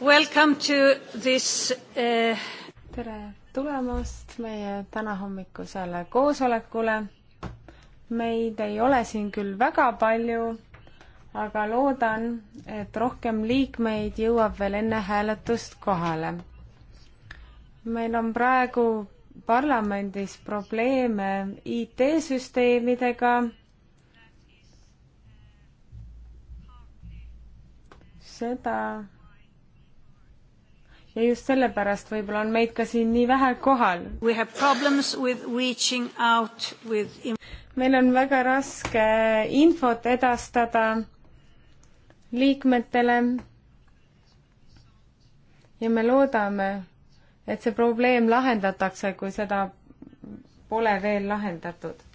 Welcome to this uh... tere tulemast meie tänahommikusele koosolekule. meid ei ole siin küll väga palju, aga loodan, et rohkem liikmeid jõuab veel enne hääletust kohale. meil on praegu parlamendis probleeme IT-süsteemidega seda ja just sellepärast võib-olla on meid ka siin nii vähe kohal. With... meil on väga raske infot edastada liikmetele ja me loodame, et see probleem lahendatakse, kui seda pole veel lahendatud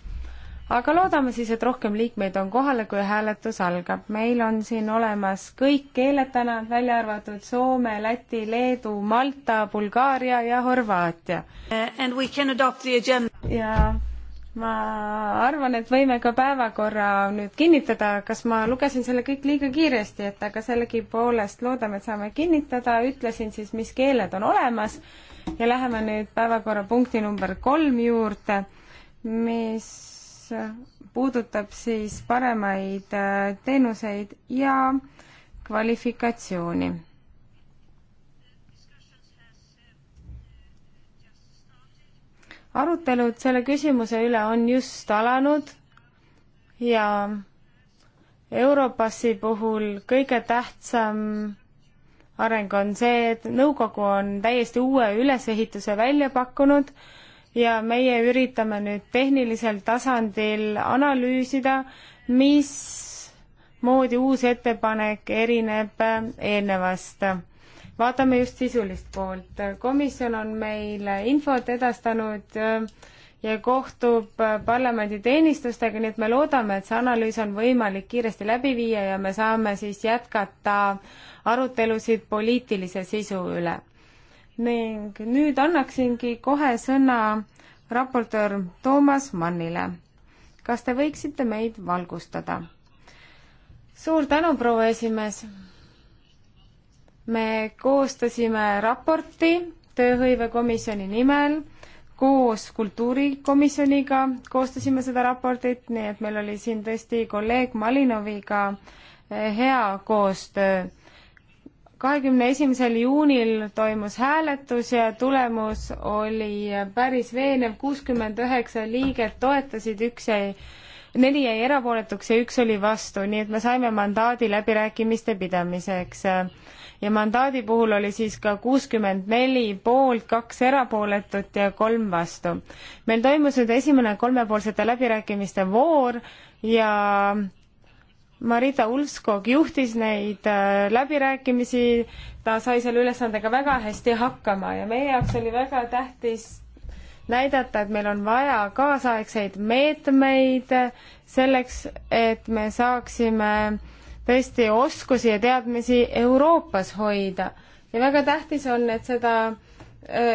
aga loodame siis, et rohkem liikmeid on kohale, kui hääletus algab. meil on siin olemas kõik keeled täna, välja arvatud Soome, Läti, Leedu, Malta, Bulgaaria ja Horvaatia. Eh, ja ma arvan, et võime ka päevakorra nüüd kinnitada, kas ma lugesin selle kõik liiga kiiresti, et aga sellegipoolest loodame, et saame kinnitada, ütlesin siis, mis keeled on olemas ja läheme nüüd päevakorrapunkti number kolm juurde, mis puudutab siis paremaid äh, teenuseid ja kvalifikatsiooni. arutelud selle küsimuse üle on just alanud ja Europassi puhul kõige tähtsam areng on see, et nõukogu on täiesti uue ülesehituse välja pakkunud ja meie üritame nüüd tehnilisel tasandil analüüsida, mis moodi uus ettepanek erineb eelnevast. vaatame just sisulist poolt. komisjon on meile infot edastanud äh, ja kohtub äh, parlamendi teenistustega, nii et me loodame, et see analüüs on võimalik kiiresti läbi viia ja me saame siis jätkata arutelusid poliitilise sisu üle. ning nüüd annaksingi kohe sõna raportöör Toomas Mannile. kas te võiksite meid valgustada? suur tänu, proua esimees. me koostasime raporti tööhõivekomisjoni nimel koos kultuurikomisjoniga koostasime seda raportit, nii et meil oli siin tõesti kolleeg Malinoviga eh, hea koostöö kahekümne esimesel juunil toimus hääletus ja tulemus oli päris veenev, kuuskümmend üheksa liiget toetasid, üks jäi, neli jäi erapooletuks ja üks oli vastu, nii et me saime mandaadi läbirääkimiste pidamiseks. ja mandaadi puhul oli siis ka kuuskümmend neli poolt, kaks erapooletut ja kolm vastu. meil toimus nüüd esimene kolmepoolsete läbirääkimiste voor ja Marita Ulfskog juhtis neid äh, läbirääkimisi, ta sai selle ülesandega väga hästi hakkama ja meie jaoks oli väga tähtis näidata, et meil on vaja kaasaegseid meetmeid selleks, et me saaksime tõesti oskusi ja teadmisi Euroopas hoida. ja väga tähtis on, et seda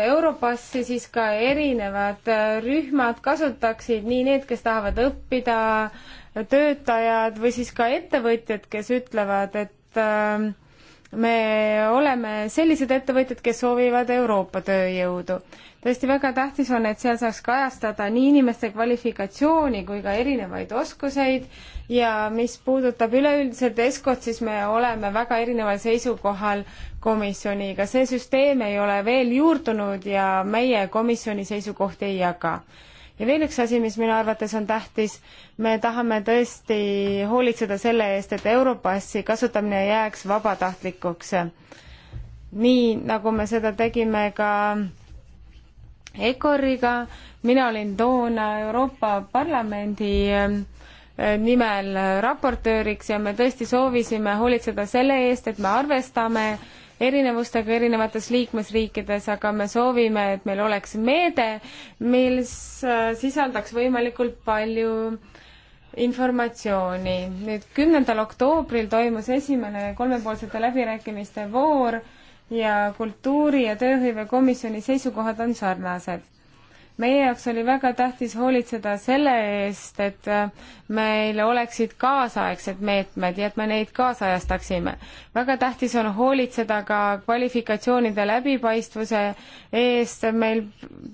Europassi siis ka erinevad rühmad kasutaksid, nii need, kes tahavad õppida, töötajad või siis ka ettevõtjad, kes ütlevad, et ähm, me oleme sellised ettevõtjad, kes soovivad Euroopa tööjõudu. tõesti väga tähtis on, et seal saaks kajastada nii inimeste kvalifikatsiooni kui ka erinevaid oskuseid ja mis puudutab üleüldiselt ESCO-t, siis me oleme väga erineval seisukohal komisjoniga, see süsteem ei ole veel juurdunud ja meie komisjoni seisukohti ei jaga. ja veel üks asi, mis minu arvates on tähtis, me tahame tõesti hoolitseda selle eest, et Europassi kasutamine jääks vabatahtlikuks. nii, nagu me seda tegime ka ECOR-iga, mina olin toona Euroopa Parlamendi ähm, nimel raportööriks ja me tõesti soovisime hoolitseda selle eest, et me arvestame erinevustega erinevates liikmesriikides, aga me soovime, et meil oleks meede, mis äh, sisaldaks võimalikult palju informatsiooni. nüüd kümnendal oktoobril toimus esimene kolmepoolsete läbirääkimiste voor ja kultuuri- ja tööhõivekomisjoni seisukohad on sarnased meie jaoks oli väga tähtis hoolitseda selle eest, et äh, meil oleksid kaasaegsed meetmed ja et me neid kaasajastaksime. väga tähtis on hoolitseda ka kvalifikatsioonide läbipaistvuse eest, meil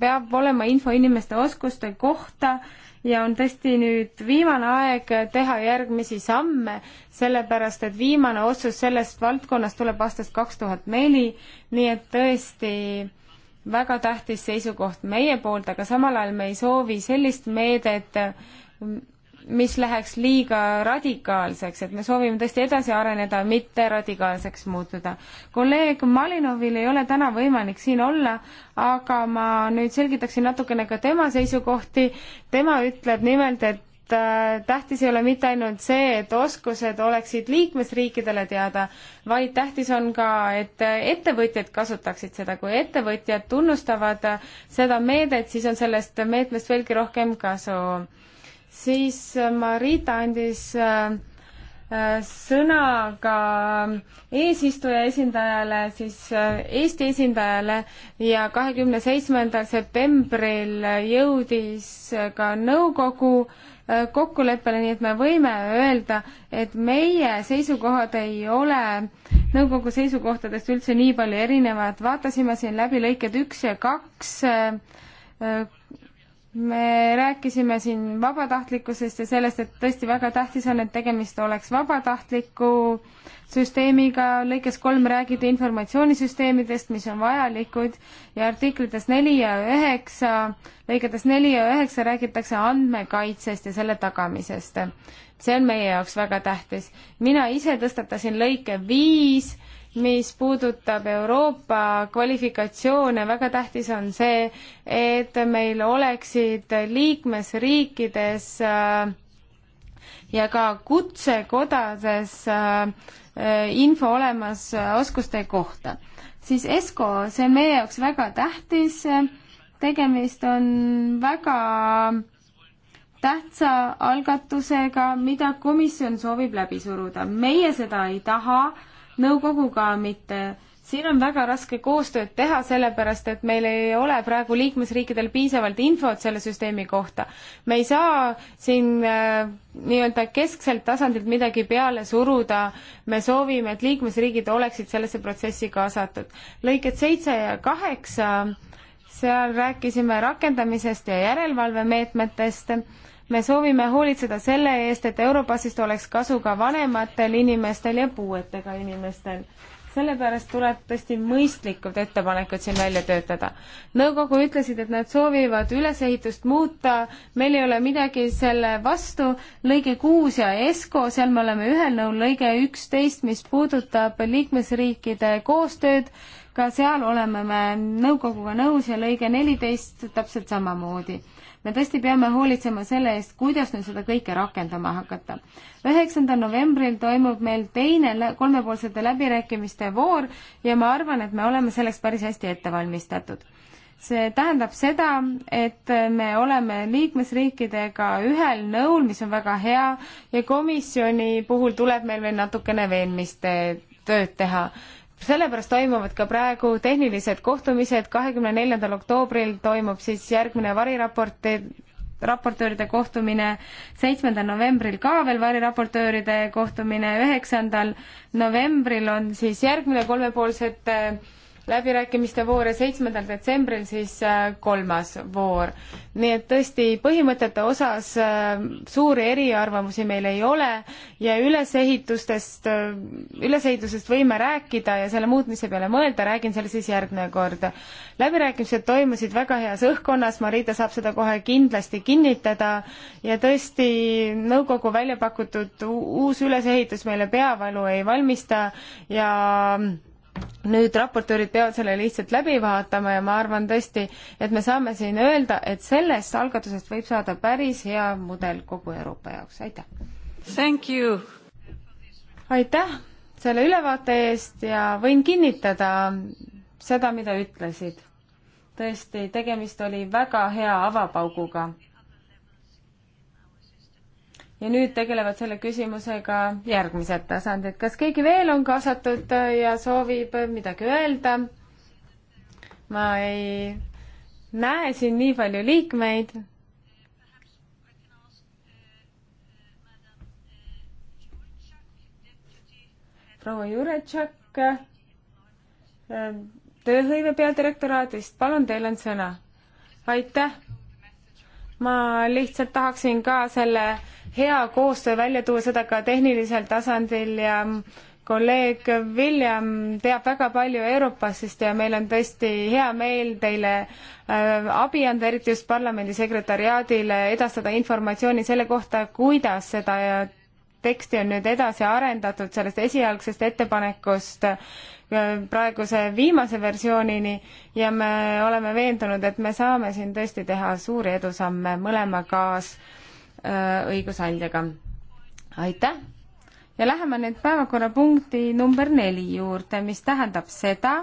peab olema info inimeste oskuste kohta ja on tõesti nüüd viimane aeg teha järgmisi samme, sellepärast et viimane otsus sellest valdkonnast tuleb aastast kaks tuhat neli, nii et tõesti väga tähtis seisukoht meie poolt, aga samal ajal me ei soovi sellist meedet, mis läheks liiga radikaalseks, et me soovime tõesti edasi areneda, mitte radikaalseks muutuda. kolleeg Malinovil ei ole täna võimalik siin olla, aga ma nüüd selgitaksin natukene ka tema seisukohti. tema ütleb nimelt, et Äh, tähtis ei ole mitte ainult see, et oskused oleksid liikmesriikidele teada, vaid tähtis on ka, et ettevõtjad kasutaksid seda, kui ettevõtjad tunnustavad äh, seda meedet, siis on sellest meetmest veelgi rohkem kasu. siis äh, Marita andis sõna ka eesistuja esindajale, siis Eesti esindajale ja kahekümne seitsmendal septembril jõudis ka nõukogu äh, Äh, kokkuleppele, nii et me võime öelda, et meie seisukohad ei ole nõukogu seisukohtadest üldse nii palju erinevad, vaatasime siin läbi lõiked üks ja kaks äh, äh, me rääkisime siin vabatahtlikkusest ja sellest, et tõesti väga tähtis on, et tegemist oleks vabatahtliku süsteemiga, lõikes kolm räägiti informatsioonisüsteemidest, mis on vajalikud ja artiklites neli ja üheksa, lõigetes neli ja üheksa räägitakse andmekaitsest ja selle tagamisest. see on meie jaoks väga tähtis. mina ise tõstatasin lõike viis mis puudutab Euroopa kvalifikatsioone, väga tähtis on see, et meil oleksid liikmesriikides äh, ja ka kutsekodades äh, info olemas oskuste kohta. siis ESCO, see on meie jaoks väga tähtis, tegemist on väga tähtsa algatusega, mida komisjon soovib läbi suruda. meie seda ei taha nõukoguga mitte. siin on väga raske koostööd teha, sellepärast et meil ei ole praegu liikmesriikidel piisavalt infot selle süsteemi kohta. me ei saa siin äh, nii-öelda keskselt tasandilt midagi peale suruda, me soovime, et liikmesriigid oleksid sellesse protsessi kaasatud. lõiked seitse ja kaheksa seal rääkisime rakendamisest ja järelevalvemeetmetest me soovime hoolitseda selle eest, et Europassist oleks kasu ka vanematel inimestel ja puuetega inimestel. sellepärast tuleb tõesti mõistlikud ettepanekud siin välja töötada. nõukogu ütlesid, et nad soovivad ülesehitust muuta, meil ei ole midagi selle vastu, lõige kuus ja ESCO, seal me oleme ühel nõul, lõige üksteist, mis puudutab liikmesriikide koostööd, ka seal oleme me nõukoguga nõus ja lõige neliteist täpselt samamoodi me tõesti peame hoolitsema selle eest, kuidas nüüd seda kõike rakendama hakata. üheksandal novembril toimub meil teine kolmepoolsete läbirääkimiste voor ja ma arvan, et me oleme selleks päris hästi ette valmistatud see tähendab seda, et me oleme liikmesriikidega ühel nõul, mis on väga hea ja komisjoni puhul tuleb meil veel natukene veenmist tööd teha sellepärast toimuvad ka praegu tehnilised kohtumised, kahekümne neljandal oktoobril toimub siis järgmine variraporti, raportööride kohtumine, seitsmendal novembril ka veel variraportööride kohtumine, üheksandal novembril on siis järgmine kolmepoolsete äh, läbirääkimiste voor ja seitsmendal detsembril siis äh, kolmas voor. nii et tõesti põhimõtete osas äh, suuri eriarvamusi meil ei ole ja ülesehitustest, äh, ülesehitusest võime rääkida ja selle muutmise peale mõelda, räägin selle siis järgmine kord. läbirääkimised toimusid väga heas õhkkonnas, Marita saab seda kohe kindlasti kinnitada ja tõesti nõukogu välja pakutud uus ülesehitus meile peavalu ei valmista ja nüüd raportöörid peavad selle lihtsalt läbi vaatama ja ma arvan tõesti, et me saame siin öelda, et sellest algatusest võib saada päris hea mudel kogu Euroopa jaoks, aitäh! aitäh selle ülevaate eest ja võin kinnitada seda, mida ütlesid. tõesti, tegemist oli väga hea avapauguga ja nüüd tegelevad selle küsimusega järgmised tasandid. kas keegi veel on kaasatud ja soovib midagi öelda? ma ei näe siin nii palju liikmeid. proua Juretšak, ähm, tööhõive peadirektoraadist, palun, teil on sõna. aitäh ma lihtsalt tahaksin ka selle hea koostöö välja tuua, seda ka tehnilisel tasandil ja kolleeg William teab väga palju Euroopast ja meil on tõesti hea meel teile äh, abi anda, eriti just parlamendi sekretariaadile edastada informatsiooni selle kohta, kuidas seda teksti on nüüd edasi arendatud sellest esialgsest ettepanekust äh, praeguse viimase versioonini ja me oleme veendunud, et me saame siin tõesti teha suuri edusamme mõlema kaasõigusandjaga. Äh, aitäh! ja läheme nüüd päevakorrapunkti number neli juurde, mis tähendab seda,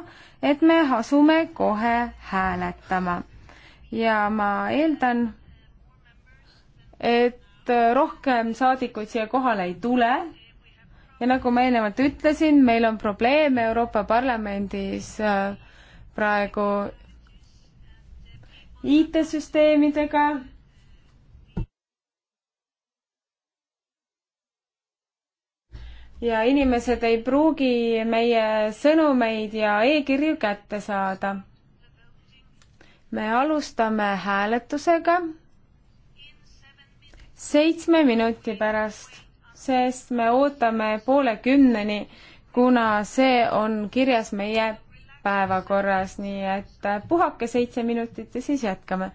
et me asume kohe hääletama. ja ma eeldan, et Äh, rohkem saadikuid siia kohale ei tule. ja nagu ma eelnevalt ütlesin, meil on probleeme Euroopa Parlamendis äh, praegu IT-süsteemidega ja inimesed ei pruugi meie sõnumeid ja e-kirju kätte saada. me alustame hääletusega seitsme minuti pärast, sest me ootame poole kümneni, kuna see on kirjas meie päevakorras, nii et puhake seitse minutit ja siis jätkame.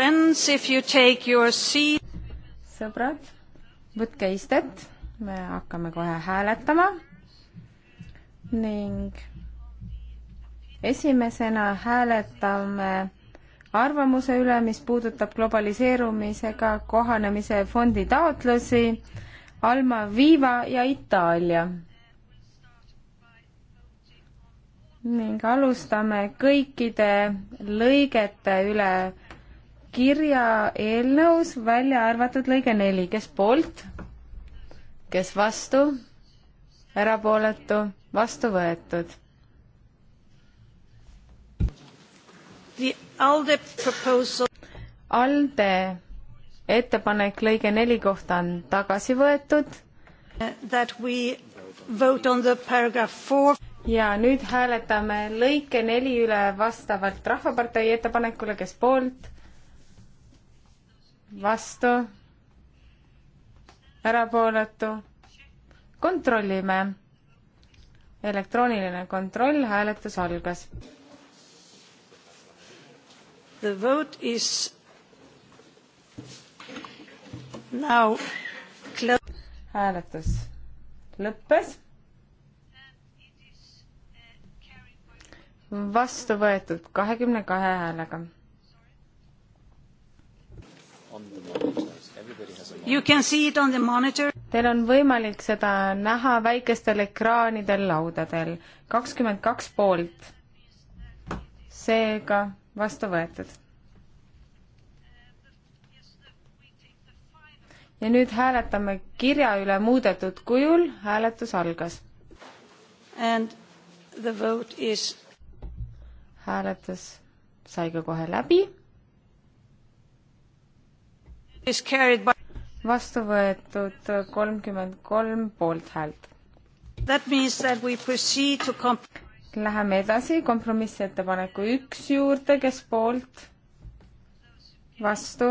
Friends, if you take your seat. sõbrad, võtke istet, me hakkame kohe hääletama ning esimesena hääletame arvamuse üle, mis puudutab globaliseerumisega kohanemise fondi taotlusi, Alma Viiva ja Itaalia. ning alustame kõikide lõigete üle kirja eelnõus, välja arvatud lõige neli, kes poolt, kes vastu, erapooletu, vastu võetud. ALDE ettepanek lõige neli kohta on tagasi võetud. ja nüüd hääletame lõike neli üle vastavalt Rahvapartei ettepanekule, kes poolt vastu, erapooletu, kontrollime. elektrooniline kontroll, hääletus algas. The vote is now closed. hääletus lõppes vastu võetud kahekümne kahe häälega Teil on võimalik seda näha väikestel ekraanidel laudadel. kakskümmend kaks poolt. seega vastu võetud. ja nüüd hääletame kirja üle muudetud kujul, hääletus algas. Is... hääletus sai ka kohe läbi vastu võetud kolmkümmend kolm poolthäält. Läheme edasi kompromissettepaneku üks juurde, kes poolt, vastu,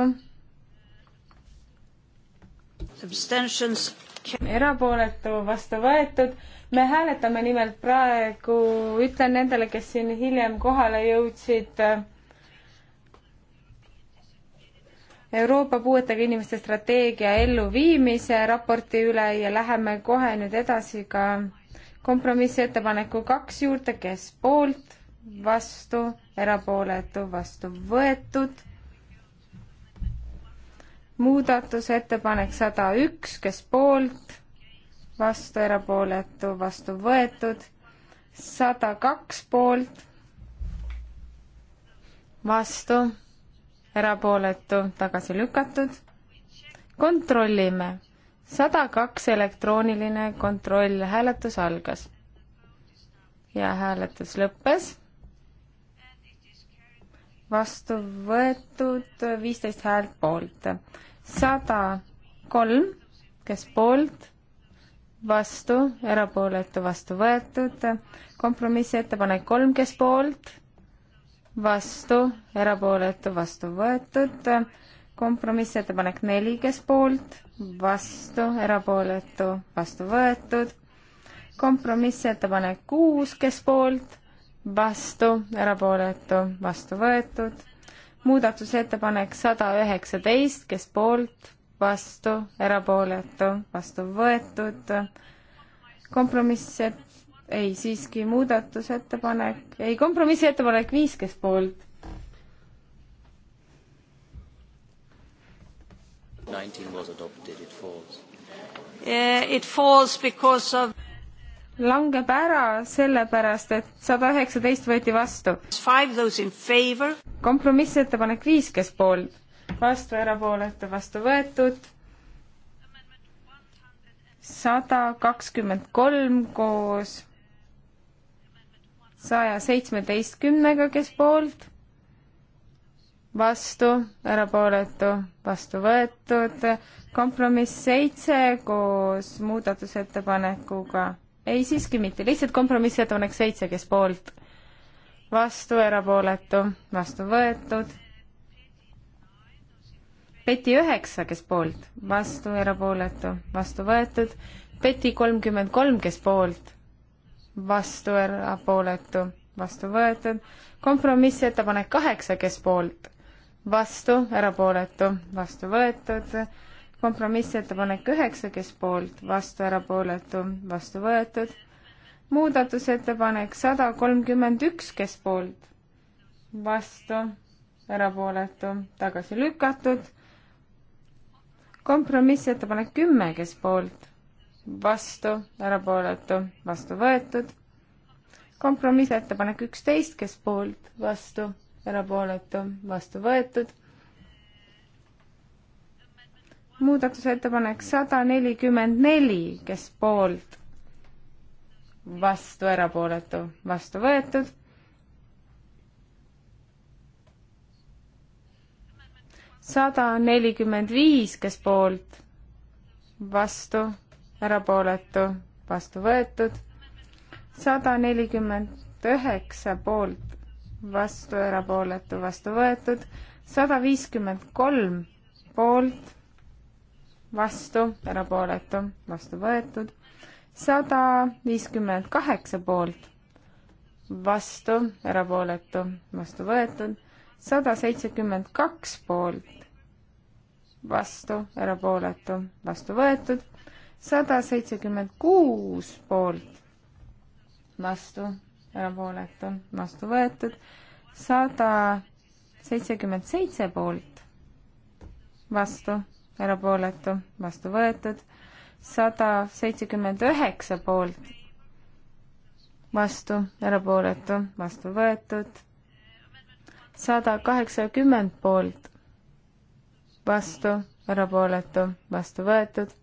erapooletu, vastu võetud. me hääletame nimelt praegu, ütlen nendele, kes siin hiljem kohale jõudsid äh,, Euroopa puuetega inimeste strateegia elluviimise raporti üle ja läheme kohe nüüd edasi ka kompromissettepaneku kaks juurde, kes poolt, vastu, erapooletu, vastu võetud. muudatusettepanek sada üks, kes poolt, vastu, erapooletu, vastu võetud, sada kaks poolt, vastu erapooletu, tagasi lükatud. kontrollime. sada kaks elektrooniline kontroll, hääletus algas. ja hääletus lõppes. vastu võetud viisteist häält poolt. sada kolm, kes poolt, vastu, erapooletu, vastu võetud. kompromissettepanek kolm, kes poolt vastu, erapooletu, vastu võetud. kompromissettepanek neli, kes poolt, vastu, erapooletu, vastu võetud. kompromissettepanek kuus, kes poolt, vastu, erapooletu, vastu võetud. muudatusettepanek sada üheksateist, kes poolt, vastu, erapooletu, vastu võetud. kompromisset-, ei, siiski muudatusettepanek, ei, kompromissettepanek viis, kes poolt? Nineteen was adopted, it falls yeah,. It falls because of langeb ära sellepärast, et sada üheksateist võeti vastu. kompromissettepanek viis, kes poolt, vastu, erapooletu, vastu võetud. sada kakskümmend kolm koos saja seitsmeteistkümnega, kes poolt, vastu, erapooletu, vastu võetud, kompromiss seitse koos muudatusettepanekuga. ei, siiski mitte, lihtsalt kompromissettepanek seitse, kes poolt, vastu, erapooletu, vastu võetud. peti üheksa, kes poolt, vastu, erapooletu, vastu võetud. peti kolmkümmend kolm, kes poolt vastu, erapooletu, vastu võetud. kompromissettepanek kaheksa, kes poolt, vastu, erapooletu, vastu võetud. kompromissettepanek üheksa, kes poolt, vastu, erapooletu, vastu võetud. muudatusettepanek sada kolmkümmend üks, kes poolt, vastu, erapooletu, tagasi lükatud. kompromissettepanek kümme, kes poolt, vastu, erapooletu, vastu võetud. kompromissettepanek üksteist, kes poolt, vastu, erapooletu, vastu võetud. muudatusettepanek sada nelikümmend neli, kes poolt, vastu, erapooletu, vastu võetud. sada nelikümmend viis, kes poolt, vastu erapooletu, vastu võetud. sada nelikümmend üheksa poolt, vastu, erapooletu, vastu võetud. sada viiskümmend kolm poolt, vastu, erapooletu, vastu võetud. sada viiskümmend kaheksa poolt, vastu, erapooletu, vastu võetud. sada seitsekümmend kaks poolt, vastu, erapooletu, vastu võetud sada seitsekümmend kuus poolt, vastu, erapooletu, vastu võetud, sada seitsekümmend seitse poolt, vastu, erapooletu, vastu võetud, sada seitsekümmend üheksa poolt, vastu, erapooletu, vastu võetud, sada kaheksakümmend poolt, vastu, erapooletu, vastu võetud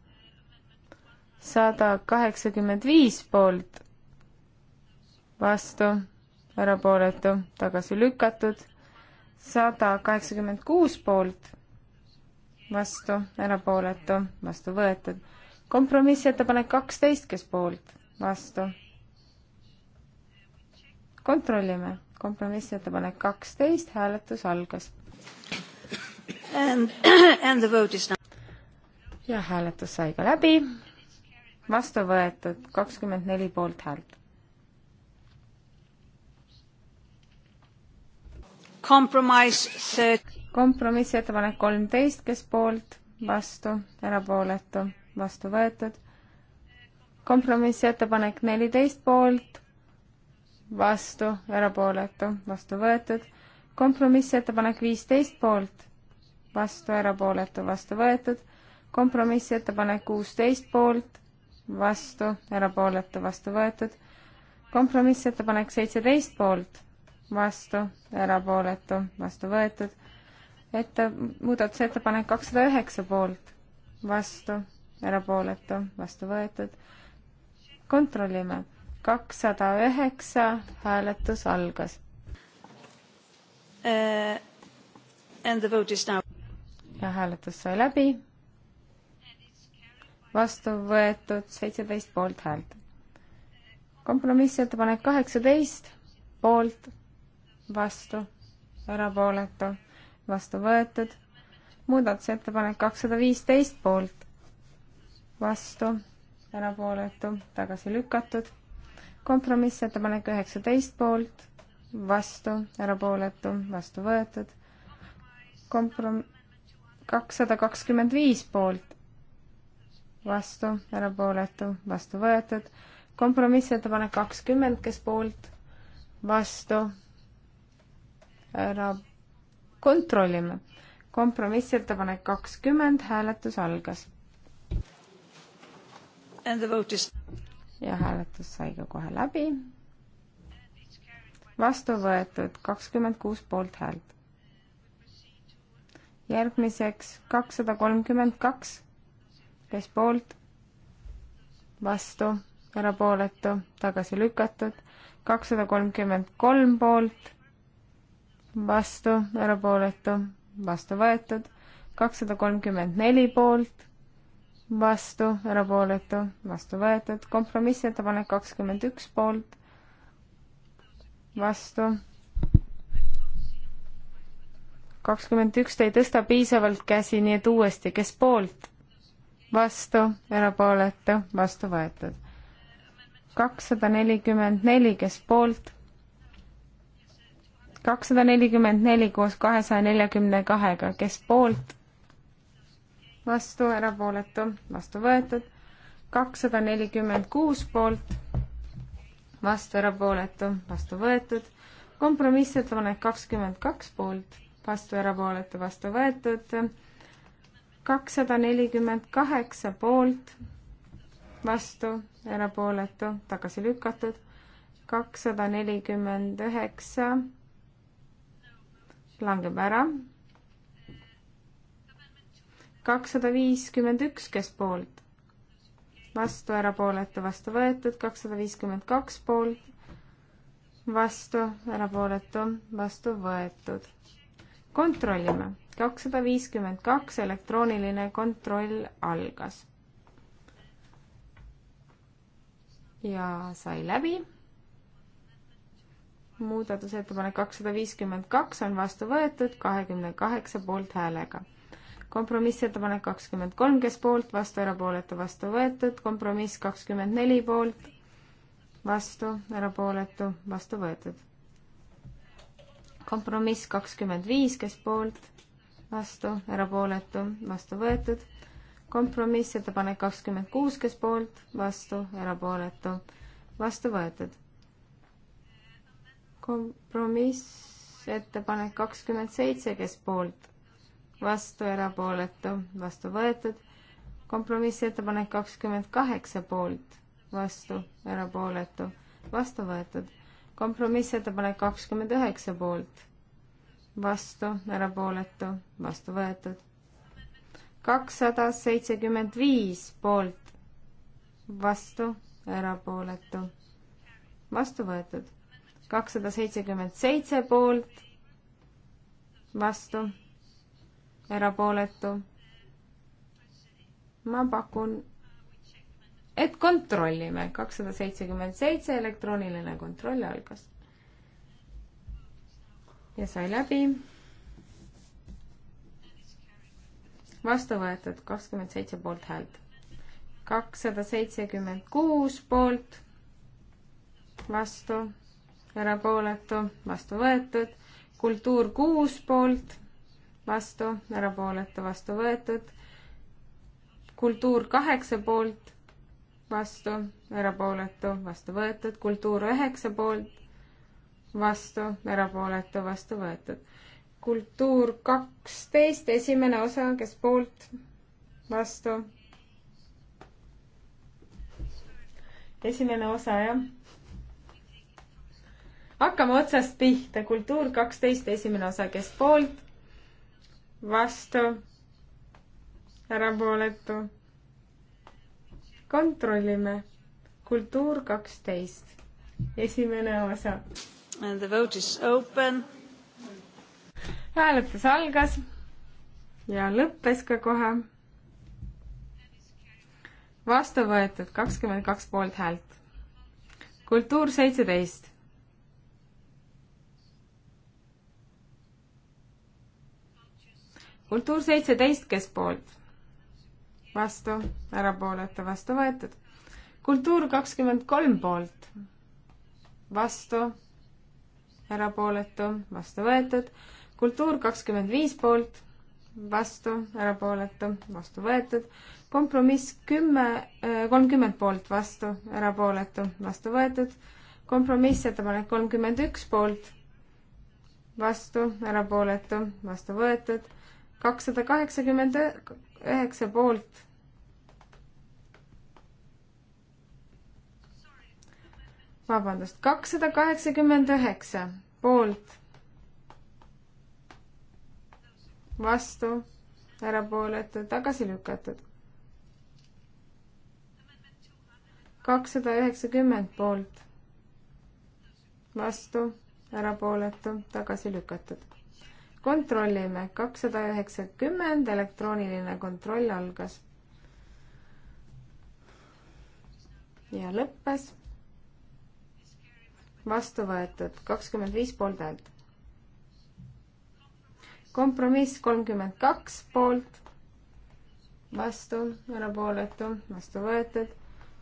sada kaheksakümmend viis poolt, vastu, erapooletu, tagasi lükatud, sada kaheksakümmend kuus poolt, vastu, erapooletu, vastu võetud. kompromissettepanek kaksteist, kes poolt, vastu. kontrollime, kompromissettepanek kaksteist, hääletus algas. And, and the vote is now. ja hääletus sai ka läbi vastu võetud kakskümmend neli poolthäält. kompromiss kompromissettepanek kolmteist, kes poolt, vastu, erapooletu, vastu võetud. kompromissettepanek neliteist poolt, vastu, erapooletu, vastu võetud. kompromissettepanek viisteist poolt, vastu, erapooletu, vastu võetud. kompromissettepanek kuusteist poolt vastu, erapooletu, vastu võetud. kompromissettepanek seitseteist poolt, vastu, erapooletu, vastu võetud. ette, muudatusettepanek kakssada üheksa poolt, vastu, erapooletu, vastu võetud. kontrollime, kakssada üheksa, hääletus algas uh,. And the vote is now. ja hääletus sai läbi vastu võetud seitseteist poolthäält. kompromissettepanek kaheksateist, poolt, vastu, erapooletu, vastu võetud. muudatusettepanek kakssada viisteist, poolt, vastu, erapooletu, tagasi lükatud. kompromissettepanek üheksateist, poolt, vastu, erapooletu, vastu võetud. komprom-, kakssada kakskümmend viis poolt, vastu, erapooletu, vastu võetud. kompromissettepanek kakskümmend, kes poolt, vastu, ära, kontrollime. kompromissettepanek kakskümmend, hääletus algas. Is... ja hääletus sai ka kohe läbi. vastu võetud kakskümmend kuus poolthäält. järgmiseks kakssada kolmkümmend kaks kes poolt, vastu, erapooletu, tagasi lükatud, kakssada kolmkümmend kolm poolt, vastu, erapooletu, vastu võetud, kakssada kolmkümmend neli poolt, vastu, erapooletu, vastu võetud, kompromissettepanek kakskümmend üks poolt, vastu, kakskümmend üks, te ei tõsta piisavalt käsi, nii et uuesti, kes poolt? vastu, erapooletu, vastu võetud. kakssada nelikümmend neli, kes poolt, kakssada nelikümmend neli koos kahesaja neljakümne kahega, kes poolt, vastu, erapooletu, vastu võetud, kakssada nelikümmend kuus poolt, vastu, erapooletu, vastu võetud, kompromissettepanek kakskümmend kaks poolt, vastu, erapooletu, vastu võetud, kakssada nelikümmend kaheksa poolt, vastu, erapooletu, tagasi lükatud, kakssada nelikümmend üheksa langeb ära, kakssada viiskümmend üks, kes poolt, vastu, erapooletu, vastu võetud, kakssada viiskümmend kaks poolt, vastu, erapooletu, vastu võetud. kontrollime kakssada viiskümmend kaks elektrooniline kontroll algas. ja sai läbi. muudatusettepanek kakssada viiskümmend kaks on vastu võetud kahekümne kaheksa poolthäälega. kompromissettepanek kakskümmend kolm, kes poolt, vastu, erapooletu, vastu võetud, kompromiss kakskümmend neli poolt, vastu, erapooletu, vastu võetud kompromiss kakskümmend viis, kes poolt, vastu, erapooletu, vastu võetud. kompromissettepanek kakskümmend kuus, kes poolt, vastu, erapooletu, vastu võetud. kompromissettepanek kakskümmend seitse, kes poolt, vastu, erapooletu, vastu võetud. kompromissettepanek kakskümmend kaheksa poolt, vastu, erapooletu, vastu võetud. kompromissettepanek kakskümmend üheksa poolt vastu, erapooletu, vastu võetud. kakssada seitsekümmend viis poolt, vastu, erapooletu, vastu võetud. kakssada seitsekümmend seitse poolt, vastu, erapooletu. ma pakun, et kontrollime, kakssada seitsekümmend seitse, elektrooniline kontroll algas ja sai läbi. vastu võetud kakskümmend seitse poolthäält. kakssada seitsekümmend kuus poolt, vastu, erapooletu, vastu võetud. kultuur kuus poolt, vastu, erapooletu, vastu võetud. kultuur kaheksa poolt, vastu, erapooletu, vastu võetud. kultuur üheksa poolt vastu, erapooletu, vastu võetud. kultuur kaksteist, esimene osa, kes poolt, vastu. esimene osa, jah. hakkame otsast pihta, kultuur kaksteist, esimene osa, kes poolt, vastu, erapooletu. kontrollime. kultuur kaksteist, esimene osa And the vote is open. hääletus algas ja lõppes ka kohe. vastu võetud kakskümmend kaks poolthäält. kultuur seitseteist. kultuur seitseteist, kes poolt? vastu, erapooletu, vastu võetud. kultuur kakskümmend kolm poolt. vastu erapooletu, vastu võetud. kultuur kakskümmend viis poolt, vastu, erapooletu, vastu võetud. kompromiss kümme, äh, kolmkümmend poolt, vastu, erapooletu, vastu võetud. kompromissettepanek kolmkümmend üks poolt, vastu, erapooletu, vastu võetud. kakssada kaheksakümmend üheksa poolt vabandust, kakssada kaheksakümmend üheksa poolt, vastu, erapooletu, tagasi lükatud. kakssada üheksakümmend poolt, vastu, erapooletu, tagasi lükatud. kontrollime, kakssada üheksakümmend, elektrooniline kontroll algas. ja lõppes vastu võetud, kakskümmend viis poolt häält. kompromiss kolmkümmend kaks poolt, vastu, erapooletu, vastu võetud.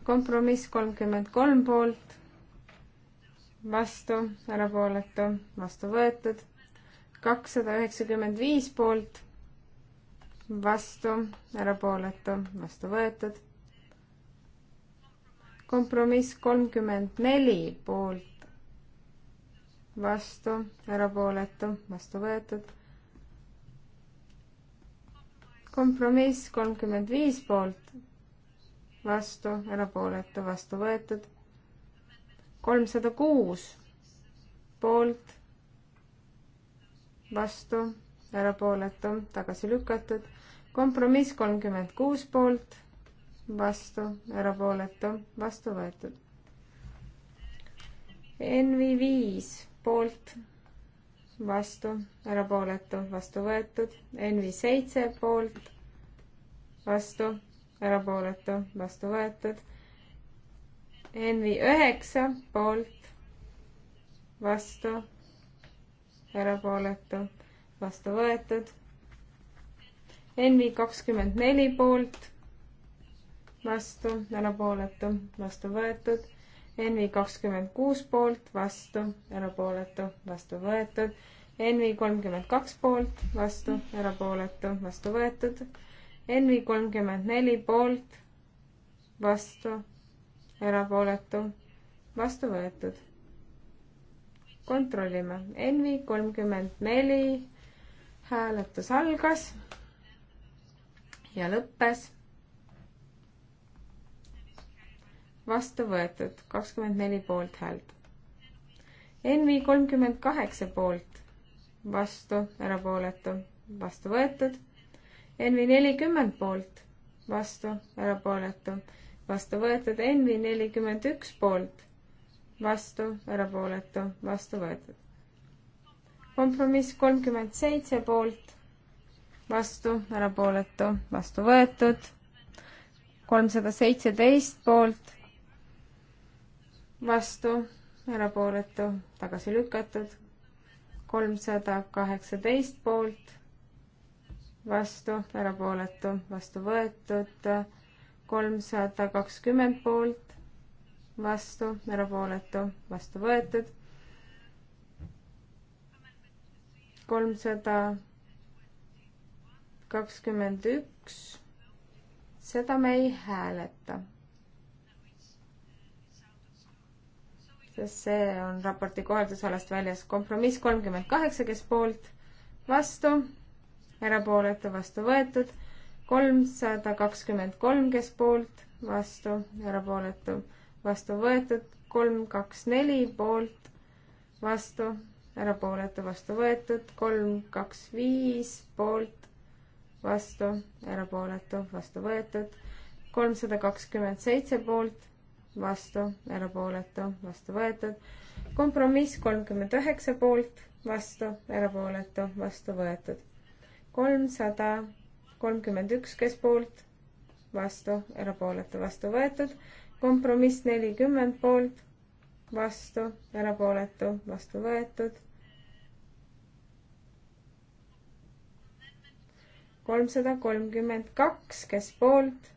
kompromiss kolmkümmend kolm poolt, vastu, erapooletu, vastu võetud. kakssada üheksakümmend viis poolt, vastu, erapooletu, vastu võetud kompromiss kolmkümmend neli poolt vastu, erapooletu, vastu võetud. kompromiss kolmkümmend viis poolt, vastu, erapooletu, vastu võetud. kolmsada kuus poolt, vastu, erapooletu, tagasi lükatud. kompromiss kolmkümmend kuus poolt, vastu, erapooletu, vastu võetud. NV viis poolt, vastu, erapooletu, vastu võetud, NV seitse poolt, vastu, erapooletu, vastu võetud, NV üheksa poolt, vastu, erapooletu, vastu võetud, NV kakskümmend neli poolt, vastu, erapooletu, vastu võetud NV kakskümmend kuus poolt, vastu, erapooletu, vastu võetud. NV kolmkümmend kaks poolt, vastu, erapooletu, vastu võetud. NV kolmkümmend neli poolt, vastu, erapooletu, vastu võetud. kontrollime. NV kolmkümmend neli, hääletus algas ja lõppes vastu võetud, kakskümmend neli poolthäält. NV kolmkümmend kaheksa poolt, vastu, erapooletu, vastu võetud. NV nelikümmend poolt, vastu, erapooletu, vastu võetud. NV nelikümmend üks poolt, vastu, erapooletu, vastu võetud. kompromiss kolmkümmend seitse poolt, vastu, erapooletu, vastu võetud. kolmsada seitseteist poolt vastu, erapooletu, tagasi lükatud. kolmsada kaheksateist poolt, vastu, erapooletu, vastu võetud. kolmsada kakskümmend poolt, vastu, erapooletu, vastu võetud. kolmsada kakskümmend üks, seda me ei hääleta see on raporti kohaldusalast väljas. kompromiss kolmkümmend kaheksa, kes poolt, vastu, erapooletu, vastu võetud. kolmsada kakskümmend kolm, kes poolt, vastu, erapooletu, vastu võetud. kolm, kaks, neli poolt, vastu, erapooletu, vastu võetud. kolm, kaks, viis poolt, vastu, erapooletu, vastu võetud. kolmsada kakskümmend seitse poolt vastu, erapooletu, vastu võetud. kompromiss kolmkümmend üheksa poolt, vastu, erapooletu, vastu võetud. kolmsada kolmkümmend üks, kes poolt, vastu, erapooletu, vastu võetud. kompromiss nelikümmend poolt, vastu, erapooletu, vastu võetud. kolmsada kolmkümmend kaks, kes poolt,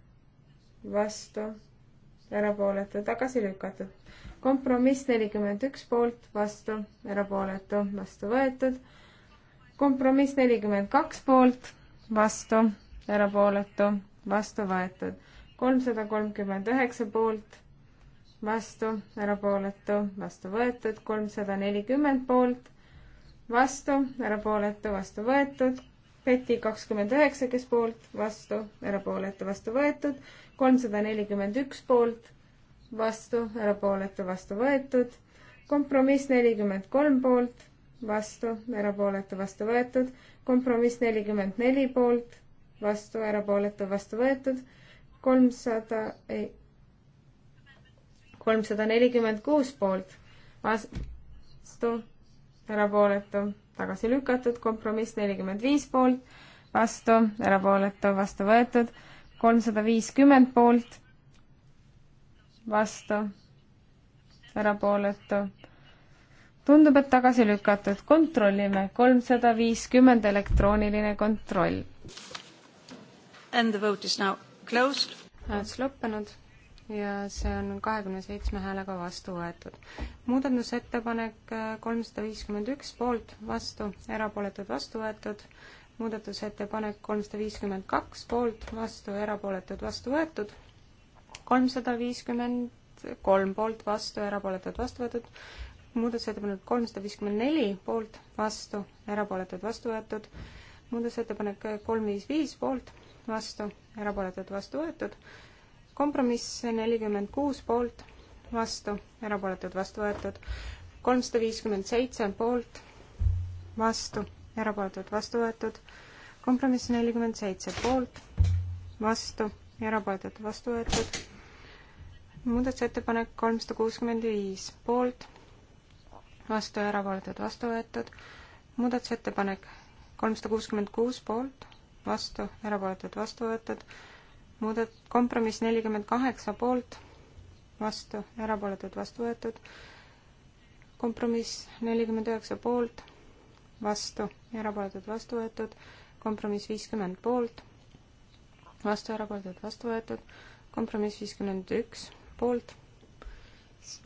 vastu, erapooletu, tagasi lükatud. kompromiss nelikümmend üks poolt, vastu, erapooletu, vastu võetud. kompromiss nelikümmend kaks poolt, vastu, erapooletu, vastu võetud. kolmsada kolmkümmend üheksa poolt, vastu, erapooletu, vastu võetud. kolmsada nelikümmend poolt, vastu, erapooletu, vastu võetud Päti kakskümmend üheksa, kes poolt, vastu, erapooletu, vastu võetud, kolmsada nelikümmend üks poolt, vastu, erapooletu, vastu võetud, kompromiss nelikümmend kolm poolt, vastu, erapooletu, vastu võetud, kompromiss nelikümmend neli poolt, vastu, erapooletu, vastu võetud, kolmsada, ei, kolmsada nelikümmend kuus poolt, vastu, erapooletu tagasi lükatud, kompromiss nelikümmend viis poolt, vastu, erapooletu, vastu võetud, kolmsada viiskümmend poolt, vastu, erapooletu. tundub, et tagasi lükatud, kontrollime, kolmsada viiskümmend elektrooniline kontroll. And the vote is now closed. hääletus lõppenud ja see on kahekümne seitsme häälega vastu võetud. muudatusettepanek äh, kolmsada viiskümmend üks poolt, vastu, erapooletud, vastu võetud. muudatusettepanek kolmsada viiskümmend kaks poolt, vastu, erapooletud, vastu võetud. kolmsada viiskümmend kolm poolt, vastu, erapooletud, vastu võetud. muudatusettepanek kolmsada viiskümmend neli poolt, vastu, erapooletud, vastu võetud. muudatusettepanek kolm viis viis poolt, vastu, erapooletud, vastu võetud kompromiss nelikümmend kuus poolt, vastu, erapooletud, vastu võetud. kolmsada viiskümmend seitse poolt, vastu, erapooletud, vastu võetud. kompromiss nelikümmend seitse poolt, vastu, erapooletud, vastu võetud. muudatusettepanek kolmsada kuuskümmend viis poolt, vastu, erapooletud, vastu võetud. muudatusettepanek kolmsada kuuskümmend kuus poolt, vastu, erapooletud, vastu võetud muudat-, kompromiss nelikümmend kaheksa poolt, vastu, erapooletud, vastu võetud. kompromiss nelikümmend üheksa poolt, vastu, erapooletud, vastu võetud. kompromiss viiskümmend poolt, vastu, erapooletud, vastu võetud. kompromiss viiskümmend üks poolt,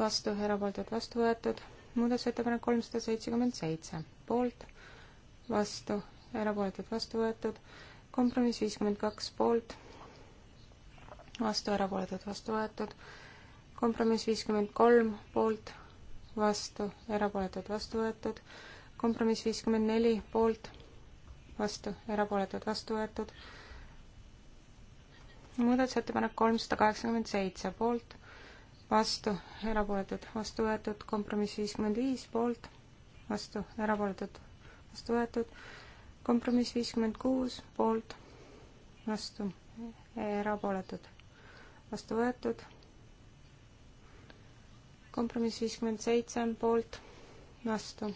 vastu, erapooletud, vastu võetud. muudatusettepanek kolmsada seitsekümmend seitse poolt, vastu, erapooletud, vastu võetud. kompromiss viiskümmend kaks poolt vastu, erapooletud, vastu võetud. kompromiss viiskümmend kolm poolt, vastu, erapooletud, vastu võetud. kompromiss viiskümmend neli poolt, vastu, erapooletud, vastu võetud. muudatusettepanek kolmsada kaheksakümmend seitse poolt, vastu, erapooletud, vastu võetud. kompromiss viiskümmend viis poolt, vastu, erapooletud, vastu võetud. kompromiss viiskümmend kuus poolt, vastu, erapooletud, vastu võetud. kompromiss viiskümmend seitse poolt, vastu,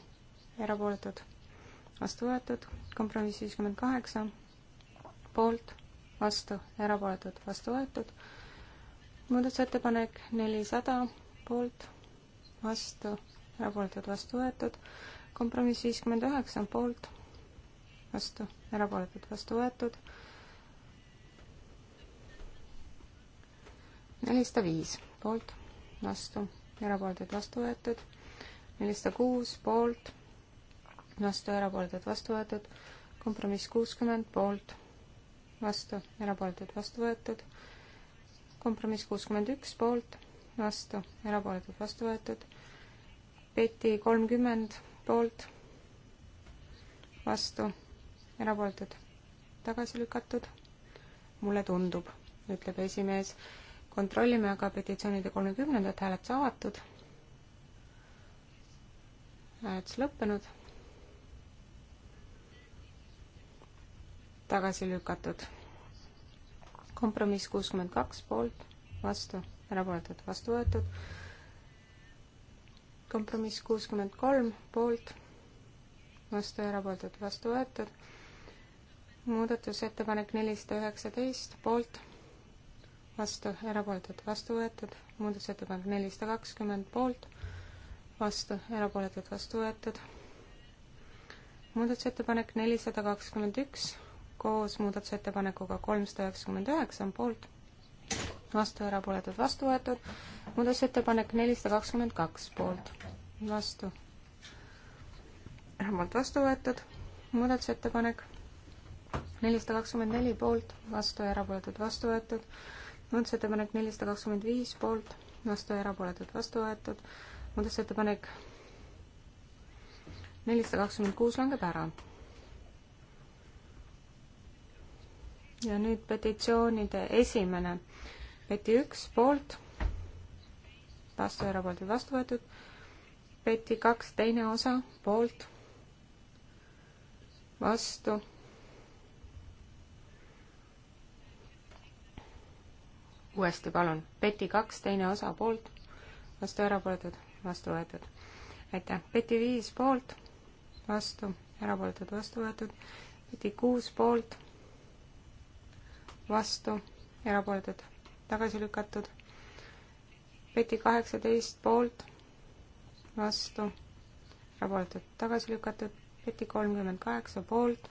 erapooletud, vastu võetud. kompromiss viiskümmend kaheksa poolt, vastu, erapooletud, vastu võetud. muudatusettepanek nelisada poolt, vastu, erapooletud, vastu võetud. kompromiss viiskümmend üheksa poolt, vastu, erapooletud, vastu võetud nelisada viis poolt, vastu, erapooletud, vastu võetud. nelisada kuus poolt, vastu, erapooletud, vastu võetud. kompromiss kuuskümmend poolt, vastu, erapooletud, vastu võetud. kompromiss kuuskümmend üks poolt, vastu, erapooletud, vastu võetud. peti kolmkümmend poolt, vastu, erapooletud, tagasi lükatud. mulle tundub, ütleb esimees kontrollime aga petitsioonide kolmekümnendat, hääletus avatud. hääletus lõppenud. tagasi lükatud. kompromiss kuuskümmend kaks poolt, vastu, erapooletud, vastu võetud. kompromiss kuuskümmend kolm poolt, vastu, erapooletud, vastu võetud. muudatusettepanek nelisada üheksateist poolt vastu, erapooletud, vastu võetud, muudatusettepanek nelisada kakskümmend poolt, vastu, erapooletud, vastu võetud. muudatusettepanek nelisada kakskümmend üks koos muudatusettepanekuga kolmsada üheksakümmend üheksa on poolt, vastu, erapooletud, vastu võetud. muudatusettepanek nelisada kakskümmend kaks poolt, vastu, vähemalt vastu võetud. muudatusettepanek nelisada kakskümmend neli poolt, vastu, erapooletud, vastu võetud muudatusettepanek nelisada kakskümmend viis poolt, vastu ja erapooletud, vastu võetud. muudatusettepanek nelisada kakskümmend kuus langeb ära. ja nüüd petitsioonide esimene. peti üks poolt, vastu ja erapooletud, vastu võetud. peti kaks teine osa poolt, vastu uuesti palun, Peti kaks, teine osa poolt, vastu erapooletud, vastu võetud. aitäh, Peti viis poolt, vastu, erapooletud, vastu võetud, Peti kuus poolt, vastu, erapooletud, tagasi lükatud, Peti kaheksateist poolt, vastu, erapooletud, tagasi lükatud, Peti kolmkümmend kaheksa poolt,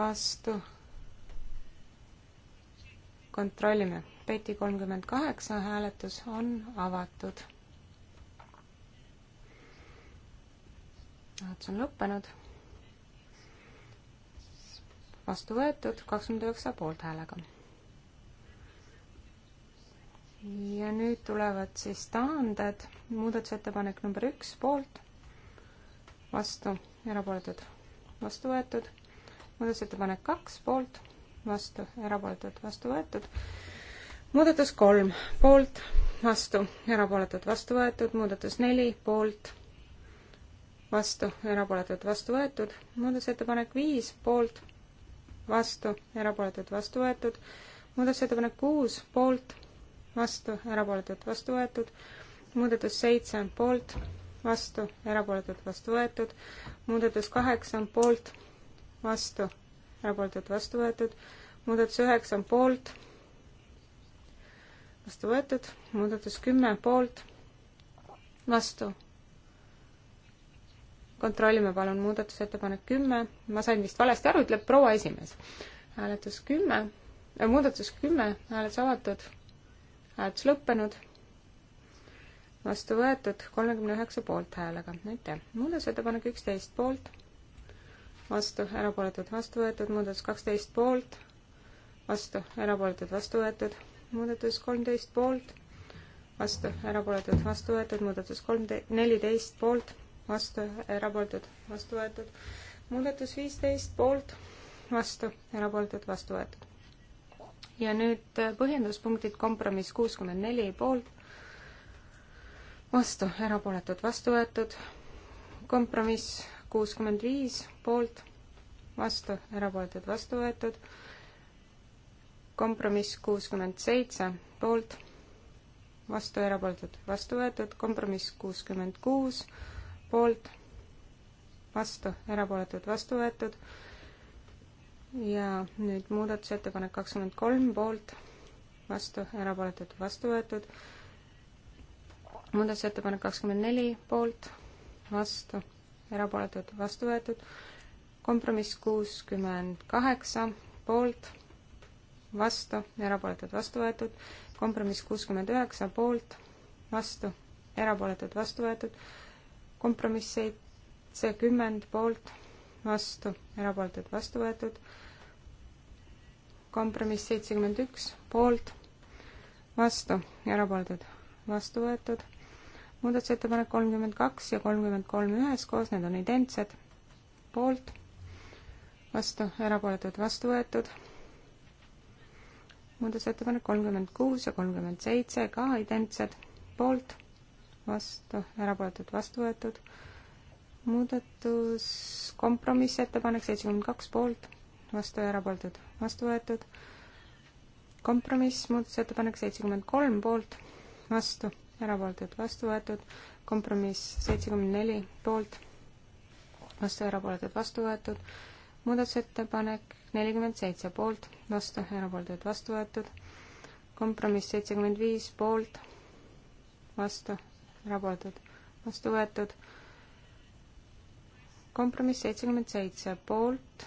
vastu kontrollime. Peti kolmkümmend kaheksa hääletus on avatud. hääletus on lõppenud. vastu võetud kakskümmend üheksa poolthäälega ja nüüd tulevad siis taanded, muudatusettepanek number üks poolt, vastu, erapooletud, vastu võetud, muudatusettepanek kaks poolt, vastu, erapooletud, vastu võetud. muudatus kolm, poolt, vastu, erapooletud, vastu võetud, muudatus neli, poolt, vastu, erapooletud, vastu võetud, muudatusettepanek viis, poolt, vastu, erapooletud, vastu võetud, muudatusettepanek kuus, poolt, vastu, erapooletud, vastu võetud, muudatus seitse, poolt, vastu, erapooletud, vastu võetud, muudatus kaheksa, poolt, vastu, erapooletud vastu võetud, muudatus üheksa poolt, vastu võetud, muudatus kümme poolt, vastu. kontrollime palun muudatusettepanek kümme, ma sain vist valesti aru, ütleb proua esimees. hääletus kümme äh,, muudatus kümme, hääletus avatud, hääletus lõppenud vastu võetud kolmekümne üheksa poolthäälega, aitäh. muudatusettepanek üksteist poolt, vastu, erapooletud, vastu võetud, muudatus kaksteist poolt, vastu, erapooletud, vastu võetud, muudatus kolmteist poolt, vastu, erapooletud, vastu võetud, muudatus kolmte-, neliteist poolt, vastu, erapooletud, vastu võetud, muudatus viisteist poolt, vastu, erapooletud, vastu võetud. ja nüüd äh, põhjenduspunktid, kompromiss kuuskümmend neli poolt, vastu, erapooletud, vastu võetud, kompromiss kuuskümmend viis poolt, vastu, erapooletud, vastu võetud. kompromiss kuuskümmend seitse poolt, vastu, erapooletud, vastu võetud. kompromiss kuuskümmend kuus poolt, vastu, erapooletud, vastu võetud. ja nüüd muudatusettepanek kakskümmend kolm poolt, vastu, erapooletud, vastu võetud. muudatusettepanek kakskümmend neli poolt, vastu erapooletud, vastu võetud. kompromiss kuuskümmend kaheksa, poolt, vastu, erapooletud, vastu võetud. kompromiss kuuskümmend üheksa, poolt, vastu, erapooletud, vastu võetud. kompromiss seitsekümmend, poolt, vastu, erapooletud, vastu võetud. kompromiss seitsekümmend üks, poolt, vastu, erapooletud, vastu võetud muudatusettepanek kolmkümmend kaks ja kolmkümmend kolm üheskoos, need on identsed. poolt, vastu, erapooletud, vastu võetud. muudatusettepanek kolmkümmend kuus ja kolmkümmend seitse ka identsed, poolt, vastu, erapooletud, vastu võetud. muudatus, kompromissettepanek seitsekümmend kaks poolt, vastu ja erapooletud, vastu võetud. kompromiss, muudatusettepanek seitsekümmend kolm poolt, vastu erapooletud vastu võetud, kompromiss seitsekümmend neli poolt, vastu erapooletud vastu võetud, muudatusettepanek nelikümmend seitse poolt, vastu erapooletud vastu võetud, kompromiss seitsekümmend viis poolt, vastu erapooletud vastu võetud, kompromiss seitsekümmend seitse poolt,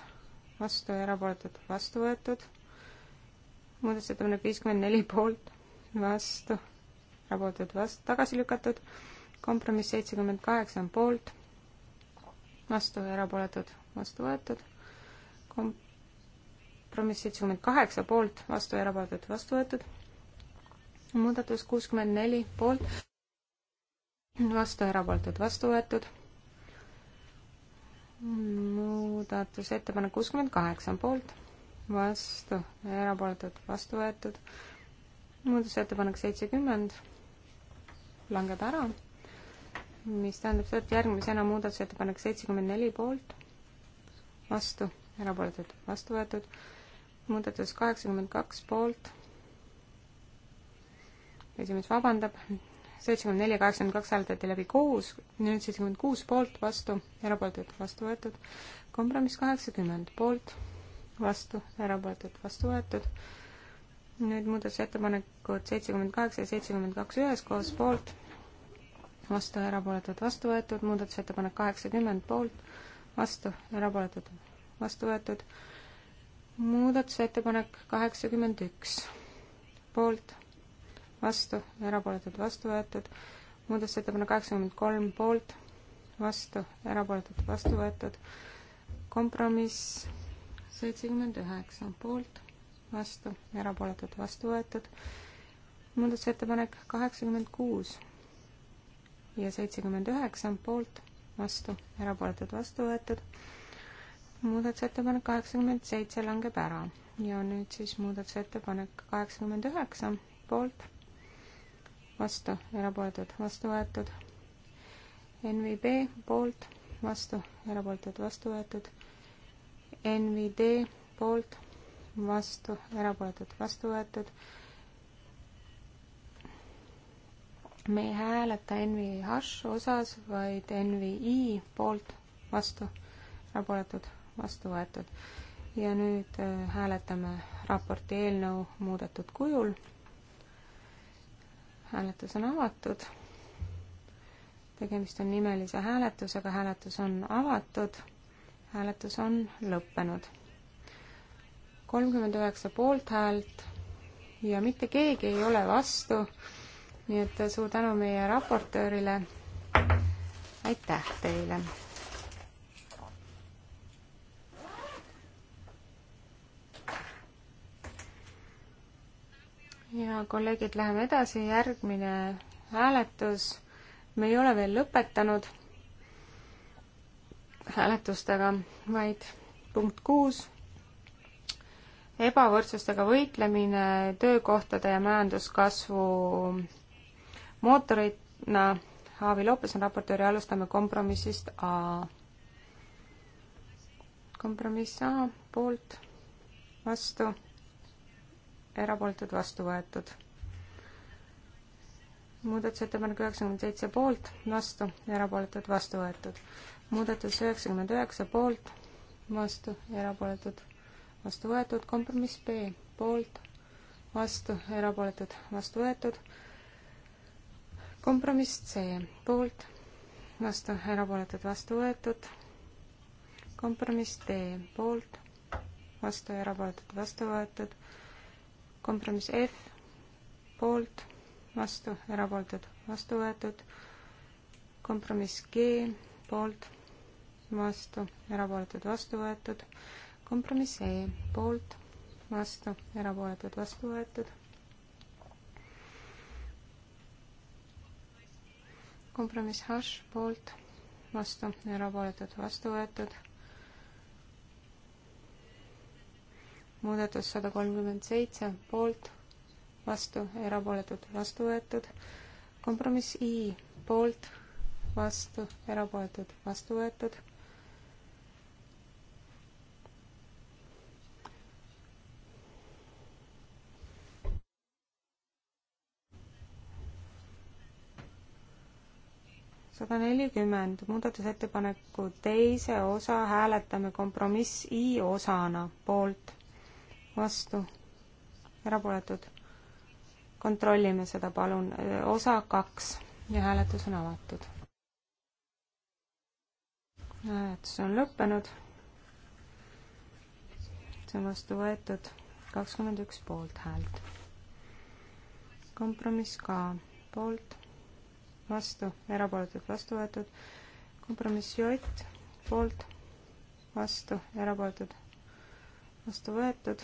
vastu erapooletud vastu võetud, muudatusettepanek viiskümmend neli poolt, vastu erapooletud vastu, tagasi lükatud. kompromiss seitsekümmend kaheksa on poolt, vastu, erapooletud, vastu võetud. kompromiss seitsekümmend kaheksa poolt, vastu, erapooletud, vastu võetud. muudatus kuuskümmend neli poolt, vastu, erapooletud, vastu võetud muudatusettepanek kuuskümmend kaheksa on poolt, vastu, erapooletud, vastu võetud. muudatusettepanek seitsekümmend langeb ära, mis tähendab seda, et järgmisena muudatusettepanek seitsekümmend neli poolt, vastu, erapooletud, vastu võetud, muudatus kaheksakümmend kaks poolt, esimees vabandab, seitsekümmend neli ja kaheksakümmend kaks hääletati läbi koos, nüüd seitsekümmend kuus poolt, vastu, erapooletud, vastu võetud, kompromiss kaheksakümmend poolt, vastu, erapooletud, vastu võetud, nüüd muudatusettepanekud seitsekümmend kaheksa ja seitsekümmend kaks üheskoos poolt, vastu, erapooletud, vastu võetud, muudatusettepanek kaheksakümmend poolt, vastu, erapooletud, vastu võetud, muudatusettepanek kaheksakümmend üks poolt, vastu, erapooletud, vastu võetud, muudatusettepanek kaheksakümmend kolm poolt, vastu, erapooletud, vastu võetud, kompromiss seitsekümmend üheksa poolt vastu, erapooletud, vastu võetud. muudatusettepanek kaheksakümmend kuus ja seitsekümmend üheksa poolt, vastu, erapooletud, vastu võetud. muudatusettepanek kaheksakümmend seitse langeb ära ja nüüd siis muudatusettepanek kaheksakümmend üheksa poolt, vastu, erapooletud, vastu võetud. NVB poolt, vastu, erapooletud, vastu võetud. NVD poolt vastu, erapooletud, vastu võetud. me ei hääleta NVH osas, vaid NVI poolt, vastu, erapooletud, vastu võetud. ja nüüd äh, hääletame raporti eelnõu muudetud kujul. hääletus on avatud. tegemist on nimelise hääletusega, hääletus on avatud hääletus on lõppenud kolmkümmend üheksa poolthäält ja mitte keegi ei ole vastu. nii et suur tänu meie raportöörile. aitäh teile. ja kolleegid, läheme edasi, järgmine hääletus. me ei ole veel lõpetanud hääletustega, vaid punkt kuus ebavõrdsustega võitlemine töökohtade ja majanduskasvu mootorina. Aavi Loopes on raportöör ja alustame kompromissist A. kompromiss A poolt, vastu, erapooletud, vastu võetud muudatusettepanek üheksakümmend seitse poolt, vastu, erapooletud, vastu võetud. muudatus üheksakümmend üheksa poolt, vastu, erapooletud, vastu võetud, kompromiss B poolt, vastu, erapooletud, vastu võetud. kompromiss C poolt, vastu, erapooletud, vastu võetud. kompromiss D poolt, vastu, erapooletud, vastu võetud. kompromiss F poolt, vastu, erapooletud, vastu võetud. kompromiss G poolt, vastu, erapooletud, vastu võetud kompromiss E poolt, vastu, erapooletud, vastu võetud. kompromiss H poolt, vastu, erapooletud, vastu võetud. muudatus sada kolmkümmend seitse poolt, vastu, erapooletud, vastu võetud. kompromiss I poolt, vastu, erapooletud, vastu võetud sada nelikümmend, muudatusettepaneku teise osa hääletame kompromiss I osana, poolt, vastu, erapooletud. kontrollime seda, palun, osa kaks ja hääletus on avatud. hääletus on lõppenud. see on vastu võetud kakskümmend üks poolthäält. kompromiss ka poolt vastu, erapooletud, vastu võetud. kompromiss J poolt, vastu, erapooletud, vastu võetud.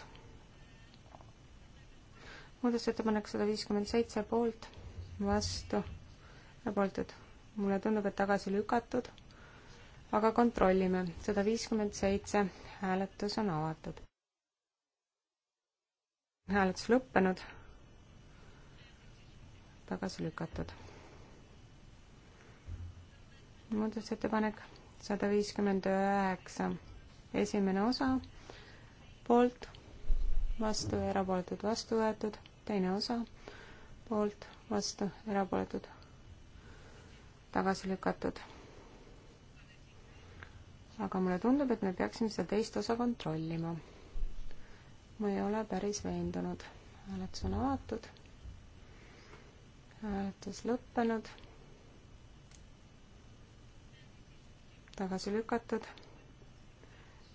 muudatusettepanek sada viiskümmend seitse poolt, vastu, erapooletud. mulle tundub, et tagasi lükatud, aga kontrollime. sada viiskümmend seitse, hääletus on avatud. hääletus lõppenud, tagasi lükatud muudatusettepanek sada viiskümmend üheksa, esimene osa, poolt, vastu, erapooletud, vastu võetud, teine osa, poolt, vastu, erapooletud, tagasi lükatud. aga mulle tundub, et me peaksime seda teist osa kontrollima. ma ei ole päris veendunud. hääletus on avatud. hääletus lõppenud tagasi lükatud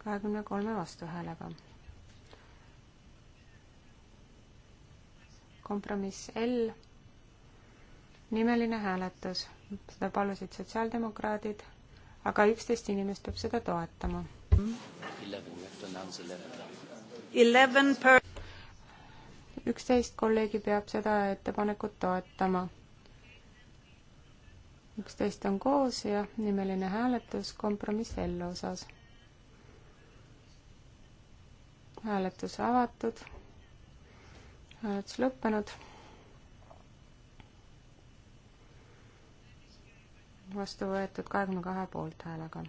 kahekümne kolme vastuhäälega. kompromiss L, nimeline hääletus, seda palusid sotsiaaldemokraadid, aga üksteist inimest peab seda toetama. üksteist kolleegi peab seda ettepanekut toetama üksteist on koos ja nimeline hääletus kompromiss L osas. hääletus avatud, hääletus lõppenud. vastu võetud kahekümne kahe poolthäälega.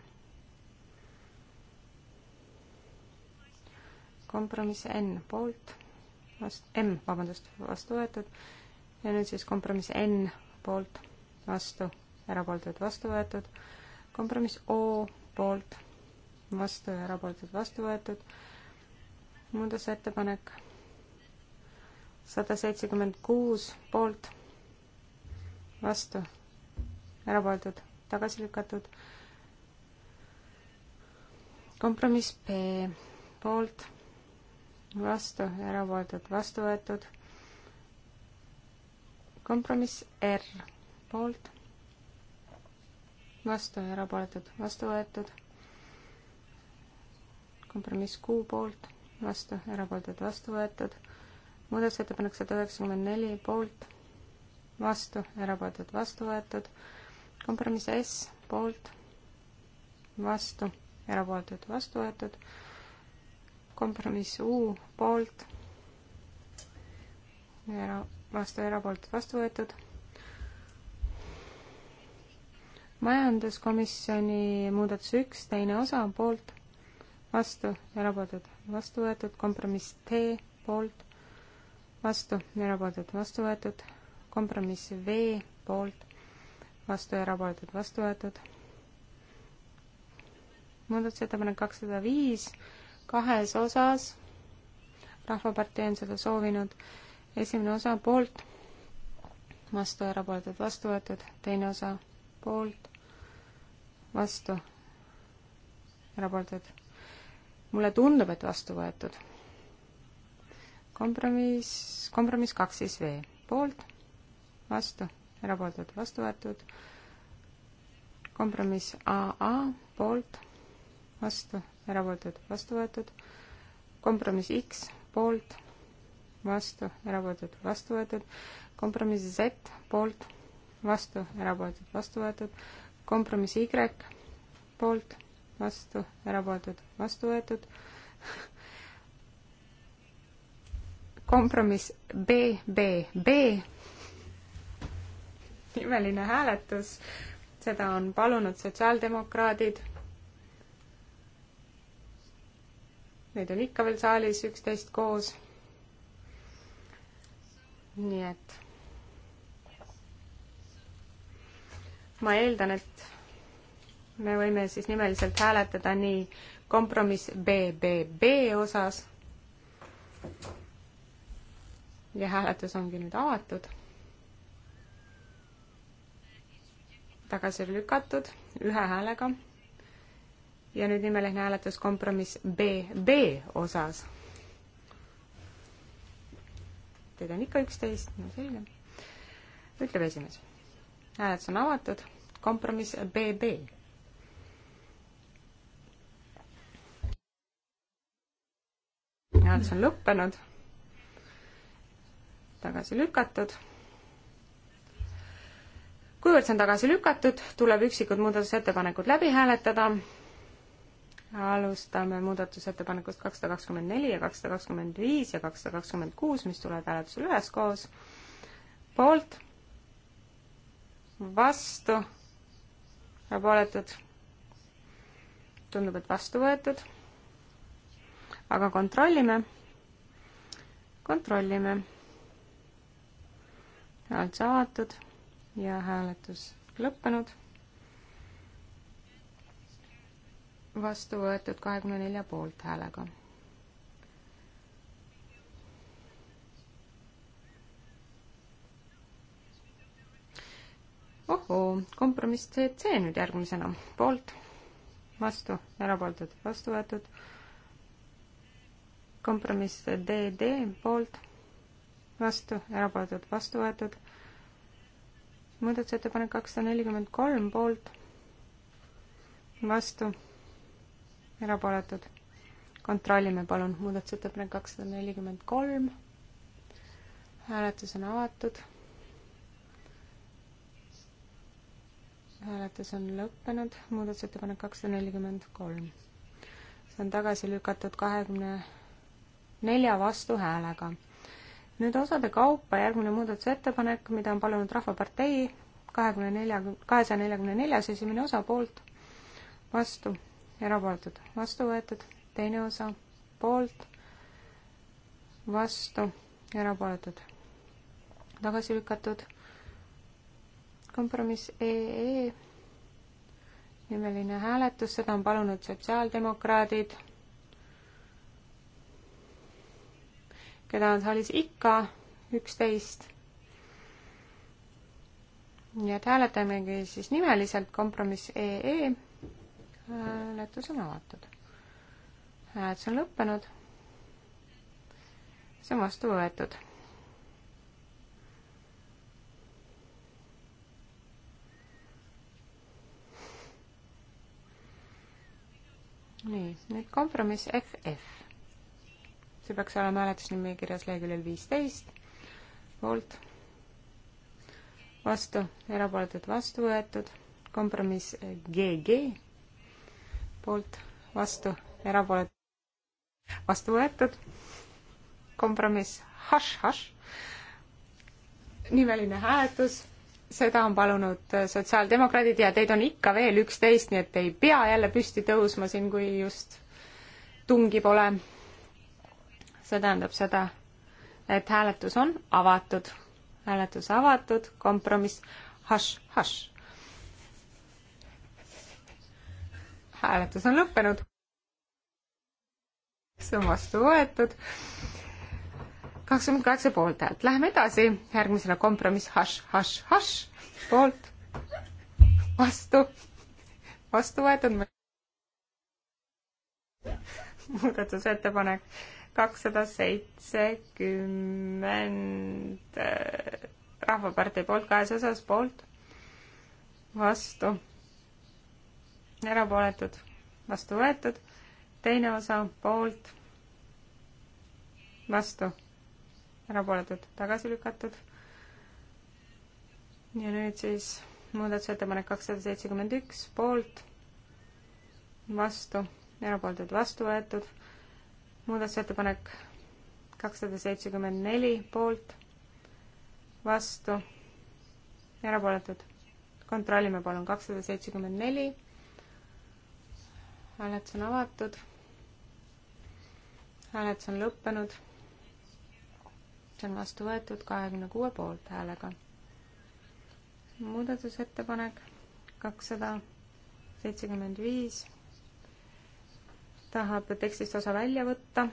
kompromiss N poolt, vast-, M, vabandust, vastu võetud ja nüüd siis kompromiss N poolt, vastu erapooletud, vastu võetud. kompromiss O poolt, vastu ja erapooletud, vastu võetud. muudatusettepanek sada seitsekümmend kuus poolt, vastu, erapooletud, tagasi lükatud. kompromiss B poolt, vastu, erapooletud, vastu võetud. kompromiss R poolt vastu ja erapooletud vastu võetud. kompromiss Q poolt, vastu, erapooletud vastu võetud. muudatusettepanek sada üheksakümmend neli poolt, vastu, erapooletud vastu võetud. kompromiss S poolt, vastu, erapooletud vastu võetud. kompromiss U poolt, era-, vastu, erapooletud vastu võetud majanduskomisjoni muudatus üks, teine osa poolt, vastu, erapooletud, vastu võetud, kompromiss T poolt, vastu, erapooletud, vastu võetud, kompromiss V poolt, vastu, erapooletud, vastu võetud. muudatusettepanek kakssada viis, kahes osas, Rahvapartei on seda soovinud, esimene osa poolt, vastu, erapooletud, vastu võetud, teine osa poolt vastu, erapooletud. mulle tundub, et vastu võetud. kompromiss, kompromiss kaks siis V, poolt, vastu, erapooletud, vastu võetud. kompromiss AA, poolt, vastu, erapooletud, vastu võetud. kompromiss X, poolt, vastu, erapooletud, vastu võetud. kompromiss Z, poolt, vastu, erapooletud, vastu võetud kompromiss Y poolt, vastu, erapooletud, vastu võetud. kompromiss B, B, B. nimeline hääletus, seda on palunud sotsiaaldemokraadid. Neid on ikka veel saalis üksteist koos. nii et ma eeldan, et me võime siis nimeliselt hääletada nii kompromiss BBB osas ja hääletus ongi nüüd avatud. tagasi lükatud ühe häälega. ja nüüd nimeline hääletus kompromiss BB osas. Teid on ikka üksteist, no selge, ütleb esimees hääletus on avatud, kompromiss BB. hääletus on lõppenud, tagasi lükatud kuivõrd see on tagasi lükatud, tuleb üksikud muudatusettepanekud läbi hääletada. alustame muudatusettepanekust kakssada kakskümmend neli ja kakssada kakskümmend viis ja kakssada kakskümmend kuus, mis tulevad hääletusele üheskoos. poolt, vastu, erapooletud, tundub, et vastu võetud. aga kontrollime, kontrollime. hääletus avatud ja hääletus lõppenud. vastu võetud kahekümne nelja poolthäälega ohoo, kompromiss CC nüüd järgmisena, poolt, vastu, erapooletud, vastu võetud. kompromiss DD, poolt, vastu, erapooletud, vastu võetud. muudatusettepanek kakssada nelikümmend kolm, poolt, vastu, erapooletud. kontrollime palun, muudatusettepanek kakssada nelikümmend kolm. hääletus on avatud hääletus on lõppenud, muudatusettepanek kakssada nelikümmend kolm. see on tagasi lükatud kahekümne nelja vastuhäälega. nüüd osade kaupa järgmine muudatusettepanek, mida on palunud Rahvapartei kahekümne nelja, kahesaja neljakümne neljas esimene osa poolt, vastu, erapooletud, vastu võetud, teine osa poolt, vastu, erapooletud, tagasi lükatud kompromiss EE e. nimeline hääletus, seda on palunud sotsiaaldemokraadid, keda on saalis ikka üksteist. nii et hääletamegi siis nimeliselt kompromiss EE. E. hääletus on avatud. hääletus on lõppenud. see on vastu võetud nii, nüüd kompromiss FF. see peaks olema hääletusnimekirjas leheküljel viisteist, poolt, vastu, erapooletud, vastu võetud, kompromiss GG, poolt, vastu, erapooletud, vastu võetud, kompromiss haš-haš, nimeline hääletus seda on palunud äh, sotsiaaldemokraadid ja teid on ikka veel üksteist, nii et ei pea jälle püsti tõusma siin, kui just tungi pole. see tähendab seda, et hääletus on avatud, hääletus avatud, kompromiss, hašš, hašš. hääletus on lõppenud. see on vastu võetud kakskümmend kaheksa poolthäält. Läheme edasi, järgmisena kompromiss hash, hash, hash, poolt, vastu, vastu võetud. muudatusettepanek kakssada seitsekümmend äh, Rahvapartei poolt kahes osas, poolt, vastu, erapooletud, vastu võetud, teine osa poolt, vastu erapooletud, tagasi lükatud. ja nüüd siis muudatusettepanek kakssada seitsekümmend üks, poolt, vastu, erapooletud, vastu võetud. muudatusettepanek kakssada seitsekümmend neli, poolt, vastu, erapooletud. kontrollime palun, kakssada seitsekümmend neli. hääletus on avatud hääletus on lõppenud see on vastu võetud kahekümne kuue poolthäälega. muudatusettepanek kakssada seitsekümmend viis tahab tekstist osa välja võtta.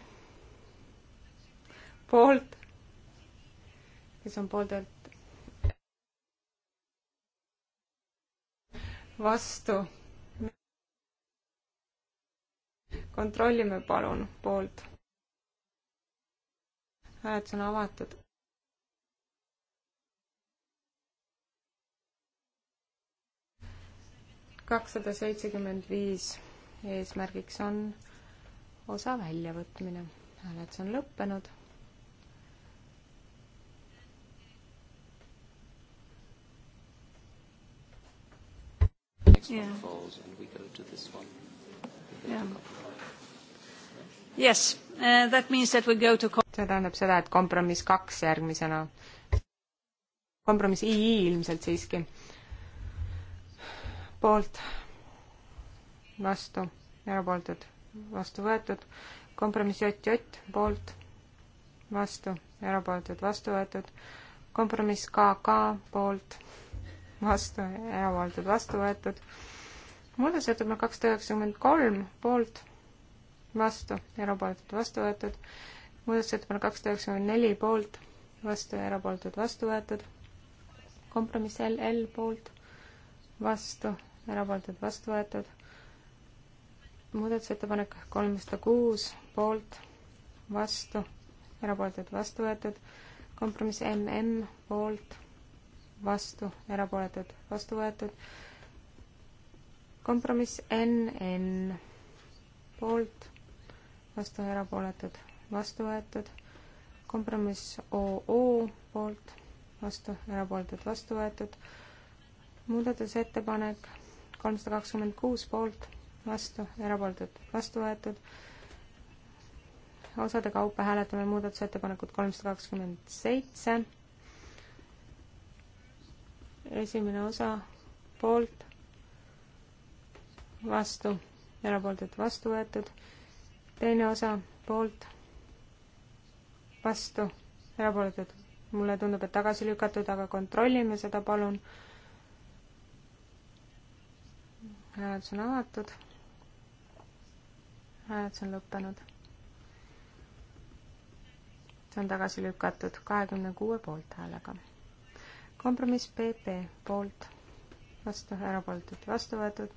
poolt, kes on pooltelt vastu. kontrollime palun poolt hääletus on avatud. kakssada seitsekümmend viis eesmärgiks on osa väljavõtmine. hääletus on lõppenud yeah. falls and we go to this one. Yeah. Yes, uh, that means that we go to see tähendab seda, et kompromiss kaks järgmisena. kompromiss II ilmselt siiski. poolt, vastu, erapooletud, vastu võetud. kompromiss JJ, poolt, vastu, erapooletud, vastu võetud. kompromiss KK, poolt, vastu, erapooletud, vastu võetud muudatusettepanek kakssada üheksakümmend kolm, poolt, vastu, erapooletud, vastu võetud. muudatusettepanek kakssada üheksakümmend neli poolt, vastu ja erapooletud, vastu võetud. kompromiss LL poolt, vastu, erapooletud, vastu võetud. muudatusettepanek kolmsada kuus poolt, vastu, erapooletud, vastu võetud. kompromiss MM poolt, vastu, erapooletud, vastu võetud. kompromiss NN poolt vastu erapooletud, vastu võetud. kompromiss OO poolt, vastu erapooletud, vastu võetud. muudatusettepanek kolmsada kakskümmend kuus poolt, vastu erapooletud, vastu võetud. osade kaupa hääletame muudatusettepanekut kolmsada kakskümmend seitse. esimene osa poolt, vastu, erapooletud, vastu võetud teine osa poolt, vastu, erapooletud. mulle tundub, et tagasi lükatud, aga kontrollime seda, palun. hääletus on avatud. hääletus on lõppenud. see on tagasi lükatud kahekümne kuue poolthäälega. kompromiss PP poolt, vastu, erapooletud, vastu võetud.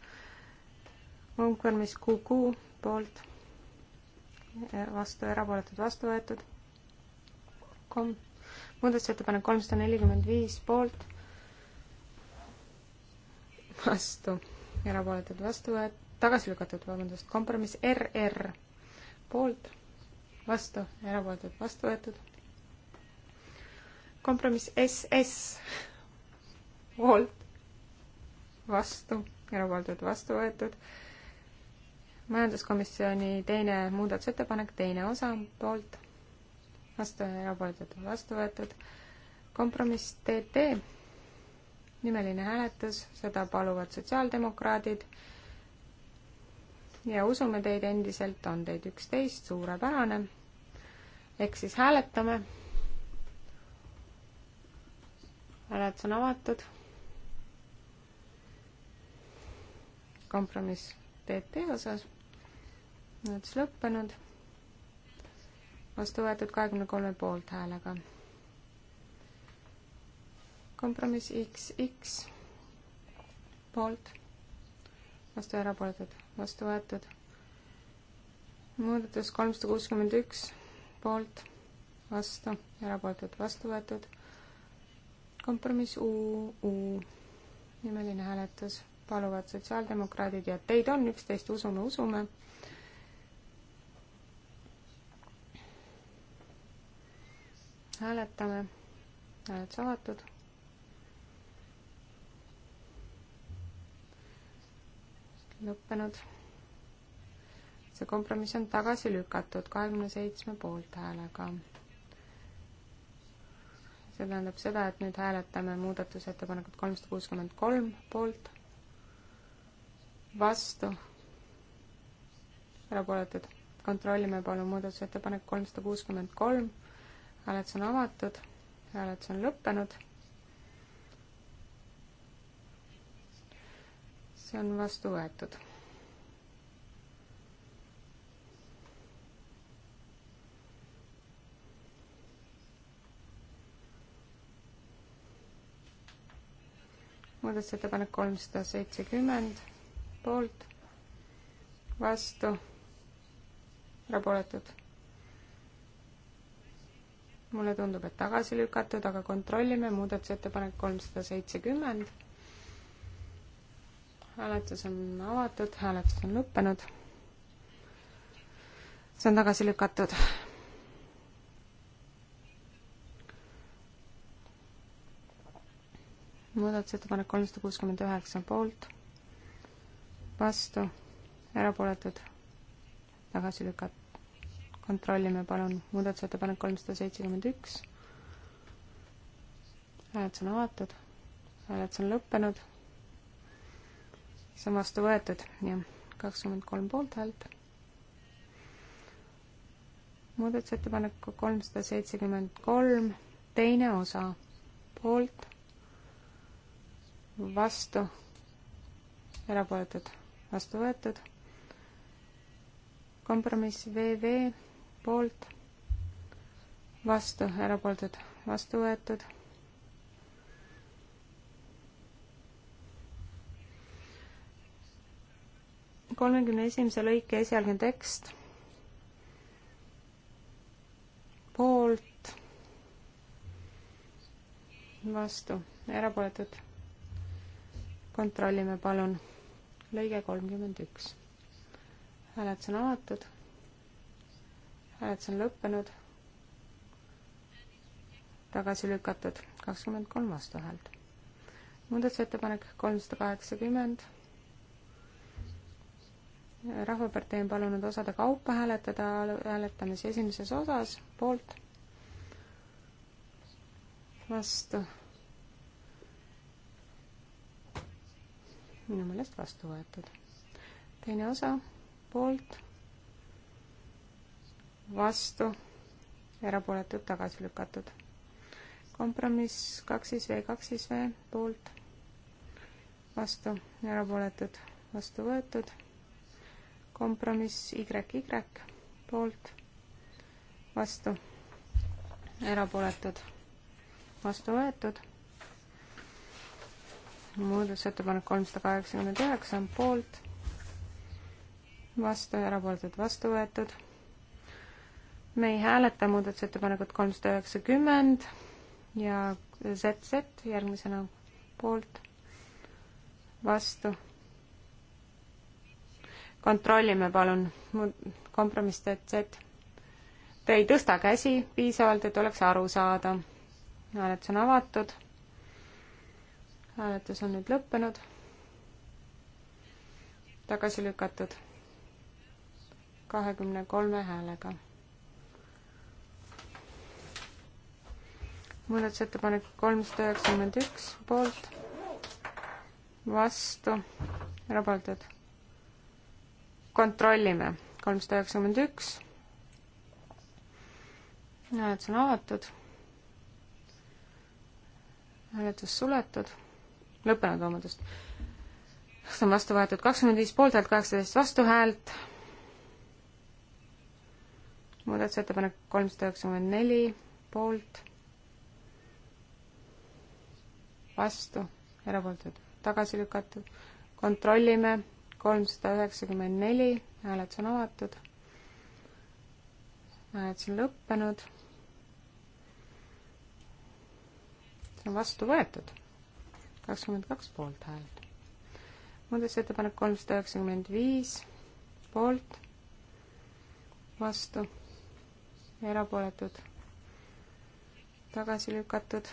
kompromiss QQ poolt vastu, erapooletud, vastu võetud. kom-, muudatusettepanek kolmsada nelikümmend viis poolt, vastu, erapooletud, vastu võet-, tagasi lükatud, vabandust, kompromiss RR poolt, vastu, erapooletud, vastu võetud. kompromiss SS poolt, vastu, erapooletud, vastu võetud majanduskomisjoni teine muudatusettepanek, teine osa poolt, vastu ja erapooletud vastu võetud. kompromiss DD, nimeline hääletus, seda paluvad sotsiaaldemokraadid. ja usume teid endiselt, on teid üksteist, suurepärane. ehk siis hääletame. hääletus on avatud kompromiss TT osas. hääletus lõppenud. vastu võetud kahekümne kolme poolthäälega. kompromiss XX poolt, vastu erapooletud, vastu võetud. muudatus kolmsada kuuskümmend üks poolt, vastu, erapooletud, vastu võetud kompromiss UU, nimeline hääletus paluvad sotsiaaldemokraadid ja teid on, üksteist usume, usume. hääletame, hääled saadetud. lõppenud. see kompromiss on tagasi lükatud kahekümne seitsme poolthäälega see tähendab seda, et nüüd hääletame muudatusettepanekut kolmsada kuuskümmend kolm poolt, vastu, erapooletud. kontrollime palun muudatusettepanek kolmsada kuuskümmend kolm. hääletus on avatud, hääletus on lõppenud. see on vastu võetud muudatusettepanek kolmsada seitsekümmend poolt, vastu, erapooletud. mulle tundub, et tagasi lükatud, aga kontrollime muudatusettepanek kolmsada seitsekümmend. hääletus on avatud, hääletus on lõppenud. see on tagasi lükatud muudatusettepanek kolmsada kuuskümmend üheksa poolt, vastu, erapooletud, tagasi lükatud. kontrollime palun muudatusettepanek kolmsada seitsekümmend üks. hääletus on avatud, hääletus on lõppenud. see on vastu võetud, jah, kakskümmend kolm poolthäält. muudatusettepanek kolmsada seitsekümmend kolm, teine osa, poolt, vastu, erapooletud vastu võetud. kompromiss VV poolt, vastu, erapooletud, vastu võetud. kolmekümne esimese lõike esialgne tekst. poolt, vastu, erapooletud. kontrollime palun lõige kolmkümmend üks. hääletus on avatud. hääletus on lõppenud. tagasi lükatud kakskümmend kolm vastuhäält. muudatusettepanek kolmsada kaheksakümmend. rahvapartei on palunud osade kaupa hääletada hääletamise esimeses osas poolt, vastu minu meelest vastu võetud. teine osa poolt, vastu, erapooletud, tagasi lükatud. kompromiss kaks siis V, kaks siis V poolt, vastu, erapooletud, vastu võetud. kompromiss Y, Y poolt, vastu, erapooletud, vastu võetud muudatusettepanek kolmsada kaheksakümmend üheksa on poolt, vastu ja erapooletud vastu võetud. me ei hääleta muudatusettepanekut kolmsada üheksakümmend ja ZZ järgmisena poolt, vastu. kontrollime palun, kompromiss ZZ. Te ei tõsta käsi piisavalt, et oleks aru saada. hääletus on avatud hääletus on nüüd lõppenud. tagasi lükatud kahekümne kolme häälega. muudatusettepanek kolmsada üheksakümmend üks poolt, vastu, erapooletud. kontrollime, kolmsada üheksakümmend üks. hääletus on avatud hääletus suletud lõppenud, vabandust. see on vastu võetud kakskümmend viis poolthäält, kaheksateist vastuhäält. muudatusettepanek kolmsada üheksakümmend neli poolt, vastu, erapooletud, tagasi lükatud. kontrollime, kolmsada üheksakümmend neli, hääletus on avatud. hääletus on lõppenud. see on vastu võetud kakskümmend kaks poolthäält. muudatusettepanek kolmsada üheksakümmend viis poolt, vastu ja erapooletud, tagasi lükatud.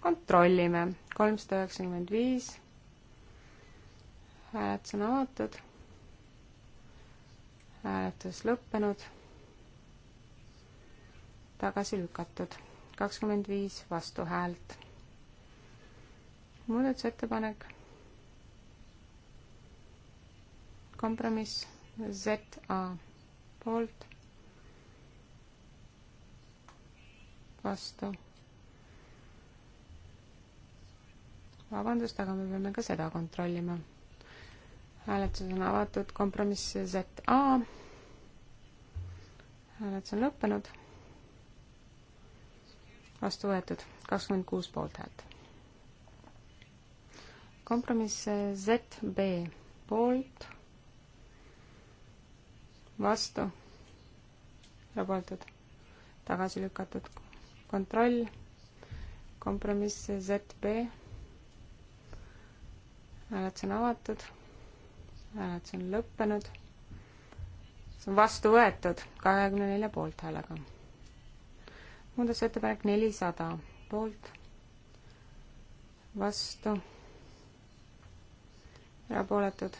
kontrollime, kolmsada üheksakümmend viis, hääletus on avatud, hääletus lõppenud, tagasi lükatud, kakskümmend viis vastuhäält muudatusettepanek. kompromiss ZA poolt. vastu. vabandust, aga me peame ka seda kontrollima. hääletus on avatud, kompromiss ZA. hääletus on lõppenud. vastu võetud, kakskümmend kuus poolthäält kompromiss äh, ZB poolt, vastu, erapooletud, tagasi lükatud, kontroll, kompromiss äh, ZB, hääletus on avatud, hääletus on lõppenud, see on vastu võetud kahekümne nelja poolthäälega. muudatusettepanek nelisada poolt, vastu erapooletud.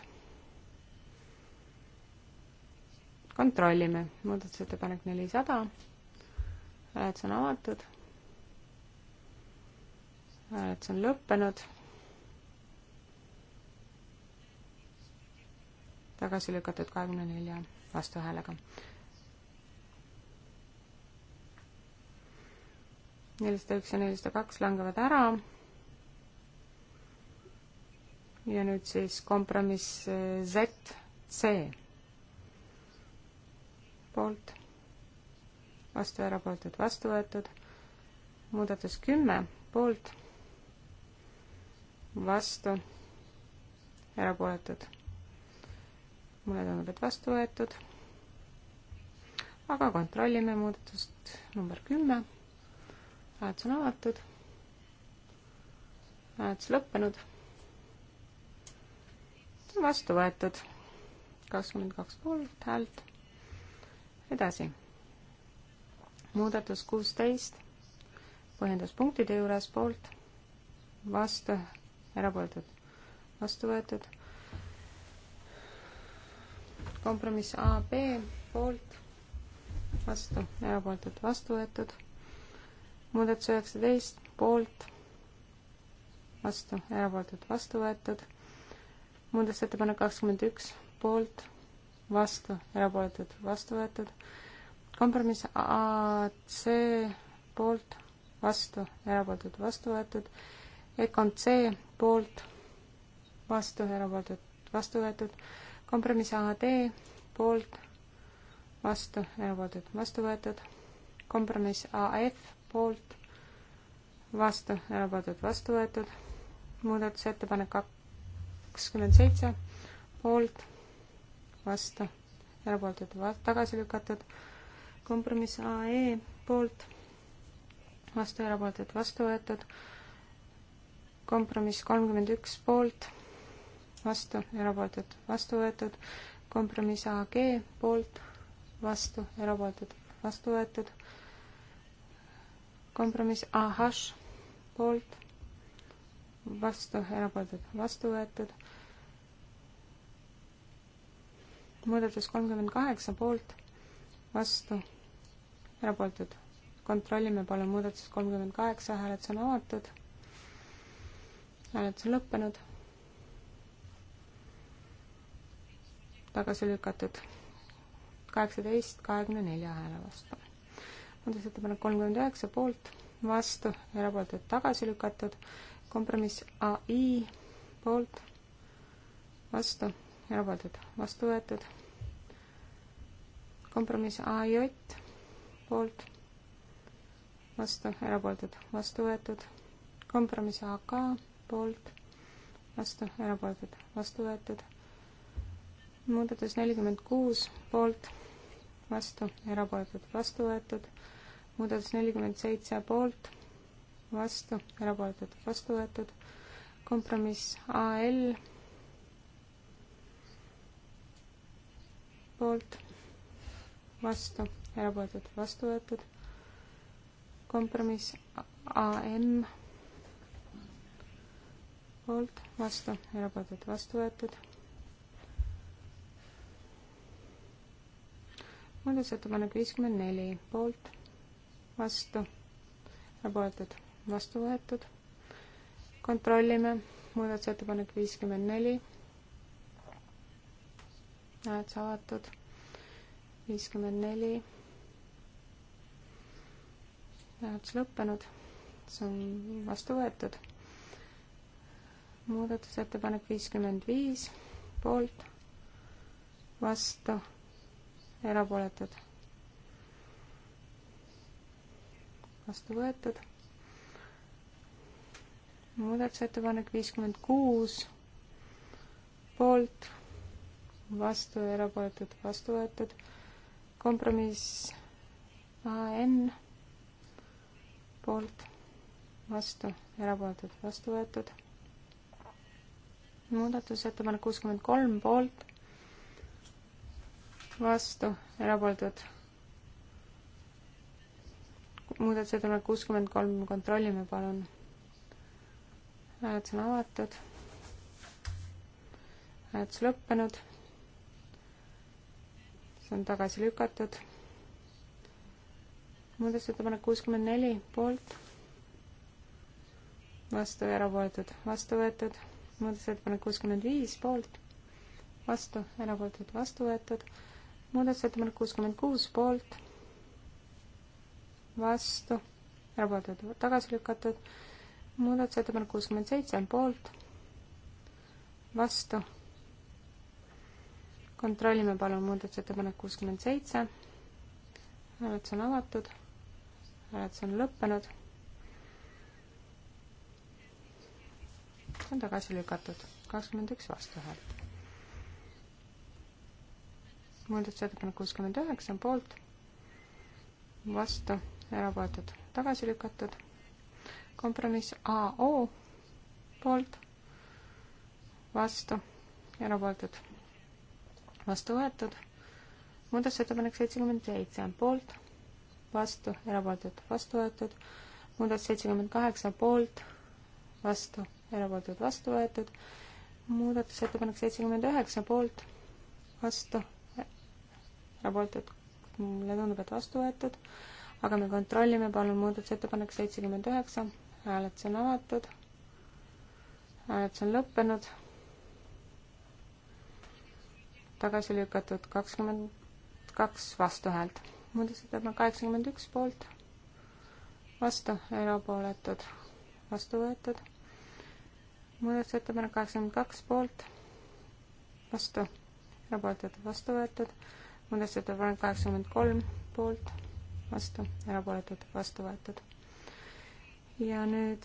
kontrollime, muudatusettepanek nelisada, hääletus on avatud, hääletus on lõppenud, tagasi lükatud kahekümne nelja vastuhäälega. nelisada üks ja nelisada kaks langevad ära ja nüüd siis kompromiss eh, ZC poolt, vastu erapooletud, vastu võetud, muudatus kümme poolt, vastu, erapooletud. mulle tundub, et vastu võetud. aga kontrollime muudatust number kümme. hääletus on avatud. hääletus lõppenud vastu võetud. kakskümmend kaks poolt häält. edasi. muudatus kuusteist, põhjenduspunktide juures poolt, vastu, erapooletud, vastu võetud. kompromiss AB poolt, vastu, erapooletud, vastu võetud. muudatus üheksateist poolt, vastu, erapooletud, vastu võetud muudatusettepanek kakskümmend üks, poolt, vastu, erapooletud, vastu võetud. kompromiss AC poolt, vastu, erapooletud, vastu võetud. EKOM C poolt, vastu, erapooletud, vastu võetud. kompromiss AD poolt, vastu, erapooletud, vastu võetud. kompromiss AF poolt, vastu, erapooletud, vastu võetud. muudatusettepanek kaks kakskümmend seitse poolt, vastu, erapooletud, tagasi lükatud. kompromiss AE poolt, vastu, erapooletud, vastu võetud. kompromiss kolmkümmend üks poolt, vastu, erapooletud, vastu võetud. kompromiss AG poolt, vastu, erapooletud, vastu võetud. kompromiss AH poolt vastu, erapooletud, vastu võetud. muudatus kolmkümmend kaheksa poolt, vastu, erapooletud. kontrollime palun muudatus kolmkümmend kaheksa, hääletus on avatud. hääletus on lõppenud. tagasi lükatud kaheksateist kahekümne nelja hääle vastu. muudatusettepanek kolmkümmend üheksa poolt, vastu, erapooletud tagasi lükatud kompromiss ai poolt, vastu, erapooletud, vastu võetud. kompromiss aj poolt, vastu, erapooletud, vastu võetud. kompromiss ak poolt, vastu, erapooletud, vastu võetud. muudatus nelikümmend kuus poolt, vastu, erapooletud, vastu võetud. muudatus nelikümmend seitse poolt vastu, erapooletud, vastu võetud. kompromiss AL poolt, vastu, erapooletud, vastu võetud. kompromiss AM poolt, vastu, erapooletud, vastu võetud. muudatusettepanek viiskümmend neli poolt, vastu, erapooletud vastu võetud. kontrollime, muudatusettepanek viiskümmend neli. näed, see avatud. viiskümmend neli. hääletus lõppenud, see on vastu võetud. muudatusettepanek viiskümmend viis, poolt, vastu, erapooletud. vastu võetud muudatusettepanek viiskümmend kuus poolt, vastu, erapooletud, vastu võetud. kompromiss AN poolt, vastu, erapooletud, vastu võetud. muudatusettepanek kuuskümmend kolm poolt, vastu, erapooletud. muudatusettepanek kuuskümmend kolm, kontrollime palun hääletus on avatud. hääletus lõppenud. see on tagasi lükatud. muudatusettepanek kuuskümmend neli poolt, vastu ja erapooletud, vastu võetud. muudatusettepanek kuuskümmend viis poolt, vastu, erapooletud, vastu võetud. muudatusettepanek kuuskümmend kuus poolt, vastu, erapooletud, tagasi lükatud muudatusettepanek kuuskümmend seitse on poolt, vastu. kontrollime palun muudatusettepanek kuuskümmend seitse. hääletus on avatud, hääletus on lõppenud. see on tagasi lükatud, kakskümmend üks vastuhäält. muudatusettepanek kuuskümmend üheksa on poolt, vastu, erapooletud, tagasi lükatud kompromiss AO poolt, vastu, erapooletud, vastu võetud. muudatusettepanek seitsekümmend seitse poolt, vastu, erapooletud, vastu võetud. muudatus seitsekümmend kaheksa poolt, vastu, erapooletud, vastu võetud. muudatusettepanek seitsekümmend üheksa poolt, vastu, erapooletud, mulle tundub, et vastu võetud. aga me kontrollime, palun, muudatusettepanek seitsekümmend üheksa hääletus on avatud. hääletus on lõppenud. tagasi lükatud kakskümmend kaks vastuhäält. muudatusettepanek kaheksakümmend üks poolt, vastu, erapooletud, vastu võetud. muudatusettepanek kaheksakümmend kaks poolt, vastu, erapooletud, vastu võetud. muudatusettepanek kaheksakümmend kolm poolt, vastu, erapooletud, vastu võetud ja nüüd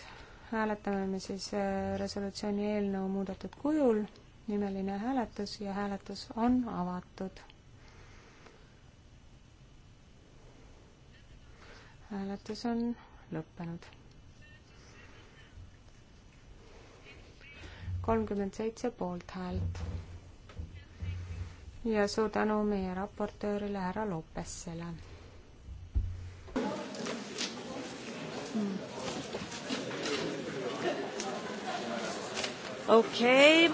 hääletame me siis äh, resolutsiooni eelnõu muudetud kujul, nimeline hääletus ja hääletus on avatud. hääletus on lõppenud. kolmkümmend seitse poolthäält. ja suur tänu meie raportöörile härra Lopessele mm.. Okay.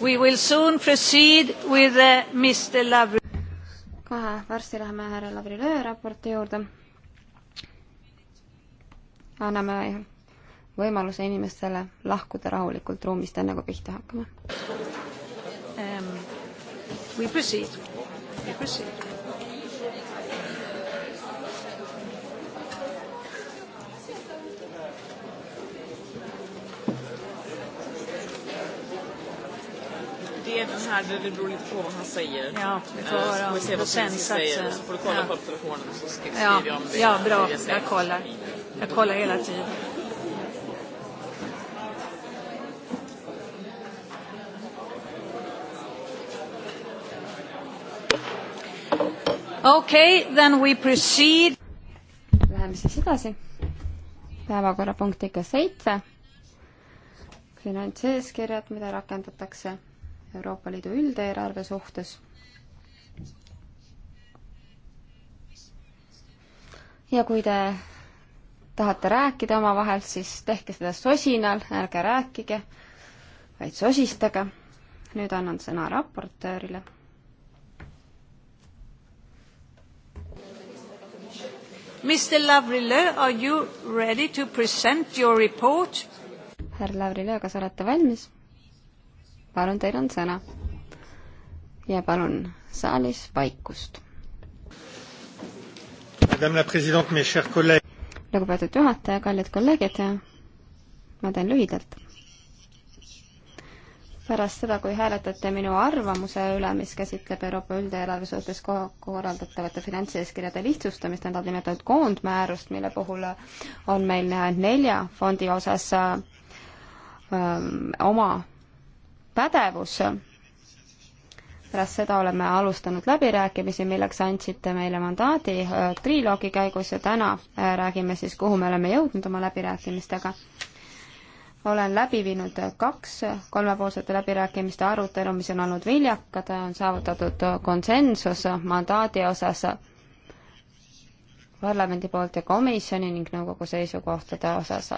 We will soon proceed with uh, Mr. Lavri. kohe varsti läheme härra Lavrilöö raporti juurde. anname võimaluse inimestele lahkuda rahulikult ruumist, enne kui pihta hakkame um,. We proceed, we proceed. det den här, det beror lite på vad han säger. Ja, vi får eh, höra. Så får vi se vad polisen säger. Så får du kolla ja. på telefonen så skriver ja. jag om det. Ja, bra. Jag kollar. Jag kollar hela tiden. okei okay,, then we proceed. Läheme siis edasi. päevakorrapunktiga seitse. finantseeskirjad, mida rakendatakse Euroopa Liidu üldeelarve suhtes. ja kui te tahate rääkida omavahel, siis tehke seda sosinal, ärge rääkige, vaid sosistage. nüüd annan sõna raportöörile Mr Lavrile, are you ready to present your report? härra Lavrile, kas olete valmis? palun, teil on sõna. ja palun saalis vaikust. lugupeetud juhataja, kallid kolleegid, ma teen lühidalt pärast seda, kui hääletate minu arvamuse üle, mis käsitleb Euroopa üldeelarve suhtes korraldatavate finantseeskirjade lihtsustamist, nõnda nimetatud koondmäärust, mille puhul on meil nelja fondi osas öö, ähm, oma pädevus. pärast seda oleme alustanud läbirääkimisi, milleks andsite meile mandaadi öö, äh, triloogi käigus ja täna öö, äh, räägime siis, kuhu me oleme jõudnud oma läbirääkimistega olen läbi viinud kaks kolmepoolsete läbirääkimiste arutelu, mis on olnud viljakad, on saavutatud konsensus mandaadi osas parlamendi poolt ja komisjoni ning nõukogu seisukohtade osas.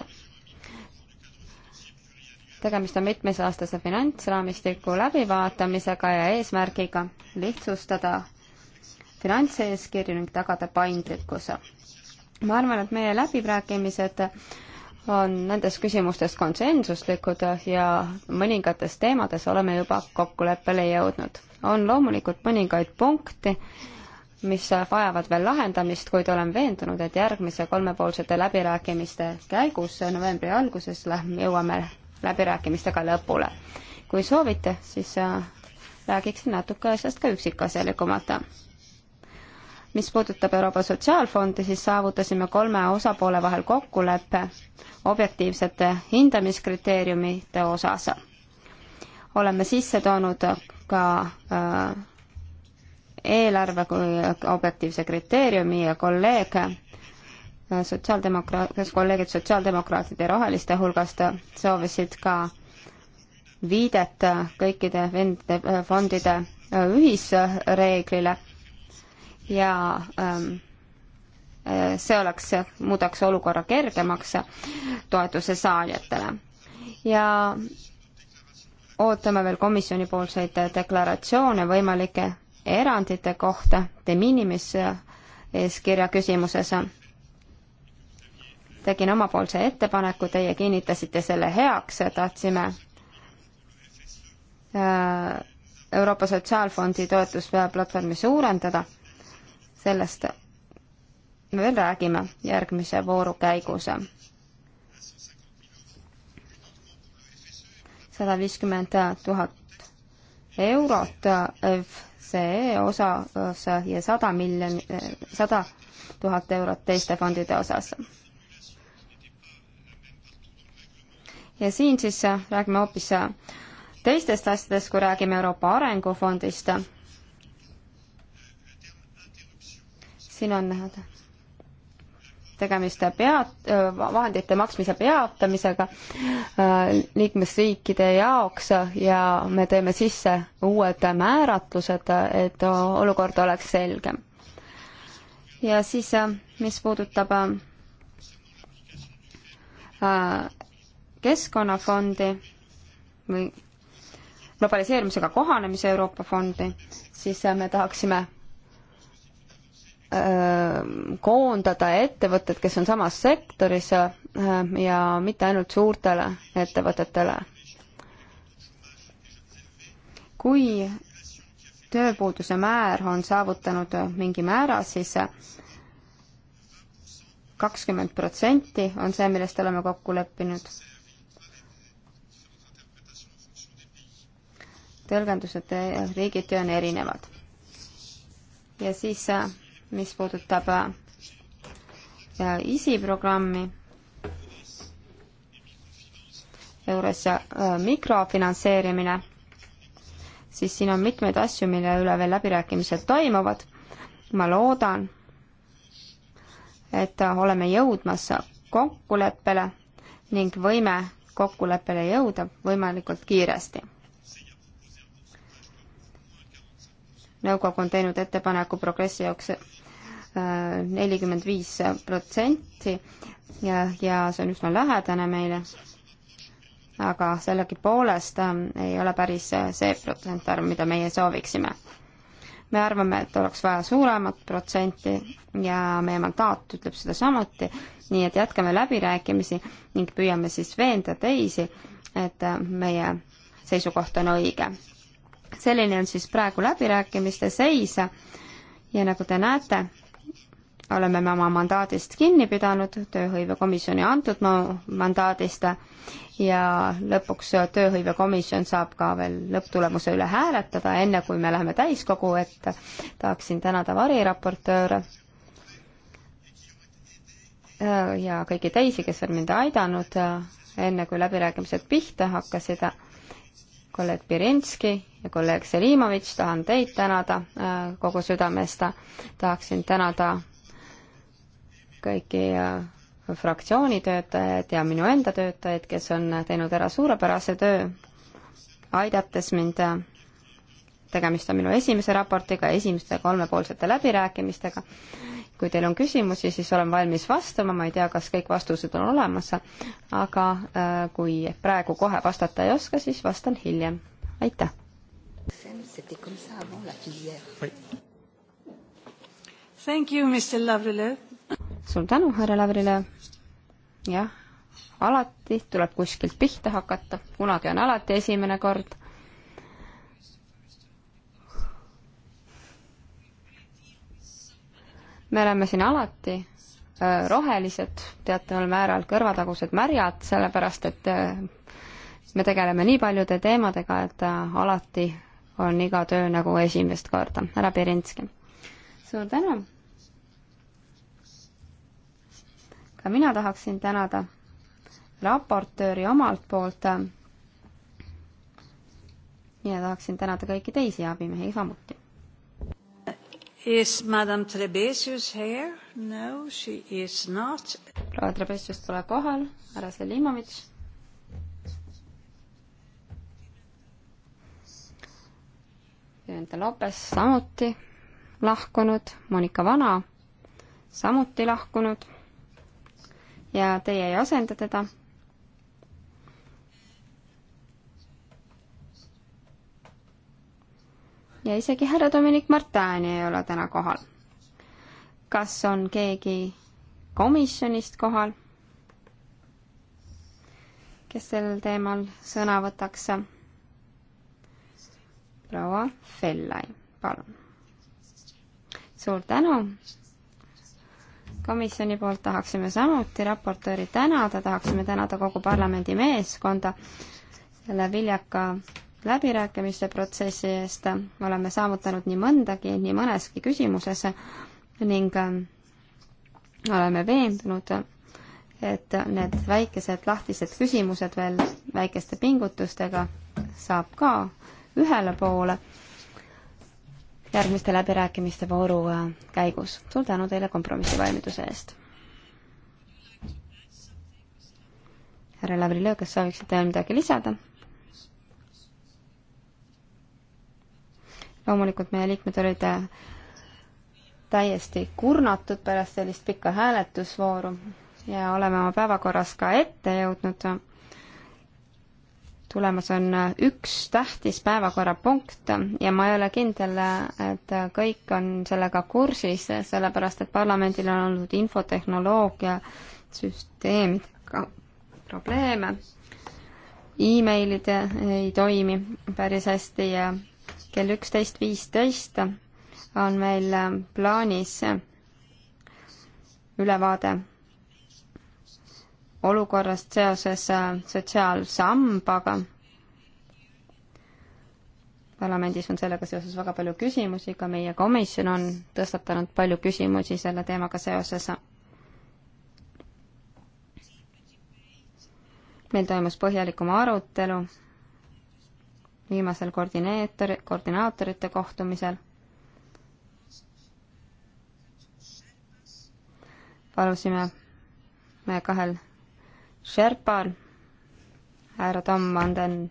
tegemist on mitmesaastase finantsraamistiku läbivaatamisega ja eesmärgiga lihtsustada finantseeskirju ning tagada paindlikkuse. ma arvan, et meie läbirääkimised on nendes küsimustes konsensuslikud ja mõningates teemades oleme juba kokkuleppele jõudnud. on loomulikult mõningaid punkti, mis vajavad veel lahendamist, kuid olen veendunud, et järgmise kolmepoolsete läbirääkimiste käigus novembri alguses jõuame läbirääkimistega lõpule. kui soovite, siis äh, räägiksin natuke asjast ka üksikasjalikumalt mis puudutab Euroopa Sotsiaalfondi, siis saavutasime kolme osapoole vahel kokkuleppe objektiivsete hindamiskriteeriumite osas. oleme sisse toonud ka äh, eelarve kui objektiivse kriteeriumi ja kolleeg äh, sotsiaaldemokraat, kas kolleegid sotsiaaldemokraatide ja roheliste hulgast soovisid ka viidet kõikide vendide, äh, fondide ühisreeglile ja ähm, äh, see oleks, muudaks olukorra kergemaks toetuse saajatele. ja ootame veel komisjonipoolseid deklaratsioone võimalike erandite kohta de minimis eeskirja küsimuses. tegin omapoolse ettepaneku, teie kinnitasite selle heaks, tahtsime äh, Euroopa Sotsiaalfondi toetusplatvormi suurendada sellest me veel räägime järgmise vooru käigus. sada viiskümmend tuhat eurot FCE osas ja sada miljoni, sada tuhat eurot teiste fondide osas. ja siin siis räägime hoopis teistest asjadest, kui räägime Euroopa Arengufondist siin on tegemist peat-, äh, vahendite maksmise peatamisega äh, liikmesriikide jaoks ja me teeme sisse uued määratlused, et olukord oleks selgem. ja siis, äh, mis puudutab keskkonnafondi või globaliseerumisega kohanemise Euroopa fondi, siis me tahaksime Äh, koondada ettevõtted, kes on samas sektoris äh, ja mitte ainult suurtele ettevõtetele. kui tööpuuduse määr on saavutanud mingi määra, siis kakskümmend protsenti on see, millest oleme kokku leppinud. tõlgendused äh, riigiti on erinevad. ja siis mis puudutab äh, ISI programmi juures ja äh, mikrofinantseerimine, siis siin on mitmeid asju, mille üle veel läbirääkimised toimuvad. ma loodan, et oleme jõudmas kokkuleppele ning võime kokkuleppele jõuda võimalikult kiiresti. nõukogu on teinud ettepaneku progressi jaoks nelikümmend viis protsenti ja, ja see on üsna lähedane meile, aga sellegipoolest ähm, ei ole päris äh, see protsentarv, mida meie sooviksime. me arvame, et oleks vaja suuremat protsenti ja meie mandaat ütleb seda samuti, nii et jätkame läbirääkimisi ning püüame siis veenda teisi, et äh, meie seisukoht on õige. selline on siis praegu läbirääkimiste seis ja nagu te näete, oleme me oma mandaadist kinni pidanud, tööhõivekomisjoni antud mandaadist ja lõpuks tööhõivekomisjon saab ka veel lõpptulemuse üle hääletada, enne kui me läheme täiskogu ette. tahaksin tänada variraportööre ja kõiki teisi, kes on mind aidanud, enne kui läbirääkimised pihta hakkasid kolleeg Pirinski ja kolleeg Selimovitš, tahan teid tänada kogu südamest. tahaksin tänada kõiki äh, fraktsiooni töötajaid ja minu enda töötajaid, kes on teinud ära suurepärase töö, aidates mind. Äh, tegemist on minu esimese raportiga, esimeste kolmepoolsete läbirääkimistega. kui teil on küsimusi, siis olen valmis vastama, ma ei tea, kas kõik vastused on olemas, aga äh, kui praegu kohe vastata ei oska, siis vastan hiljem. aitäh! Thank you, Mr Lavrilov suur tänu härra Lavrile. jah, alati tuleb kuskilt pihta hakata, kunagi on alati esimene kord. me oleme siin alati äh, rohelised, teataval määral kõrvatagused märjad, sellepärast et äh, me tegeleme nii paljude teemadega, et äh, alati on iga töö nagu esimest korda. härra Pirinski. suur tänu ka mina tahaksin tänada raportööri omalt poolt ja tahaksin tänada kõiki teisi abimehi samuti. Is madam Trebesius here? No, she is not. proua Trebesius pole kohal, härra Selimovitš. Jürgen Lopes samuti lahkunud, Monika Vana samuti lahkunud ja teie ei asenda teda. ja isegi härra Dominic Martani ei ole täna kohal. kas on keegi komisjonist kohal, kes sel teemal sõna võtaks? proua Fellai, palun. suur tänu, komisjoni poolt tahaksime samuti raportööri tänada, tahaksime tänada kogu parlamendi meeskonda selle viljaka läbirääkimiste protsessi eest, oleme saavutanud nii mõndagi, nii mõneski küsimuses ning ähm, oleme veendunud, et need väikesed lahtised küsimused veel väikeste pingutustega saab ka ühele poole järgmiste läbirääkimiste vooru äh, käigus. suur tänu teile kompromissivalmiduse eest. härra Lavrilõõ, kas sooviksite midagi lisada? loomulikult meie liikmed olid äh, täiesti kurnatud pärast sellist pikka hääletusvooru ja oleme oma päevakorras ka ette jõudnud tulemas on üks tähtis päevakorrapunkt ja ma ei ole kindel, et kõik on sellega kursis, sellepärast et parlamendil on olnud infotehnoloogia süsteemidega probleeme e. emailid ei toimi päris hästi ja kell üksteist viisteist on meil plaanis ülevaade olukorrast seoses äh, sotsiaalsambaga. parlamendis on sellega seoses väga palju küsimusi, ka meie komisjon on tõstatanud palju küsimusi selle teemaga seoses. meil toimus põhjalikum arutelu viimasel koordineetor, koordinaatorite kohtumisel palusime me kahel Sherpal, härra Tom Vanden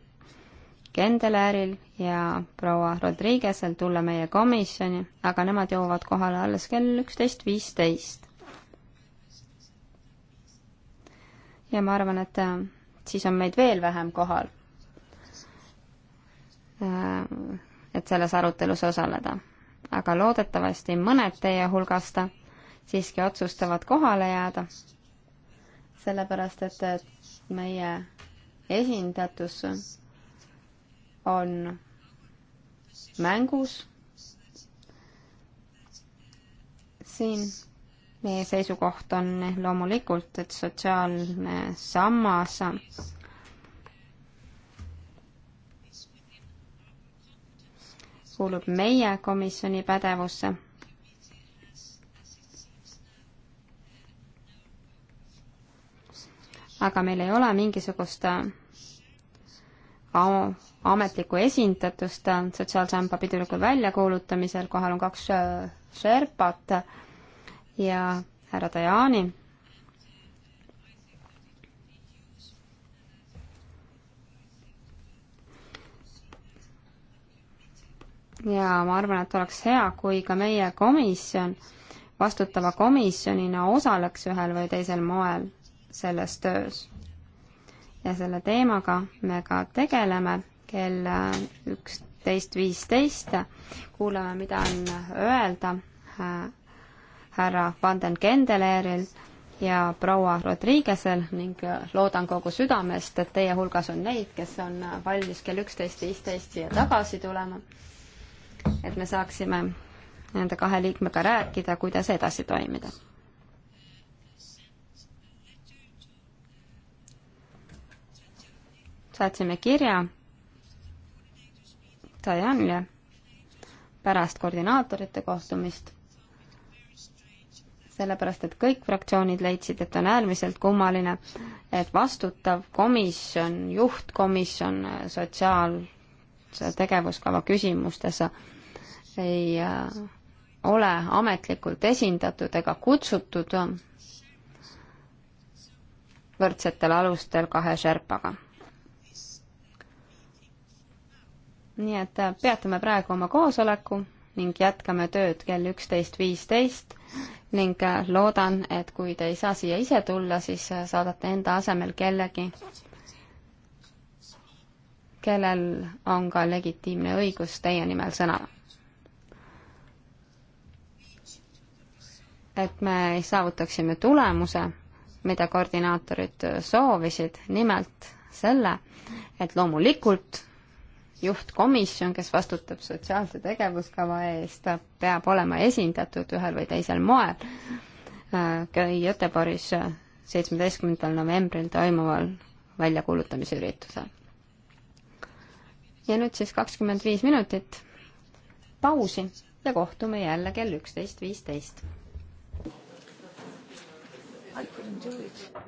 Kendeläril ja proua Rodriguez'el tulla meie komisjoni, aga nemad jõuavad kohale alles kell üksteist viisteist. ja ma arvan, et äh, siis on meid veel vähem kohal. Äh, et selles arutelus osaleda. aga loodetavasti mõned teie hulgast siiski otsustavad kohale jääda sellepärast et meie esindatus on mängus siin meie seisukoht on loomulikult, et sotsiaalne sammas kuulub meie komisjoni pädevusse aga meil ei ole mingisugust äh, ametlikku esindatust äh, sotsiaalsamba pidulikul väljakuulutamisel, kohal on kaks äh, Sherpat ja härra Dajani. ja ma arvan, et oleks hea, kui ka meie komisjon vastutava komisjonina osaleks ühel või teisel moel selles töös. ja selle teemaga me ka tegeleme kell äh, üksteist viisteist. kuulame, mida on öelda äh, härra Vanden Kendeleril ja proua Rodriguezel ning äh, loodan kogu südamest, et teie hulgas on neid, kes on valmis kell üksteist viisteist siia tagasi tulema. et me saaksime nende kahe liikmega rääkida, kuidas edasi toimida saatsime kirja Dianele pärast koordinaatorite kohtumist, sellepärast et kõik fraktsioonid leidsid, et on äärmiselt kummaline, et vastutav komisjon, juhtkomisjon sotsiaalse tegevuskava küsimustes ei äh, ole ametlikult esindatud ega kutsutud võrdsetel alustel kahe Sherpaga nii et äh, peatame praegu oma koosoleku ning jätkame tööd kell üksteist viisteist ning äh, loodan, et kui te ei saa siia ise tulla, siis äh, saadate enda asemel kellegi, kellel on ka legitiimne õigus teie nimel sõna. et me saavutaksime tulemuse, mida koordinaatorid soovisid, nimelt selle, et loomulikult juhtkomisjon, kes vastutab sotsiaalse tegevuskava eest, peab olema esindatud ühel või teisel moel äh, Göteborgis seitsmeteistkümnendal novembril toimuval väljakuulutamise üritusel. ja nüüd siis kakskümmend viis minutit pausi ja kohtume jälle kell üksteist viisteist. I couldn't do it.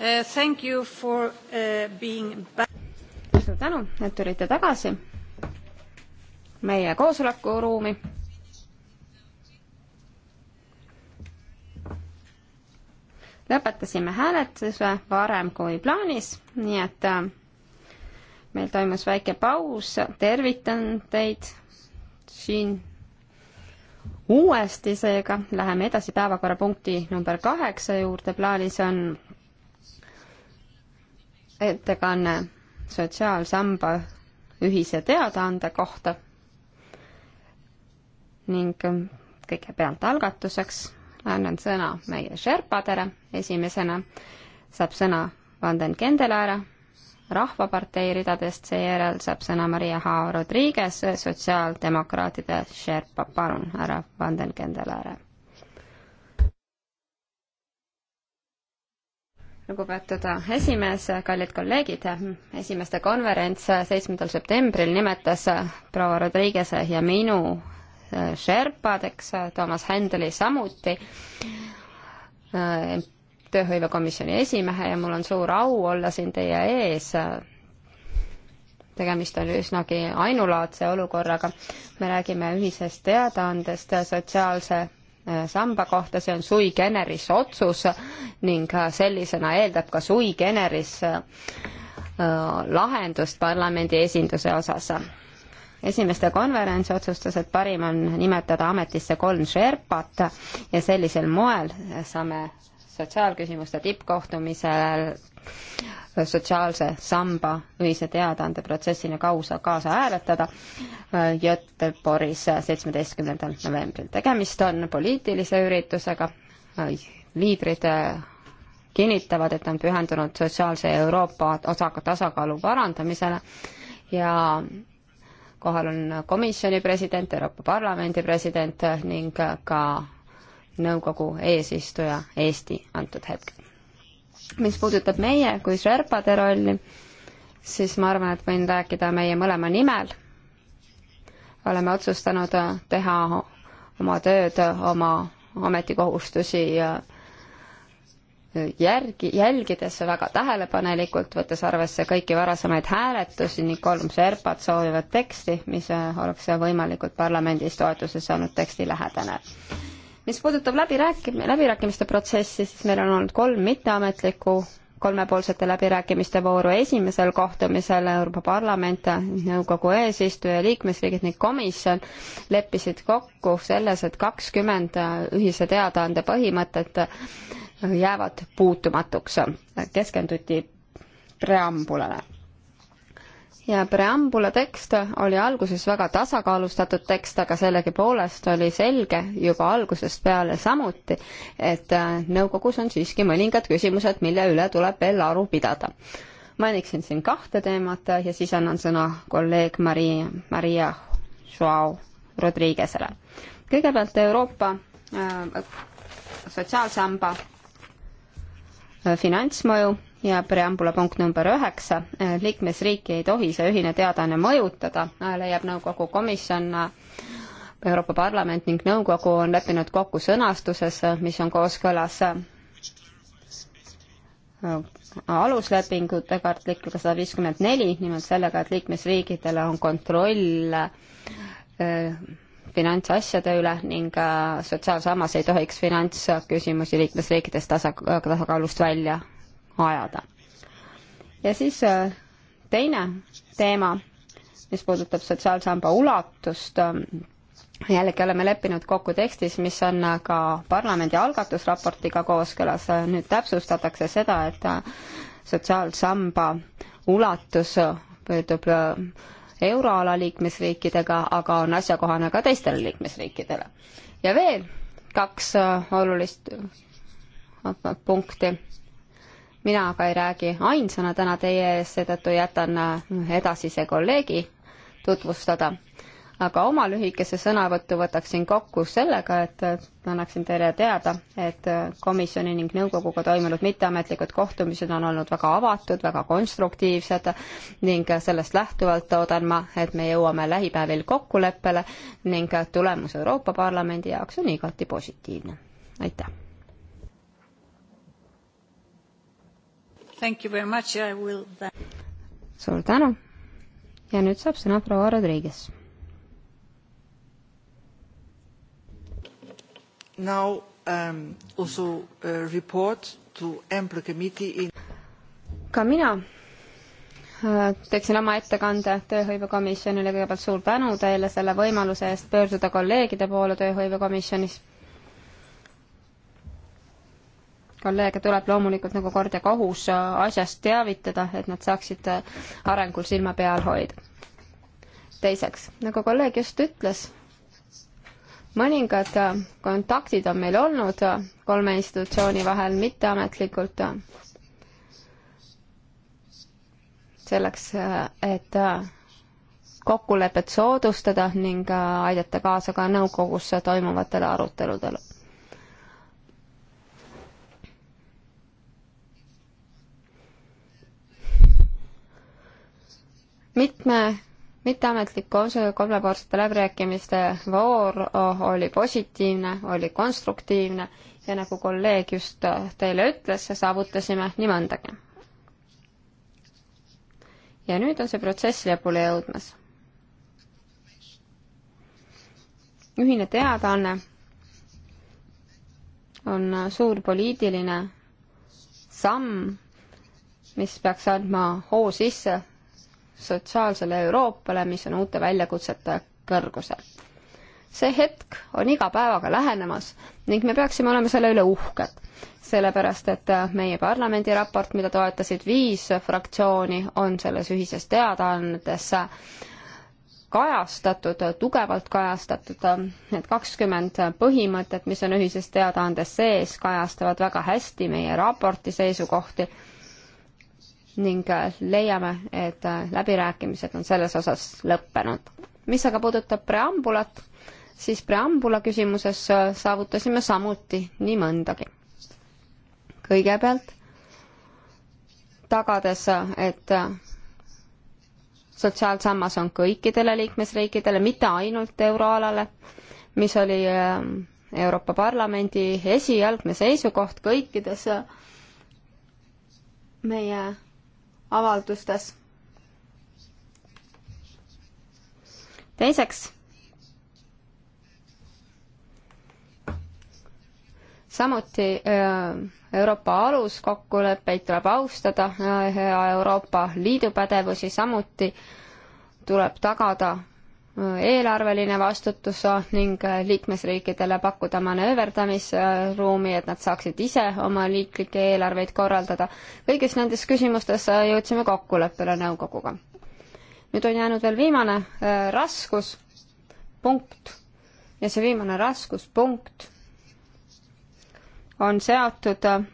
uh,. Thank you for uh, being back. suur tänu, et tulite tagasi meie koosolekuruumi. lõpetasime hääletuse varem kui plaanis, nii et äh, meil toimus väike paus, tervitan teid siin uuesti, seega läheme edasi päevakorrapunkti number kaheksa juurde, plaanis on ettekanne sotsiaalsamba ühise teadaande kohta ning kõigepealt algatuseks annan sõna meie Sherpadele, esimesena saab sõna Vanden Kendelaere Rahvapartei ridadest, seejärel saab sõna Maria Hao Rodriguez, sotsiaaldemokraatide Sherpa, palun, härra Vanden Kendelaere lugupeetud esimees, kallid kolleegid, esimeste konverents seitsmendal septembril nimetas proua Rodriguez'e ja minu äh, Sherpadeks, Toomas Händeli samuti äh, tööhõivekomisjoni esimehe ja mul on suur au olla siin teie ees. tegemist on üsnagi ainulaadse olukorraga. me räägime ühisest teadaandest sotsiaalse Äh, samba kohta, see on sui generis otsus ning äh, sellisena eeldab ka sui generis äh, lahendust parlamendi esinduse osas. esimeste konverents otsustas, et parim on nimetada ametisse kolm Sherpat ja sellisel moel saame sotsiaalküsimuste tippkohtumisel sotsiaalse samba ühise teadaande protsessina kausa, kaasa hääletada äh, Göteborgis äh, seitsmeteistkümnendal novembril. tegemist on poliitilise üritusega, äh, liidrid kinnitavad, et on pühendunud sotsiaalse Euroopa osaka tasakaalu parandamisele ja kohal on komisjoni president, Euroopa Parlamendi president ning ka nõukogu eesistuja Eesti antud hetkel mis puudutab meie kui šerpade rolli, siis ma arvan, et võin rääkida meie mõlema nimel. oleme otsustanud teha oma tööd, oma ametikohustusi järgi, jälgides väga tähelepanelikult, võttes arvesse kõiki varasemaid hääletusi ning kolm šerpat soovivad teksti, mis oleks võimalikult parlamendis toetuse saanud teksti lähedane mis puudutab läbirääkim-, läbirääkimiste protsessi, siis meil on olnud kolm mitteametlikku kolmepoolsete läbirääkimiste vooru esimesel kohtumisel Euroopa Parlament, nõukogu eesistuja, liikmesriigid ning komisjon leppisid kokku selles, et kakskümmend ühise teadaande põhimõtet jäävad puutumatuks. keskenduti preambulale ja preambula tekst oli alguses väga tasakaalustatud tekst, aga sellegipoolest oli selge juba algusest peale samuti, et äh, nõukogus on siiski mõningad küsimused, mille üle tuleb veel aru pidada. mainiksin siin kahte teemat ja siis annan sõna kolleeg Maria, Maria Joao Rodriguez'ele. kõigepealt Euroopa äh, sotsiaalsamba äh, finantsmõju ja preambula punkt number üheksa, liikmesriiki ei tohi see ühine teadaanne mõjutada, leiab nõukogu komisjon. Euroopa Parlament ning nõukogu on leppinud kokku sõnastuses, mis on kooskõlas äh, aluslepingutega artikliga sada viiskümmend neli, nimelt sellega, et liikmesriigidel on kontroll äh, finantsasjade üle ning äh, sotsiaalsammas ei tohiks finantsküsimusi liikmesriikides tasakaalust välja ajada. ja siis äh, teine teema, mis puudutab sotsiaalsamba ulatust, äh, jällegi oleme leppinud kokku tekstis, mis on äh, ka parlamendi algatusraportiga kooskõlas, nüüd täpsustatakse seda, et sotsiaalsamba ulatus pöördub euroala liikmesriikidega, aga on asjakohane ka teistele liikmesriikidele. ja veel kaks olulist punkti mina aga ei räägi ainsana täna teie ees, seetõttu jätan äh, edasise kolleegi tutvustada. aga oma lühikese sõnavõttu võtaksin kokku sellega, et äh, annaksin teile teada, et äh, komisjoni ning nõukoguga toimunud mitteametlikud kohtumised on olnud väga avatud, väga konstruktiivsed ning sellest lähtuvalt loodan ma, et me jõuame lähipäevil kokkuleppele ning tulemus Euroopa Parlamendi jaoks on igati positiivne. aitäh! Will... Uh, suur tänu ja nüüd saab sõna proua Rodriguez. Now um, also a uh, report to ample committee in ka mina äh, teeksin oma ettekande Tööhõivekomisjonile, kõigepealt suur tänu teile selle võimaluse eest pöörduda kolleegide poole Tööhõivekomisjonis kolleege tuleb loomulikult nagu kord ja kohus äh, asjast teavitada, et nad saaksid äh, arengul silma peal hoida. teiseks, nagu kolleeg just ütles, mõningad äh, kontaktid on meil olnud kolme institutsiooni vahel mitteametlikult selleks, et kokkulepet soodustada ning aidata kaasa ka nõukogus toimuvatele aruteludele mitme mitteametliku osa kolmepoolsete läbirääkimiste voor oli positiivne, oli konstruktiivne ja nagu kolleeg just äh, teile ütles, saavutasime nii mõndagi. ja nüüd on see protsess lõpule jõudmas. ühine teadaanne on äh, suur poliitiline samm, mis peaks andma hoo sisse sotsiaalsele Euroopale, mis on uute väljakutsete kõrgusel. see hetk on iga päevaga lähenemas ning me peaksime olema selle üle uhked, sellepärast et meie parlamendi raport, mida toetasid viis fraktsiooni, on selles ühises teadaannetes kajastatud, tugevalt kajastatud, need kakskümmend põhimõtet, mis on ühises teadaandes sees, kajastavad väga hästi meie raporti seisukohti ning äh, leiame, et äh, läbirääkimised on selles osas lõppenud. mis aga puudutab preambulat, siis preambula küsimuses äh, saavutasime samuti nii mõndagi. kõigepealt tagades, et sotsiaalsammas on kõikidele liikmesriikidele, mitte ainult euroalale, mis oli Euroopa Parlamendi esialgne seisukoht kõikides meie avaldustes. teiseks, samuti äh, Euroopa aluskokkuleppeid tuleb austada ja äh, Euroopa Liidu pädevusi samuti tuleb tagada eelarveline vastutus ning liikmesriikidele pakkuda manööverdamisruumi, et nad saaksid ise oma liiklikke eelarveid korraldada. kõigis nendes küsimustes jõudsime kokkuleppele nõukoguga. nüüd on jäänud veel viimane äh, raskus, punkt. ja see viimane raskus, punkt on seotud äh,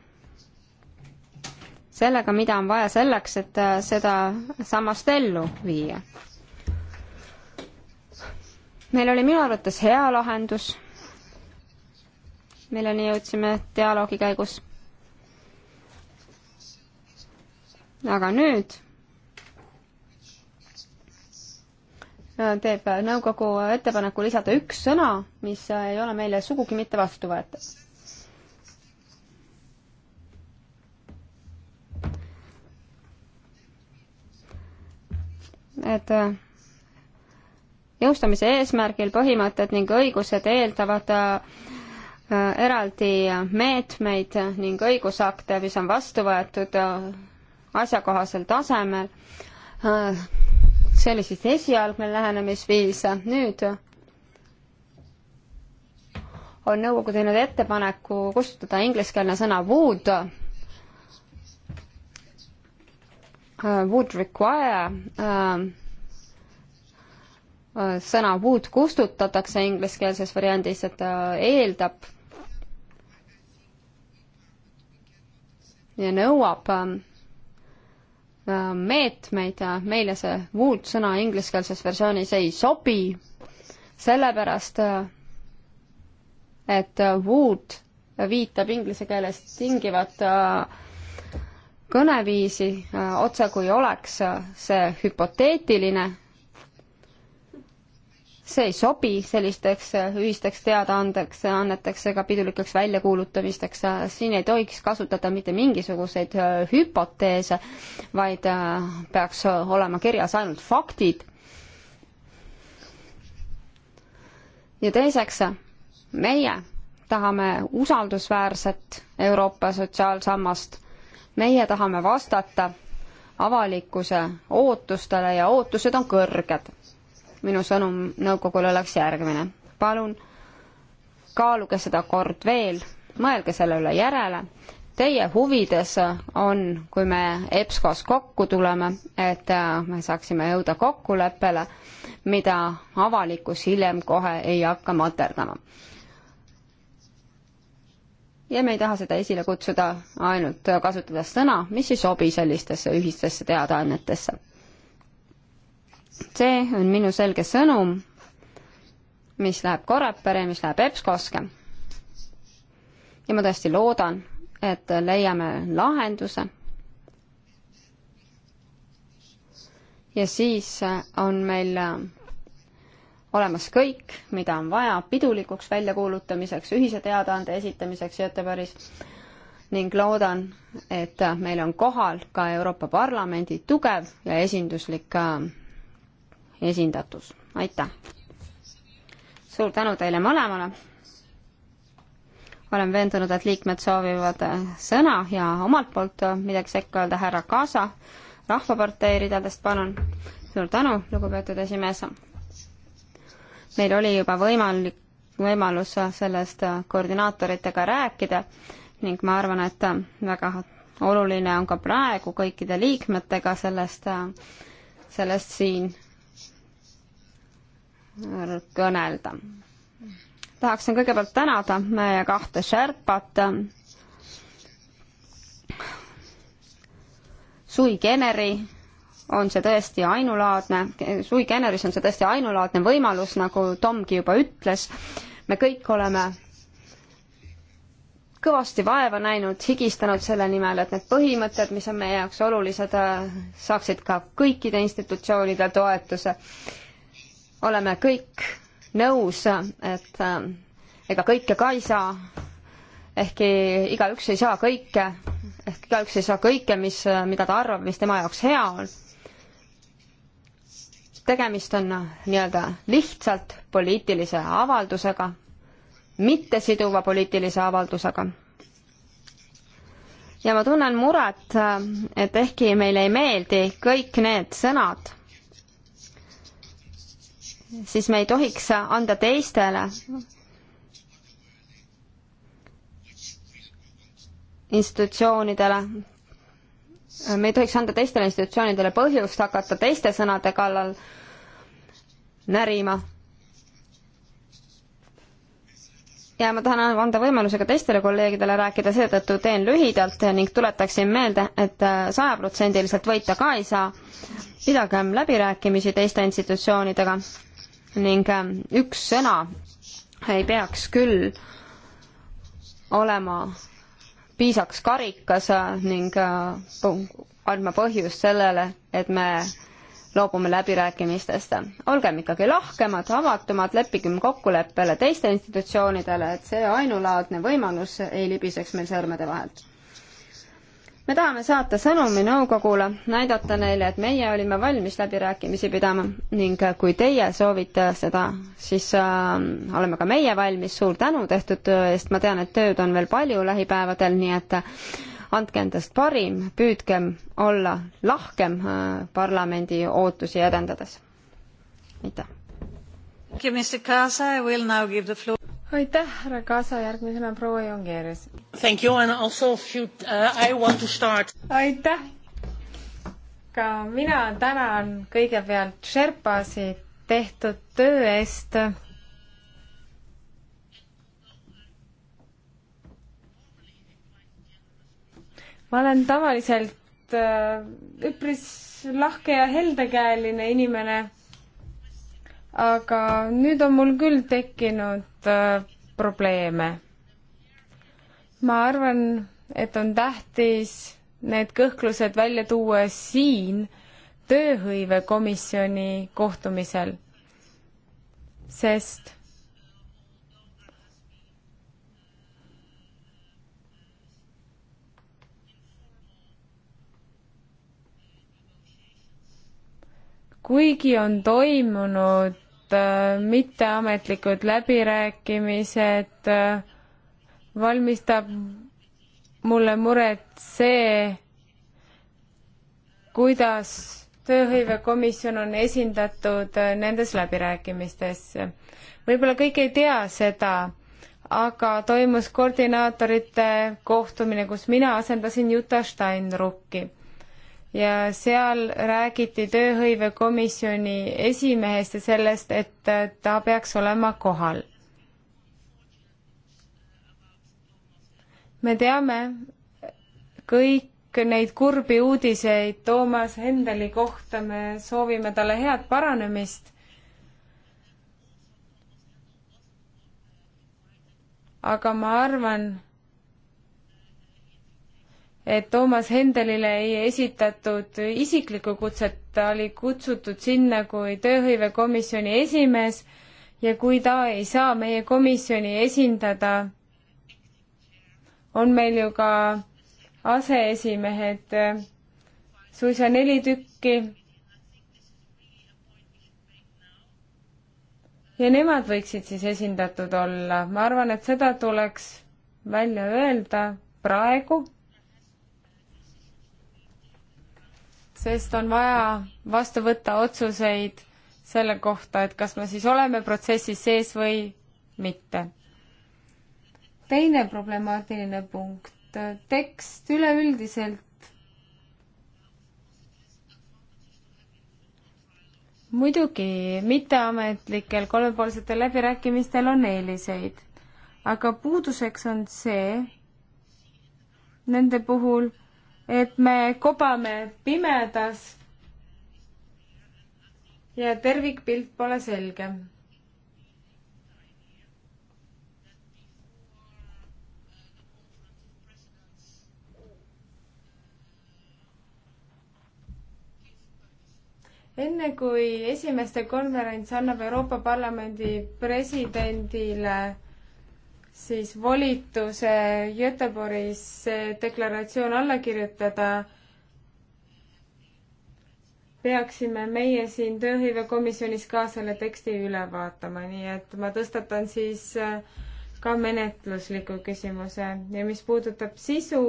sellega, mida on vaja selleks, et äh, seda sammast ellu viia meil oli minu arvates hea lahendus, milleni jõudsime dialoogi käigus. aga nüüd teeb nõukogu ettepaneku lisada üks sõna, mis ei ole meile sugugi mitte vastuvõetav. et jõustamise eesmärgil põhimõtted ning õigused eeldavad äh, eraldi meetmeid ning õigusakte, mis on vastu võetud äh, asjakohasel tasemel. Äh, see oli siis esialgne lähenemisviis, nüüd on nõukogu teinud ettepaneku kustutada ingliskeelne sõna would would require sõna would kustutatakse ingliskeelses variandis, et eeldab ja nõuab äh, meetmeid, meile see would sõna ingliskeelses versioonis ei sobi, sellepärast et would viitab inglise keeles tingivat äh, kõneviisi, äh, otse kui oleks see hüpoteetiline see ei sobi sellisteks äh, ühisteks teadaandeks, anneteks ega pidulikeks väljakuulutamisteks, äh, siin ei tohiks kasutada mitte mingisuguseid äh, hüpoteese, vaid peaks olema kirjas ainult faktid. ja teiseks, meie tahame usaldusväärset Euroopa sotsiaalsammast, meie tahame vastata avalikkuse ootustele ja ootused on kõrged minu sõnum nõukogule oleks järgmine. palun kaaluge seda kord veel, mõelge selle üle järele. Teie huvides on, kui me EBSCO-s kokku tuleme, et äh, me saaksime jõuda kokkuleppele, mida avalikkus hiljem kohe ei hakka materdama. ja me ei taha seda esile kutsuda ainult kasutades sõna, mis ei sobi sellistesse ühistesse teadaannetesse see on minu selge sõnum, mis läheb Korrapere, mis läheb EBSCO-sse. ja ma tõesti loodan, et leiame lahenduse. ja siis on meil olemas kõik, mida on vaja pidulikuks väljakuulutamiseks, ühise teadaande esitamiseks Göteborgis ning loodan, et meil on kohal ka Euroopa Parlamendi tugev ja esinduslik äh, esindatus. aitäh! suur tänu teile mõlemale! olen veendunud, et liikmed soovivad sõna ja omalt poolt midagi sekka öelda härra Kaasa Rahvapartei ridadest, palun. suur tänu, lugupeetud esimees. meil oli juba võimalik, võimalus sellest koordinaatoritega rääkida ning ma arvan, et väga oluline on ka praegu kõikide liikmetega sellest, sellest siin kõnelda. tahaksin kõigepealt tänada meie kahte Sherpat, Sui Generi on see tõesti ainulaadne, Sui Generis on see tõesti ainulaadne võimalus, nagu Tomgi juba ütles, me kõik oleme kõvasti vaeva näinud, higistanud selle nimel, et need põhimõtted, mis on meie jaoks olulised, saaksid ka kõikide institutsioonide toetuse oleme kõik nõus, et ega kõike ka ei saa, ehkki igaüks ei saa kõike, ehk igaüks ei saa kõike, mis, mida ta arvab, mis tema jaoks hea on. tegemist on nii-öelda lihtsalt poliitilise avaldusega, mittesiduva poliitilise avaldusega ja ma tunnen muret, et ehkki meile ei meeldi kõik need sõnad, siis me ei tohiks anda teistele institutsioonidele, me ei tohiks anda teistele institutsioonidele põhjust hakata teiste sõnade kallal närima. ja ma tahan anda võimaluse ka teistele kolleegidele rääkida, seetõttu teen lühidalt ning tuletaksin meelde, et sajaprotsendiliselt võita ka ei saa. pidagem läbirääkimisi teiste institutsioonidega ning ähm, üks sõna ei peaks küll olema piisaks karikas äh, ning äh, andma põhjust sellele, et me loobume läbirääkimistest. olgem ikkagi lahkemad, avatumad, leppigem kokkuleppele teiste institutsioonidele, et see ainulaadne võimalus ei libiseks meil sõrmede vahelt me tahame saata sõnumi nõukogule, näidata neile, et meie olime valmis läbirääkimisi pidama ning kui teie soovite seda, siis äh, oleme ka meie valmis. suur tänu tehtud töö eest, ma tean, et tööd on veel palju lähipäevadel, nii et andke endast parim, püüdkem olla lahkem äh, parlamendi ootusi edendades. aitäh! aitäh, härra Kaasa, järgmisena proua Jongeeres. Uh, aitäh ka mina tänan kõigepealt Sherpasid tehtud töö eest. ma olen tavaliselt äh, üpris lahke ja heldekäeline inimene aga nüüd on mul küll tekkinud äh, probleeme. ma arvan, et on tähtis need kõhklused välja tuua siin tööhõivekomisjoni kohtumisel, sest kuigi on toimunud Äh, mitteametlikud läbirääkimised, äh, valmistab mulle muret see, kuidas tööhõivekomisjon on esindatud äh, nendes läbirääkimistes. võib-olla kõik ei tea seda, aga toimus koordinaatorite kohtumine, kus mina asendasin Juta Steinrucki ja seal räägiti tööhõivekomisjoni esimehest ja sellest, et äh, ta peaks olema kohal. me teame kõik neid kurbi uudiseid Toomas Hendeli kohta, me soovime talle head paranemist aga ma arvan, et Toomas Hendelile ei esitatud isiklikku kutset, ta oli kutsutud sinna kui tööhõivekomisjoni esimees ja kui ta ei saa meie komisjoni esindada, on meil ju ka aseesimehed suisa neli tükki. ja nemad võiksid siis esindatud olla, ma arvan, et seda tuleks välja öelda praegu sest on vaja vastu võtta otsuseid selle kohta, et kas me siis oleme protsessis sees või mitte. teine problemaatiline punkt, tekst üleüldiselt muidugi mitteametlikel kolmepoolsetel läbirääkimistel on eeliseid, aga puuduseks on see nende puhul, et me kobame pimedas ja tervikpilt pole selge. enne kui esimeste konverents annab Euroopa Parlamendi presidendile siis volituse Göteborgis deklaratsioon alla kirjutada, peaksime meie siin tööhõivekomisjonis ka selle teksti üle vaatama, nii et ma tõstatan siis äh, ka menetlusliku küsimuse ja mis puudutab sisu,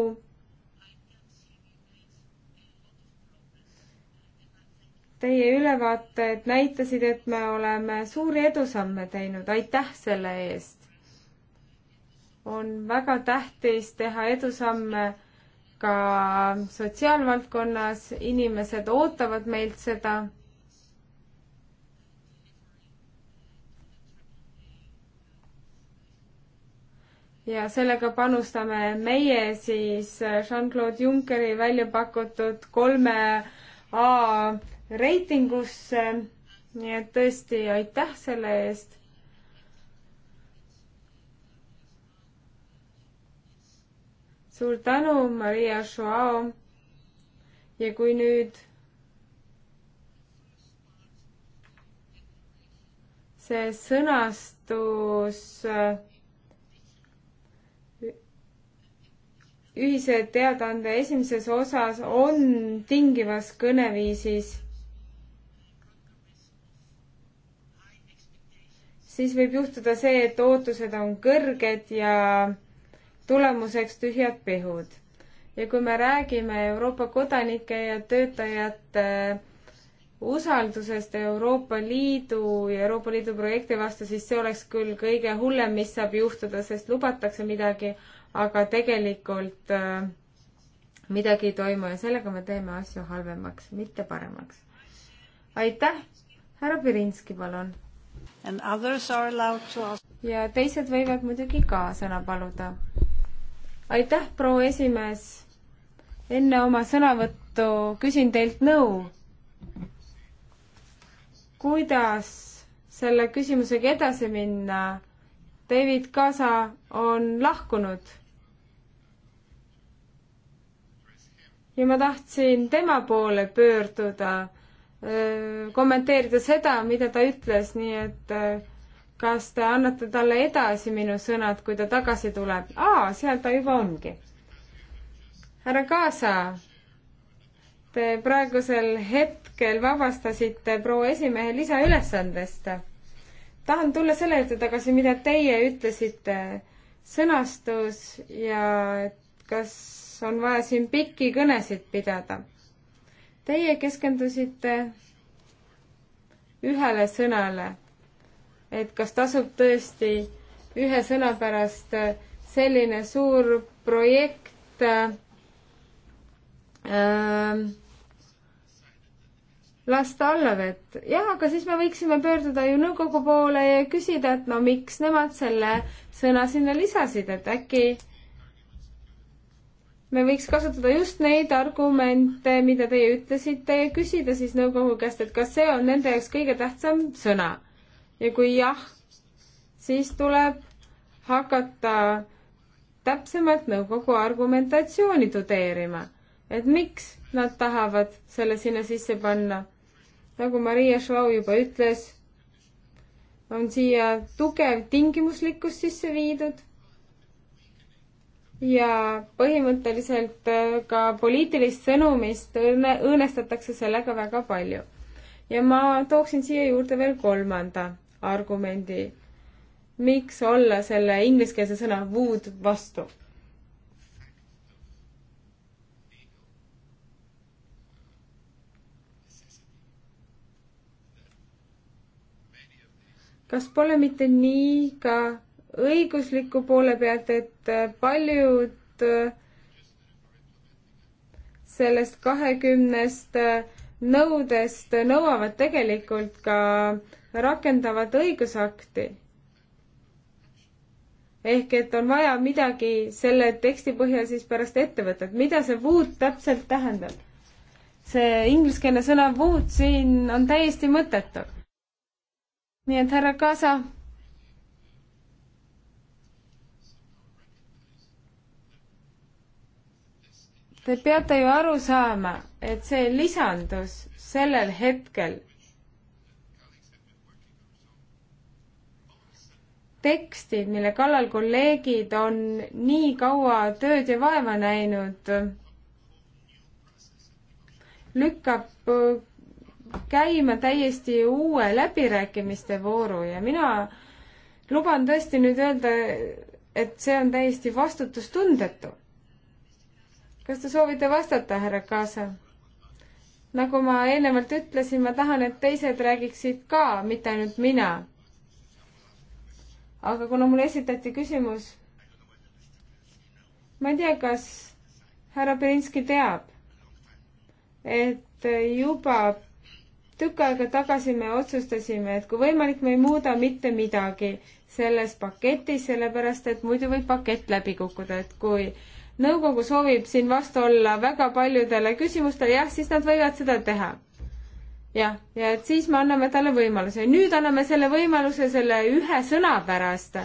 Teie ülevaated näitasid, et me oleme suuri edusamme teinud, aitäh selle eest! on väga tähtis teha edusamme ka sotsiaalvaldkonnas, inimesed ootavad meilt seda. ja sellega panustame meie siis Jean-Claude Junckeri välja pakutud kolme A reitingusse. nii et tõesti aitäh selle eest suur tänu, Maria Joao. ja kui nüüd see sõnastus ühise teadaande esimeses osas on tingivas kõneviisis, siis võib juhtuda see, et ootused on kõrged ja tulemuseks tühjad pihud. ja kui me räägime Euroopa kodanike ja töötajate äh, usaldusest Euroopa Liidu ja Euroopa Liidu projekti vastu, siis see oleks küll kõige hullem, mis saab juhtuda, sest lubatakse midagi, aga tegelikult äh, midagi ei toimu ja sellega me teeme asju halvemaks, mitte paremaks. aitäh, härra Pirinski, palun. ja teised võivad muidugi ka sõna paluda aitäh, proua esimees. enne oma sõnavõttu küsin teilt nõu. kuidas selle küsimusega edasi minna? David Kasa on lahkunud. ja ma tahtsin tema poole pöörduda, kommenteerida seda, mida ta ütles, nii et öö, kas te annate talle edasi minu sõnad, kui ta tagasi tuleb? aa, seal ta juba ongi. härra Kaasa, te praegusel hetkel vabastasite proua esimehe lisaülesandest. tahan tulla selle juurde tagasi, mida teie ütlesite, sõnastus ja kas on vaja siin pikki kõnesid pidada. Teie keskendusite ühele sõnale et kas tasub tõesti ühe sõna pärast äh, selline suur projekt äh, ähm, lasta allavett. jah, aga siis me võiksime pöörduda ju nõukogu poole ja küsida, et no miks nemad selle sõna sinna lisasid, et äkki me võiks kasutada just neid argumente, mida teie ütlesite ja küsida siis nõukogu käest, et kas see on nende jaoks kõige tähtsam sõna ja kui jah, siis tuleb hakata täpsemalt nõukogu argumentatsiooni tudeerima, et miks nad tahavad selle sinna sisse panna. nagu Maria Schwau juba ütles, on siia tugev tingimuslikkus sisse viidud ja põhimõtteliselt äh, ka poliitilist sõnumist õõne, õõnestatakse sellega väga palju. ja ma tooksin siia juurde veel kolmanda argumendi, miks olla selle ingliskeelse sõna would vastu. kas pole mitte nii ka õigusliku poole pealt, et paljud sellest kahekümnest nõudest nõuavad tegelikult ka äh, rakendavat õigusakti. ehk et on vaja midagi selle teksti põhjal siis pärast ette võtta, et mida see would täpselt tähendab. see ingliskeelne sõna would siin on täiesti mõttetu. nii et härra Kaasa. Te peate ju aru saama, et see lisandus sellel hetkel teksti, mille kallal kolleegid on nii kaua tööd ja vaeva näinud, lükkab äh, käima täiesti uue läbirääkimiste vooru ja mina luban tõesti nüüd öelda, et see on täiesti vastutustundetu. kas te soovite vastata, härra Kaasa? nagu ma eelnevalt ütlesin, ma tahan, et teised räägiksid ka, mitte ainult mina aga kuna mulle esitati küsimus, ma ei tea, kas härra Berinski teab, et juba tükk aega tagasi me otsustasime, et kui võimalik, me ei muuda mitte midagi selles paketis, sellepärast et muidu võib pakett läbi kukkuda, et kui nõukogu soovib siin vastu olla väga paljudele küsimustele, jah, siis nad võivad seda teha jah, ja et siis me anname talle võimaluse. nüüd anname selle võimaluse selle ühe sõna pärast.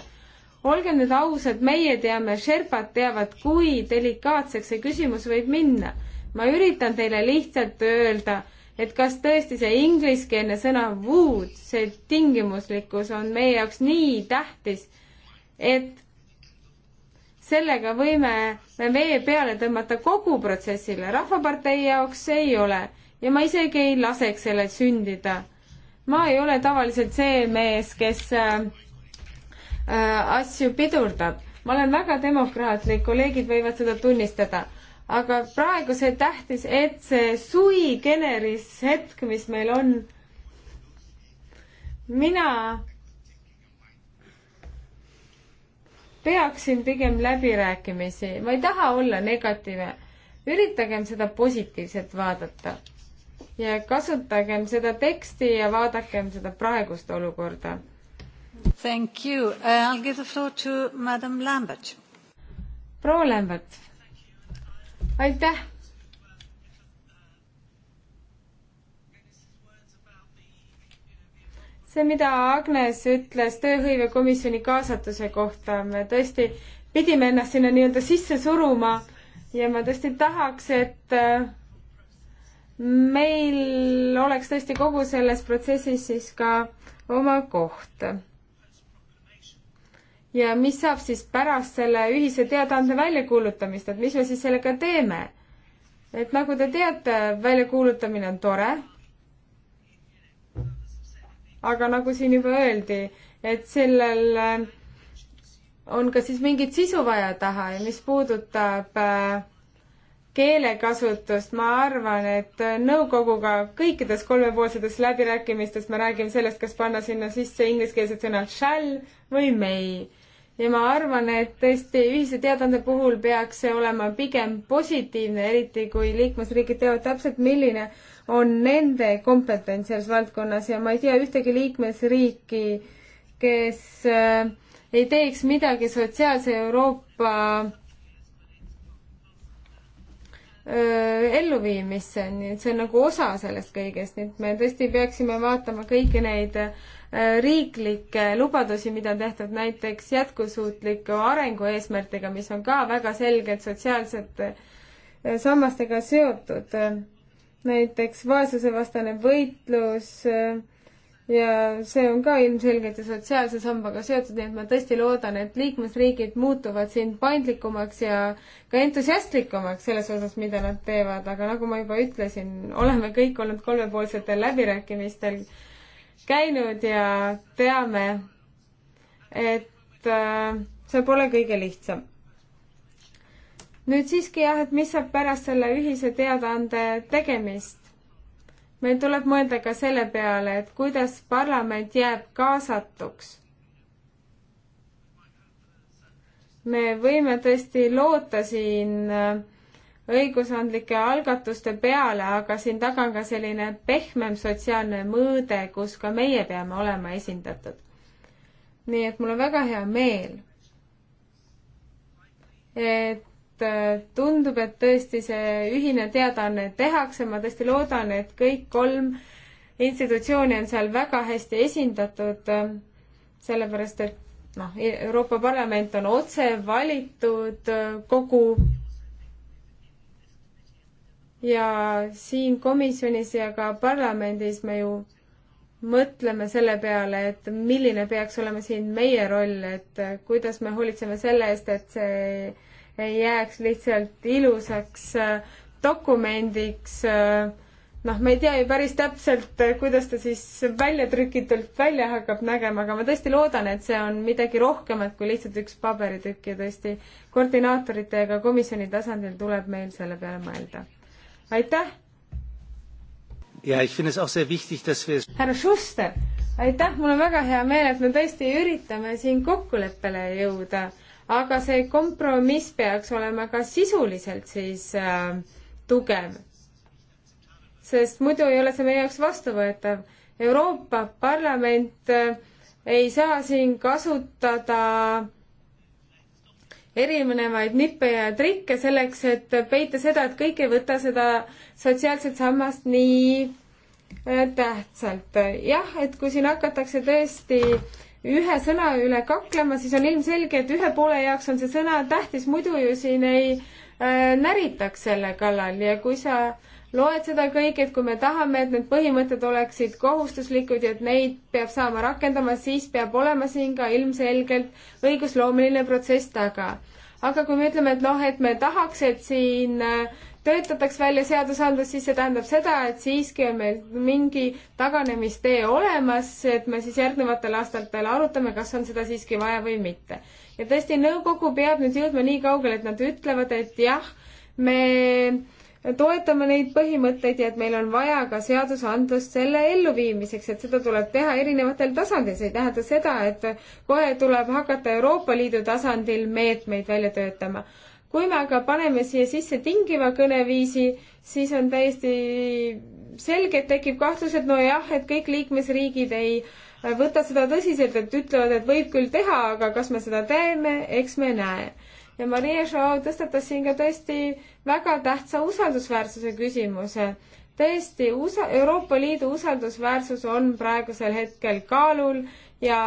olgem nüüd ausad, meie teame, Sherpad teavad, kui delikaatseks see küsimus võib minna. ma üritan teile lihtsalt öelda, et kas tõesti see ingliskeelne sõna would, see tingimuslikkus on meie jaoks nii tähtis, et sellega võime me vee peale tõmmata kogu protsessile. rahvapartei jaoks ei ole ja ma isegi ei laseks sellel sündida. ma ei ole tavaliselt see mees, kes äh, äh, asju pidurdab. ma olen väga demokraatlik, kolleegid võivad seda tunnistada. aga praegu see tähtis, et see sui generis hetk, mis meil on, mina peaksin pigem läbirääkimisi, ma ei taha olla negatiivne, üritagem seda positiivset vaadata ja kasutagem seda teksti ja vaadakem seda praegust olukorda. Thank you uh,. I will give the floor to madam Lambert. proua Lambert. aitäh. see, mida Agnes ütles tööhõivekomisjoni kaasatuse kohta, me tõesti pidime ennast sinna nii-öelda sisse suruma ja ma tõesti tahaks, et äh, meil oleks tõesti kogu selles protsessis siis ka oma koht. ja mis saab siis pärast selle ühise teadaande väljakuulutamist, et mis me siis sellega teeme? et nagu te teate, väljakuulutamine on tore. aga nagu siin juba öeldi, et sellel äh, on ka siis mingit sisu vaja taha ja mis puudutab äh, keelekasutust, ma arvan, et nõukoguga kõikides kolmepoolsetes läbirääkimistes me räägime sellest, kas panna sinna sisse ingliskeelsed sõnad shall või may. ja ma arvan, et tõesti ühise teadande puhul peaks see olema pigem positiivne, eriti kui liikmesriigid teavad täpselt, milline on nende kompetents selles valdkonnas ja ma ei tea ühtegi liikmesriiki, kes äh, ei teeks midagi sotsiaalse Euroopa Äh, elluviimisse, nii et see on nagu osa sellest kõigest, nii et me tõesti peaksime vaatama kõiki neid äh, riiklikke lubadusi, mida on tehtud näiteks jätkusuutliku arengu eesmärtidega, mis on ka väga selgelt sotsiaalsete äh, sammastega seotud. näiteks vaesusevastane võitlus äh, ja see on ka ilmselgelt ju sotsiaalse sambaga seotud, nii et ma tõesti loodan, et liikmesriigid muutuvad siin paindlikumaks ja ka entusiastlikumaks selles osas, mida nad teevad, aga nagu ma juba ütlesin, oleme kõik olnud kolmepoolsetel läbirääkimistel käinud ja teame, et äh, see pole kõige lihtsam. nüüd siiski jah, et mis saab pärast selle ühise teadaande tegemist? meil tuleb mõelda ka selle peale, et kuidas parlament jääb kaasatuks. me võime tõesti loota siin äh, õigusandlike algatuste peale, aga siin taga on ka selline pehmem sotsiaalne mõõde, kus ka meie peame olema esindatud. nii et mul on väga hea meel, et Äh, tundub, et tõesti see ühine teadaanne tehakse, ma tõesti loodan, et kõik kolm institutsiooni on seal väga hästi esindatud, äh, sellepärast et noh, e-, Euroopa Parlament on otse valitud äh, kogu ja siin komisjonis ja ka parlamendis me ju mõtleme selle peale, et milline peaks olema siin meie roll, et kuidas me hoolitseme selle eest, et see ei jääks lihtsalt ilusaks äh, dokumendiks. Äh, noh, me ei tea ju päris täpselt, äh, kuidas ta siis väljatrükitult välja hakkab nägema, aga ma tõesti loodan, et see on midagi rohkemat kui lihtsalt üks paberitükk ja tõesti koordinaatorite ja ka komisjoni tasandil tuleb meil selle peale mõelda. aitäh! härra Schuster, aitäh, mul on väga hea meel, et me tõesti üritame siin kokkuleppele jõuda aga see kompromiss peaks olema ka sisuliselt siis äh, tugev. sest muidu ei ole see meie jaoks vastuvõetav. Euroopa Parlament äh, ei saa siin kasutada erinevaid nippe ja trikke selleks, et peita seda, et kõik ei võta seda sotsiaalset sammast nii äh, tähtsalt. jah, et kui siin hakatakse tõesti äh, ühe sõna üle kaklema, siis on ilmselge, et ühe poole jaoks on see sõna tähtis, muidu ju siin ei äh, näritaks selle kallal ja kui sa loed seda kõike, et kui me tahame, et need põhimõtted oleksid kohustuslikud ja et neid peab saama rakendama, siis peab olema siin ka ilmselgelt õigusloomeline protsess taga. aga kui me ütleme, et noh, et me tahaks, et siin äh, töötataks välja seadusandlus, siis see tähendab seda, et siiski on meil mingi taganemistee olemas, et me siis järgnevatel aastatel arutame, kas on seda siiski vaja või mitte. ja tõesti, nõukogu peab nüüd jõudma nii kaugele, et nad ütlevad, et jah, me toetame neid põhimõtteid ja et meil on vaja ka seadusandlust selle elluviimiseks, et seda tuleb teha erinevatel tasandil, see ei tähenda seda, et kohe tuleb hakata Euroopa Liidu tasandil meetmeid välja töötama kui me aga paneme siia sisse tingiva kõneviisi, siis on täiesti selge, et tekib kahtlus, et nojah, et kõik liikmesriigid ei võta seda tõsiselt, et ütlevad, et võib küll teha, aga kas me seda teeme, eks me näe. ja Maria Joao tõstatas siin ka tõesti väga tähtsa usaldusväärsuse küsimuse. tõesti, USA, Euroopa Liidu usaldusväärsus on praegusel hetkel kaalul ja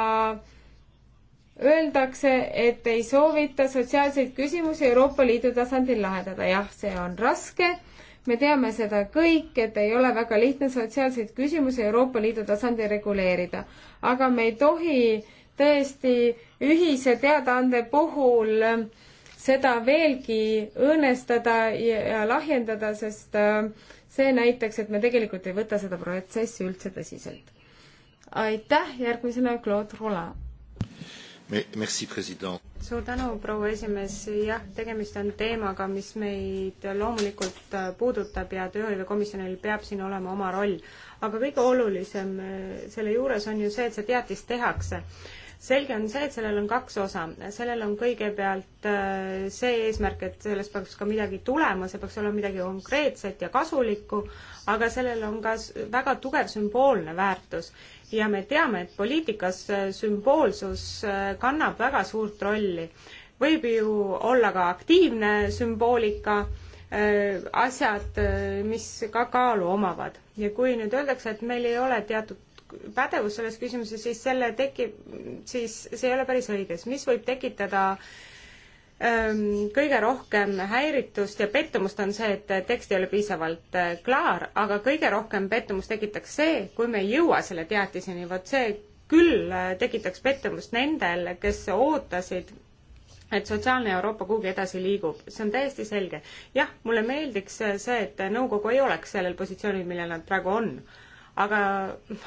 öeldakse, et ei soovita sotsiaalseid küsimusi Euroopa Liidu tasandil lahendada. jah, see on raske, me teame seda kõik, et ei ole väga lihtne sotsiaalseid küsimusi Euroopa Liidu tasandil reguleerida. aga me ei tohi tõesti ühise teadaande puhul seda veelgi õõnestada ja lahjendada, sest äh, see näitaks, et me tegelikult ei võta seda protsessi üldse tõsiselt. aitäh, järgmisena Claude Roland suur tänu, proua esimees, jah, tegemist on teemaga, mis meid loomulikult äh, puudutab ja tööhõivekomisjonil peab siin olema oma roll. aga kõige olulisem äh, selle juures on ju see, et see teatis tehakse selge on see, et sellel on kaks osa. sellel on kõigepealt äh, see eesmärk, et sellest peaks ka midagi tulema, see peaks olema midagi konkreetset ja kasulikku, aga sellel on ka väga tugev sümboolne väärtus ja me teame, et poliitikas äh, sümboolsus äh, kannab väga suurt rolli. võib ju olla ka aktiivne sümboolika, äh, asjad, mis ka kaalu omavad. ja kui nüüd öeldakse, et meil ei ole teatud pädevus selles küsimuses, siis selle tekib, siis see ei ole päris õige, siis mis võib tekitada äh, Ehm, kõige rohkem häiritust ja pettumust on see, et tekst ei ole piisavalt äh, klaar, aga kõige rohkem pettumust tekitaks see, kui me ei jõua selle teatiseni, vot see küll äh, tekitaks pettumust nendel, kes ootasid, et sotsiaalne Euroopa kuhugi edasi liigub, see on täiesti selge. jah, mulle meeldiks äh, see, et nõukogu ei oleks sellel positsioonil, millel nad praegu on. aga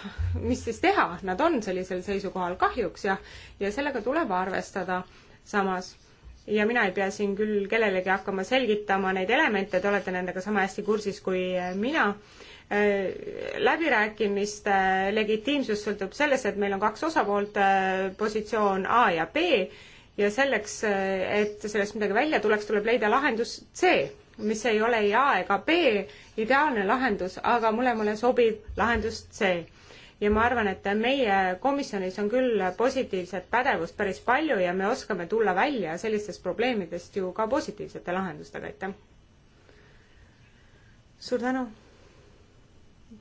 mis siis teha, nad on sellisel seisukohal kahjuks jah, ja sellega tuleb arvestada samas ja mina ei pea siin küll kellelegi hakkama selgitama neid elemente, te olete nendega sama hästi kursis kui äh, mina. Äh, läbirääkimiste legitiimsus sõltub sellest, et meil on kaks osapoolt, äh, positsioon A ja B ja selleks, et sellest midagi välja tuleks, tuleb leida lahendus C, mis ei ole ei A ega B ideaalne lahendus, aga mõlemale sobiv lahendus C ja ma arvan, et meie komisjonis on küll positiivset pädevust päris palju ja me oskame tulla välja sellistest probleemidest ju ka positiivsete lahendustega, aitäh! suur tänu,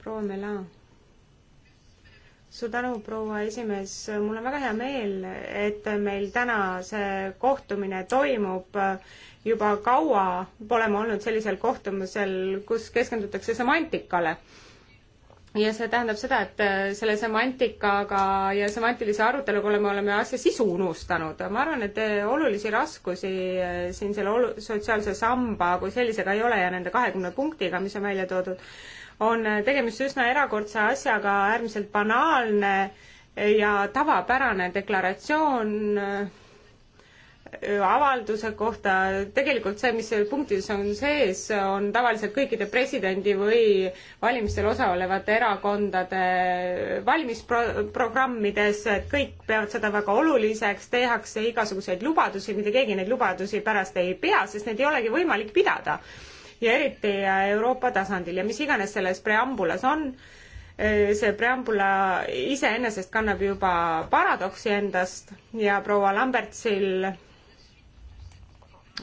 proua Melan! suur tänu, proua esimees, mul on väga hea meel, et meil täna see kohtumine toimub. juba kaua pole ma olnud sellisel kohtumisel, kus keskendutakse semantikale ja see tähendab seda, et äh, selle semantikaga ja semantilise aruteluga oleme, oleme asja sisu unustanud. ma arvan, et äh, olulisi raskusi äh, siin selle olu-, sotsiaalse samba kui sellisega ei ole ja nende kahekümne punktiga, mis on välja toodud, on tegemist üsna erakordse asjaga, äärmiselt banaalne ja tavapärane deklaratsioon avalduse kohta, tegelikult see, mis punktides on sees, on tavaliselt kõikide presidendi või valimistel osalevate erakondade valimisprogrammides, et kõik peavad seda väga oluliseks, tehakse igasuguseid lubadusi, mitte keegi neid lubadusi pärast ei pea, sest neid ei olegi võimalik pidada. ja eriti Euroopa tasandil ja mis iganes selles preambulas on, see preambula iseenesest kannab juba paradoksi endast ja proua Lambertsil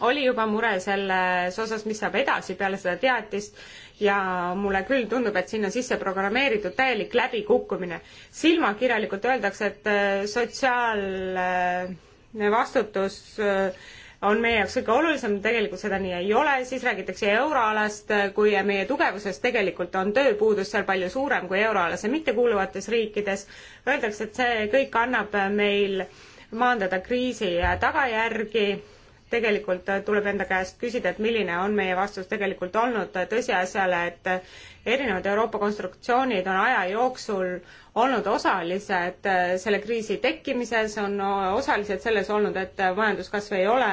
oli juba mure selles osas, mis saab edasi peale seda teatist ja mulle küll tundub, et sinna sisse programmeeritud täielik läbikukkumine. silmakirjalikult öeldakse, et äh, sotsiaalne äh, vastutus äh, on meie jaoks kõige olulisem, tegelikult seda nii ei ole, siis räägitakse euroalast, kui meie tugevusest tegelikult on tööpuudus seal palju suurem kui euroalasse mittekuuluvates riikides. Öeldakse, et see kõik annab meil maandada kriisi tagajärgi tegelikult tuleb enda käest küsida, et milline on meie vastus tegelikult olnud tõsiasjale, et erinevad Euroopa konstruktsioonid on aja jooksul olnud osalised selle kriisi tekkimises, on osalised selles olnud, et majanduskasv ei ole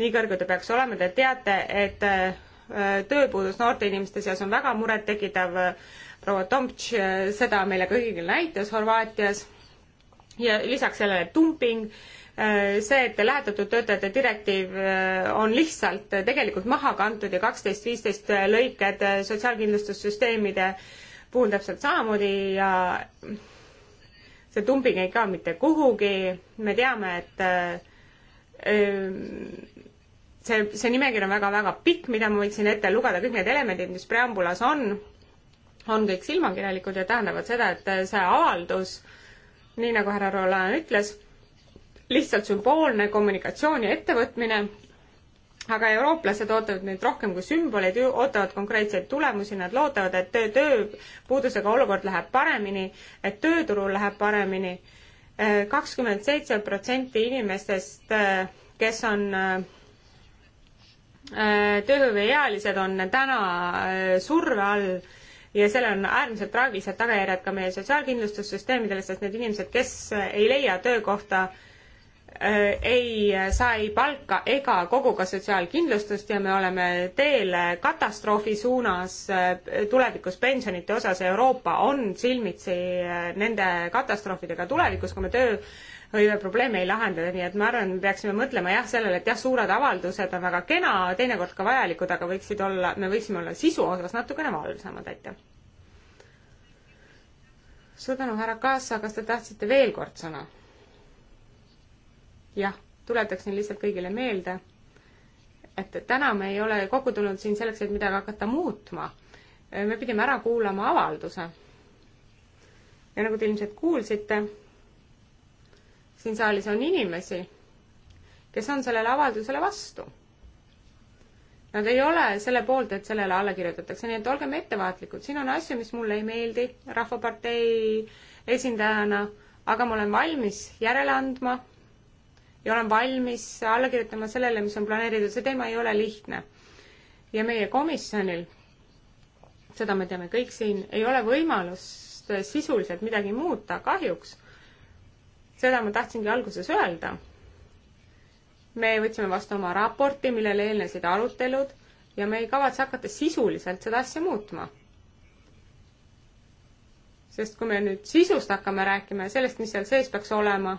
nii kõrge, ta peaks olema, te teate, et äh, tööpuudus noorte inimeste seas on väga murettekitav, proua Tomtš äh, seda meile kõigil näitas Horvaatias ja lisaks sellele dumping Äh, see, et lähetatud töötajate direktiiv äh, on lihtsalt äh, tegelikult maha kantud ja kaksteist, viisteist lõiked sotsiaalkindlustussüsteemide puhul täpselt samamoodi ja see tumbing ei kao mitte kuhugi, me teame, et see, see nimekiri on väga-väga pikk, mida ma võiksin ette lugeda, kõik need elemendid, mis preambulas on, on kõik silmakirjalikud ja tähendavad seda, et see avaldus, nii nagu härra Roland ütles, lihtsalt sümboolne kommunikatsioon ja ettevõtmine, aga eurooplased ootavad neid rohkem kui sümboleid, ootavad konkreetseid tulemusi, nad loodavad, et töö, tööpuudusega olukord läheb paremini, et tööturul läheb paremini. kakskümmend seitse protsenti inimestest, kes on tööhõiveealised, on täna surve all ja sellel on äärmiselt traagilised tagajärjed ka meie sotsiaalkindlustussüsteemidele, sest need inimesed, kes ei leia töökohta, Äh, ei saa ei palka ega kogu ka sotsiaalkindlustust ja me oleme teel katastroofi suunas äh, tulevikus pensionite osas. Euroopa on silmitsi äh, nende katastroofidega tulevikus, kui me tööhõive probleeme ei lahenda, nii et ma arvan, me peaksime mõtlema jah, sellele, et jah, suured avaldused on väga kena, teinekord ka vajalikud, aga võiksid olla, me võiksime olla sisu osas natukene valvsamad, aitäh. suur tänu, härra Kaasa, kas te tahtsite veel kord sõna? jah, tuletaksin lihtsalt kõigile meelde, et täna me ei ole kokku tulnud siin selleks, et midagi hakata muutma. me pidime ära kuulama avalduse. ja nagu te ilmselt kuulsite, siin saalis on inimesi, kes on sellele avaldusele vastu. Nad ei ole selle poolt, et sellele alla kirjutatakse, nii et olgem ettevaatlikud, siin on asju, mis mulle ei meeldi Rahvapartei esindajana, aga ma olen valmis järele andma ja olen valmis alla kirjutama sellele, mis on planeeritud, see teema ei ole lihtne. ja meie komisjonil, seda me teame kõik siin, ei ole võimalust sisuliselt midagi muuta, kahjuks. seda ma tahtsingi alguses öelda. me võtsime vastu oma raporti, millele eelnesid arutelud ja me ei kavatse hakata sisuliselt seda asja muutma sest kui me nüüd sisust hakkame rääkima ja sellest, mis seal sees peaks olema,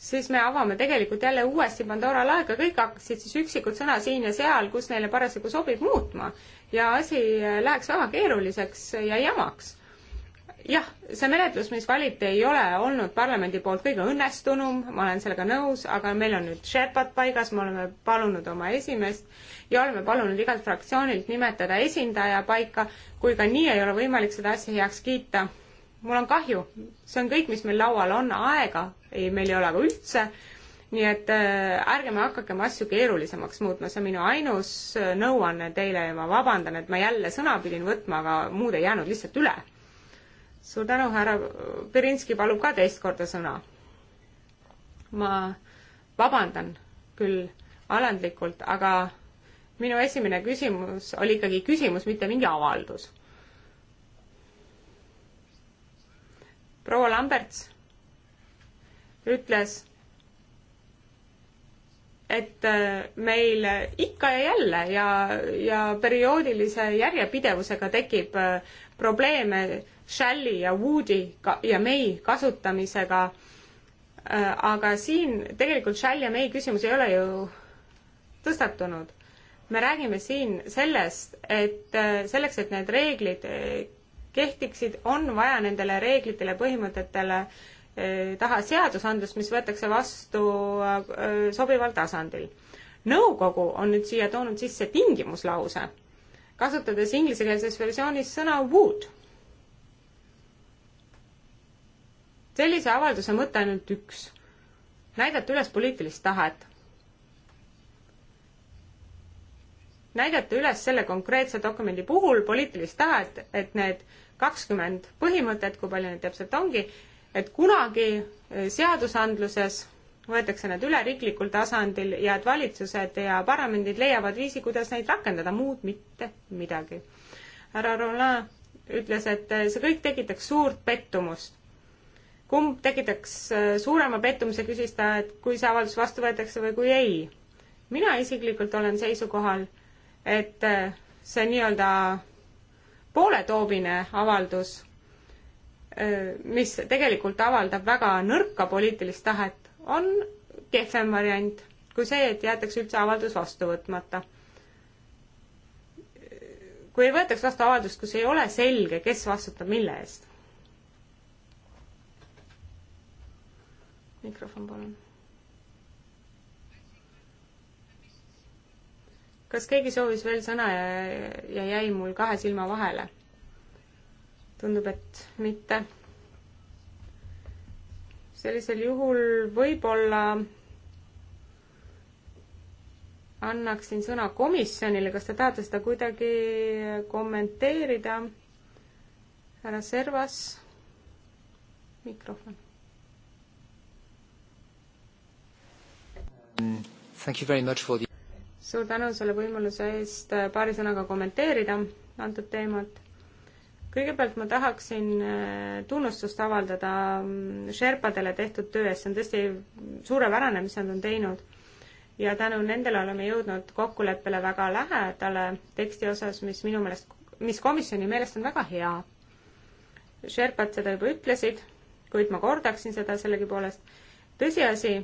siis me avame tegelikult jälle uuesti Pandora laeka, kõik hakkaksid siis üksikut sõna siin ja seal, kus neile parasjagu sobib, muutma. ja asi äh, läheks väga keeruliseks ja jamaks. jah, see menetlus, mis valiti, ei ole olnud parlamendi poolt kõige õnnestunum, ma olen sellega nõus, aga meil on nüüd Sherpat paigas, me oleme palunud oma esimeest ja oleme palunud igalt fraktsioonilt nimetada esindaja paika, kui ka nii ei ole võimalik seda asja heaks kiita mul on kahju, see on kõik, mis meil laual on, aega ei, meil ei ole aga üldse. nii et äh, ärgem hakakem asju keerulisemaks muutma, see on minu ainus äh, nõuanne teile ja ma vabandan, et ma jälle sõna pidin võtma, aga muud ei jäänud lihtsalt üle. suur tänu, härra Berinski palub ka teist korda sõna. ma vabandan küll alandlikult, aga minu esimene küsimus oli ikkagi küsimus, mitte mingi avaldus proua Lamberts ütles, et äh, meil ikka ja jälle ja, ja perioodilise järjepidevusega tekib äh, probleeme Shelly ja Woody ja May kasutamisega. Äh, aga siin tegelikult Shelly ja May küsimus ei ole ju tõstatunud. me räägime siin sellest, et selleks, et need reeglid kehtiksid, on vaja nendele reeglitele, põhimõtetele eh, taha seadusandlust, mis võetakse vastu eh, sobival tasandil. nõukogu on nüüd siia toonud sisse tingimuslause, kasutades inglisekeelses versioonis sõna would. sellise avalduse mõte ainult üks, näidata üles poliitilist tahet näidata üles selle konkreetse dokumendi puhul poliitilist tahet, et need kakskümmend põhimõtet, kui palju neid täpselt ongi, et kunagi eh, seadusandluses võetakse nad üle riiklikul tasandil ja et valitsused ja parlamendid leiavad viisi, kuidas neid rakendada, muud mitte midagi. härra Roland ütles, et eh, see kõik tekitaks suurt pettumust. kumb tekitaks eh, suurema pettumuse, küsis ta, et kui see avaldus vastu võetakse või kui ei. mina isiklikult olen seisukohal, et see nii-öelda pooletoobine avaldus, mis tegelikult avaldab väga nõrka poliitilist tahet, on kehvem variant kui see, et jäetakse üldse avaldus vastu võtmata. kui võetakse vastu avaldust, kus ei ole selge, kes vastutab mille eest. mikrofon palun kas keegi soovis veel sõna ja, ja jäi mul kahe silma vahele? tundub, et mitte. sellisel juhul võib-olla annaksin sõna komisjonile, kas te tahate seda kuidagi kommenteerida? härra Servas, mikrofon. Mm, thank you very much for the suur tänu selle võimaluse eest äh, paari sõnaga kommenteerida antud teemat. kõigepealt ma tahaksin äh, tunnustust avaldada mm, Sherpadele tehtud töö eest, see on tõesti suurepärane, mis nad on teinud. ja tänu nendele oleme jõudnud kokkuleppele väga lähedale teksti osas, mis minu meelest, mis komisjoni meelest on väga hea. Sherpad seda juba ütlesid, kuid ma kordaksin seda sellegipoolest. tõsiasi,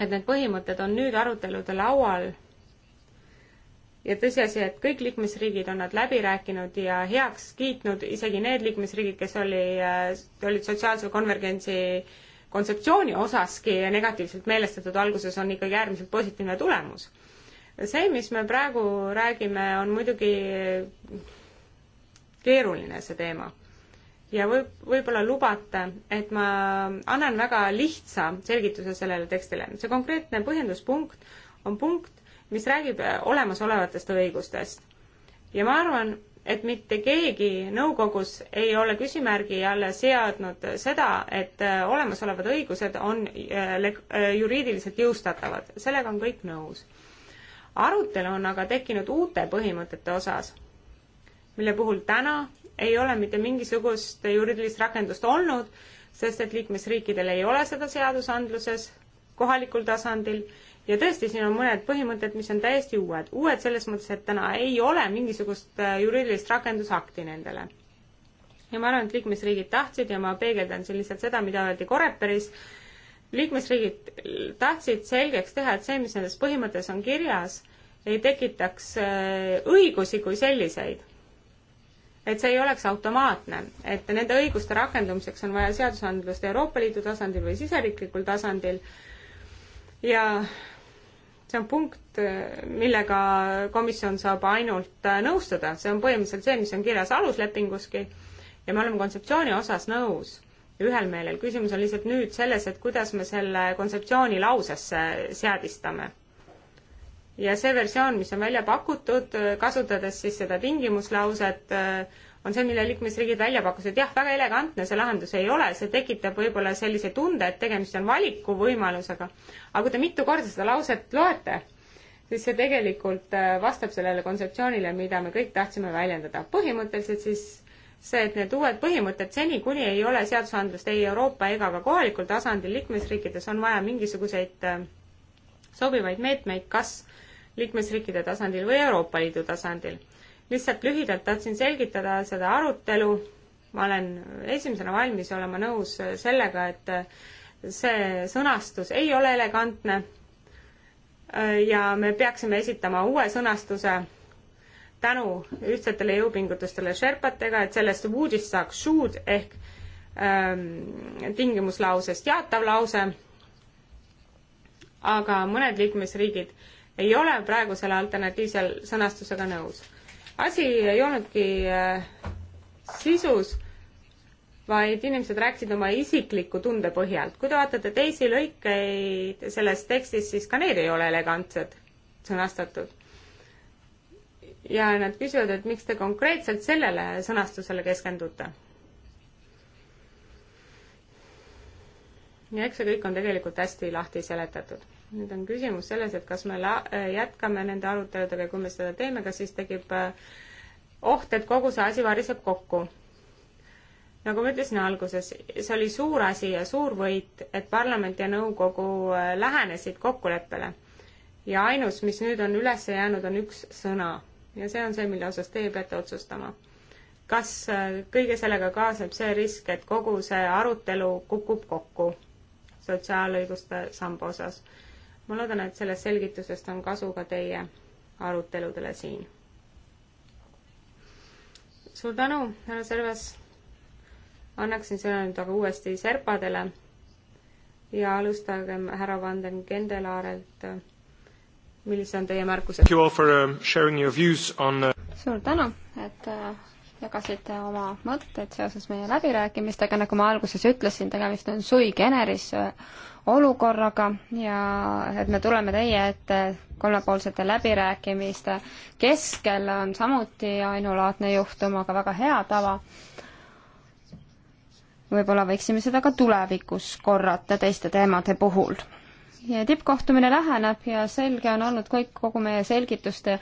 et need põhimõtted on nüüd arutelude laual ja tõsiasi, et kõik liikmesriigid on nad läbi rääkinud ja heaks kiitnud, isegi need liikmesriigid, kes oli, äh, olid sotsiaalse konvergentsi kontseptsiooni osaski negatiivselt meelestatud alguses, on ikkagi äärmiselt positiivne tulemus. see, mis me praegu räägime, on muidugi keeruline, see teema. ja võib, võib-olla lubate, et ma annan väga lihtsa selgituse sellele tekstile. see konkreetne põhjenduspunkt on punkt, mis räägib äh, olemasolevatest õigustest. ja ma arvan, et mitte keegi nõukogus ei ole küsimärgi alla seadnud seda, et äh, olemasolevad õigused on äh, juriidiliselt jõustatavad, sellega on kõik nõus. arutelu on aga tekkinud uute põhimõtete osas, mille puhul täna ei ole mitte mingisugust juriidilist rakendust olnud, sest et liikmesriikidel ei ole seda seadusandluses kohalikul tasandil ja tõesti, siin on mõned põhimõtted, mis on täiesti uued. uued selles mõttes, et täna ei ole mingisugust äh, juriidilist rakendusakti nendele. ja ma arvan, et liikmesriigid tahtsid ja ma peegeldan siin lihtsalt seda, mida öeldi Koreperis, liikmesriigid tahtsid selgeks teha, et see, mis nendes põhimõttes on kirjas, ei tekitaks äh, õigusi kui selliseid. et see ei oleks automaatne, et nende õiguste rakendumiseks on vaja seadusandlust Euroopa Liidu tasandil või siseriiklikul tasandil ja see on punkt, millega komisjon saab ainult äh, nõustuda, see on põhimõtteliselt see, mis on kirjas aluslepinguski ja me oleme kontseptsiooni osas nõus ühel meelel, küsimus on lihtsalt nüüd selles, et kuidas me selle kontseptsiooni lausesse seadistame. ja see versioon, mis on välja pakutud, kasutades siis seda tingimuslauset, äh, on see, mille liikmesriigid välja pakkusid. jah, väga elegantne see lahendus ei ole, see tekitab võib-olla sellise tunde, et tegemist on valikuvõimalusega. aga kui te mitu korda seda lauset loete, siis see tegelikult äh, vastab sellele kontseptsioonile, mida me kõik tahtsime väljendada. põhimõtteliselt siis see, et need uued põhimõtted seni, kuni ei ole seadusandlust ei Euroopa ega ka kohalikul tasandil liikmesriikides, on vaja mingisuguseid äh, sobivaid meetmeid, kas liikmesriikide tasandil või Euroopa Liidu tasandil lihtsalt lühidalt tahtsin selgitada seda arutelu, ma olen esimesena valmis olema nõus sellega, et see sõnastus ei ole elegantne ja me peaksime esitama uue sõnastuse tänu ühtsetele jõupingutustele Sherpatega, et sellest wood'ist saaks should ehk ähm, tingimuslausest jaatav lause. aga mõned liikmesriigid ei ole praegusele alternatiivsel sõnastusega nõus asi ei olnudki äh, sisus, vaid inimesed rääkisid oma isikliku tunde põhjalt. kui te vaatate teisi lõikeid selles tekstis, siis ka need ei ole elegantsed sõnastatud. ja nad küsivad, et miks te konkreetselt sellele sõnastusele keskendute. ja eks see kõik on tegelikult hästi lahti seletatud nüüd on küsimus selles, et kas me la-, äh, jätkame nende aruteludega ja kui me seda teeme, kas siis tekib äh, oht, et kogu see asi variseb kokku. nagu ma ütlesin alguses, see oli suur asi ja suur võit, et parlament ja nõukogu äh, lähenesid kokkuleppele. ja ainus, mis nüüd on üles jäänud, on üks sõna ja see on see, mille osas teie peate otsustama. kas kõige sellega kaasneb see risk, et kogu see arutelu kukub kokku sotsiaalõiguste samba osas? ma loodan, et sellest selgitusest on kasu ka teie aruteludele siin. suur tänu, härra Servas. annaksin sõna nüüd aga uuesti serpadele ja alustagem härra Vanden Kendelaarelt. millised on teie märkused? Um, uh, suur tänu, et uh, jagasite oma mõtteid seoses meie läbirääkimistega, nagu ma alguses ütlesin, tegemist on sui generis olukorraga ja et me tuleme teie ette kolmepoolsete läbirääkimiste keskel on samuti ainulaadne juhtum, aga väga hea tava. võib-olla võiksime seda ka tulevikus korrata teiste teemade puhul ja tippkohtumine läheneb ja selge on olnud kõik kogu meie selgituste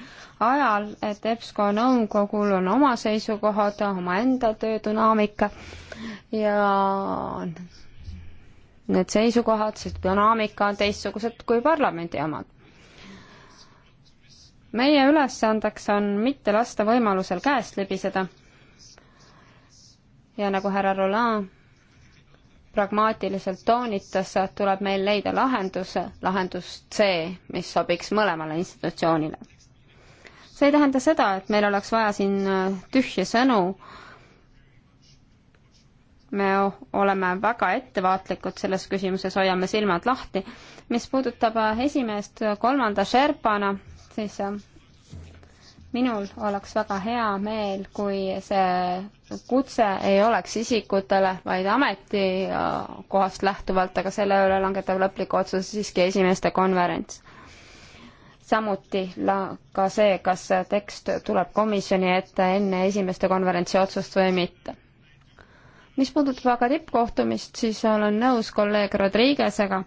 ajal, et EBSCO nõukogul on oma seisukohad, omaenda töö dünaamika ja need seisukohad, see dünaamika on teistsugused kui parlamendi omad. meie ülesandeks on mitte lasta võimalusel käest libiseda ja nagu härra Roland pragmaatiliselt toonitas, tuleb meil leida lahendus, lahendus C, mis sobiks mõlemale institutsioonile. see ei tähenda seda, et meil oleks vaja siin äh, tühje sõnu, me oleme väga ettevaatlikud selles küsimuses, hoiame silmad lahti. mis puudutab äh, esimeest kolmanda Sherpana, siis äh, minul oleks väga hea meel, kui see kutse ei oleks isikutele, vaid ametikohast äh, lähtuvalt, aga selle üle langetab lõpliku otsuse siiski esimeeste konverents. samuti la-, ka see, kas tekst tuleb komisjoni ette enne esimeeste konverentsi otsust või mitte. mis puudutab aga tippkohtumist, siis olen nõus kolleeg Rodriguez'ega,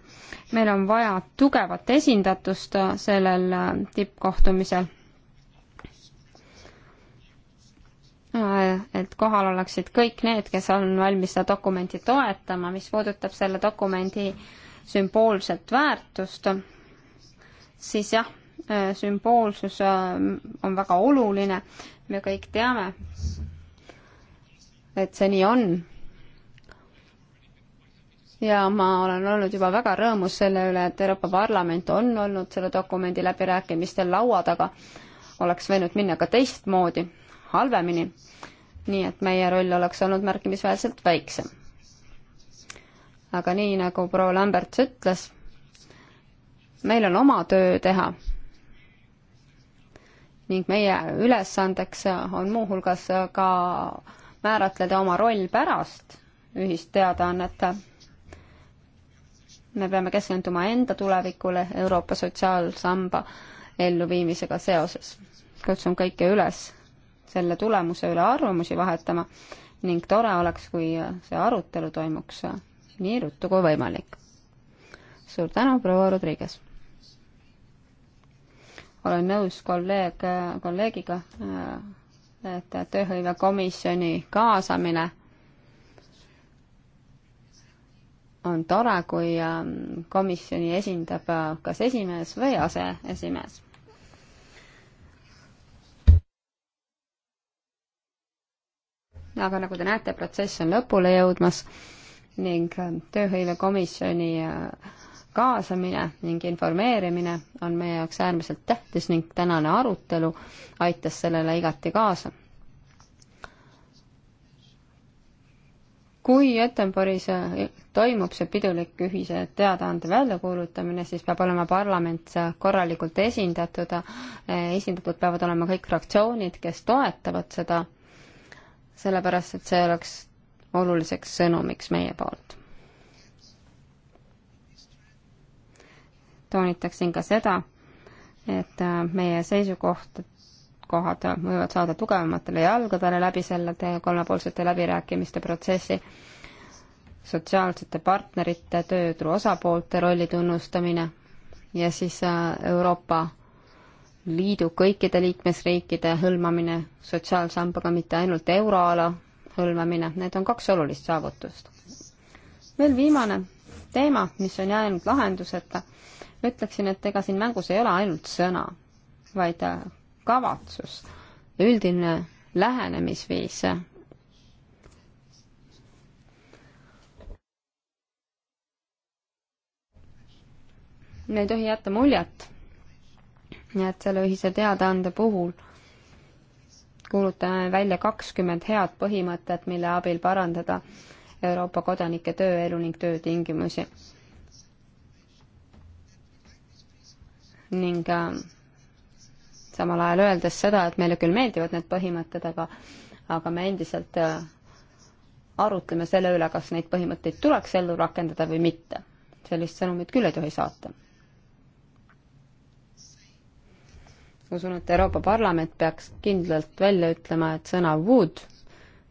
meil on vaja tugevat esindatust sellel äh, tippkohtumisel et kohal oleksid kõik need, kes on valmis seda dokumenti toetama, mis puudutab selle dokumendi sümboolset väärtust, siis jah, sümboolsus äh, on väga oluline, me kõik teame, et see nii on. ja ma olen olnud juba väga rõõmus selle üle, et Euroopa Parlament on olnud selle dokumendi läbirääkimistel laua taga, oleks võinud minna ka teistmoodi halvemini. nii et meie roll oleks olnud märkimisväärselt väiksem. aga nii, nagu proua Lambert ütles, meil on oma töö teha. ning meie ülesandeks on muuhulgas ka määratleda oma roll pärast ühist teadaannet me peame keskenduma enda tulevikule Euroopa sotsiaalsamba elluviimisega seoses. kutsun kõiki üles selle tulemuse üle arvamusi vahetama ning tore oleks, kui see arutelu toimuks nii ruttu kui võimalik. suur tänu, proua Rodriguez! olen nõus kolleeg, kolleegiga, et tööhõivekomisjoni kaasamine on tore, kui ähm, komisjoni esindab kas esimees või aseesimees aga nagu te näete, protsess on lõpule jõudmas ning äh, tööhõivekomisjoni äh, kaasamine ning informeerimine on meie jaoks äärmiselt tähtis ning tänane arutelu aitas sellele igati kaasa. kui Göteborgis äh, toimub see pidulik ühise teadaande väljakuulutamine, siis peab olema parlament korralikult esindatud, esindatud peavad olema kõik fraktsioonid, kes toetavad seda sellepärast et see oleks oluliseks sõnumiks meie poolt. toonitaksin ka seda, et äh, meie seisukoht, kohad võivad saada tugevamatele jalgadele läbi selle kolmepoolsete läbirääkimiste protsessi, sotsiaalsete partnerite, tööturu osapoolte rolli tunnustamine ja siis äh, Euroopa liidu kõikide liikmesriikide hõlmamine sotsiaalsambaga, mitte ainult euroala hõlmamine, need on kaks olulist saavutust. veel viimane teema, mis on jäänud lahenduseta, ütleksin, et ega siin mängus ei ole ainult sõna, vaid äh, kavatsus, üldine lähenemisviis. me ei tohi jätta muljet nii et selle ühise teadaande puhul kuulutame välja kakskümmend head põhimõtet, mille abil parandada Euroopa kodanike tööelu ning töötingimusi. ning äh, samal ajal öeldes seda, et meile küll meeldivad need põhimõtted, aga, aga me endiselt äh, arutleme selle üle, kas neid põhimõtteid tuleks ellu rakendada või mitte. sellist sõnumit küll ei tohi saata usun, et Euroopa Parlament peaks kindlalt välja ütlema, et sõna would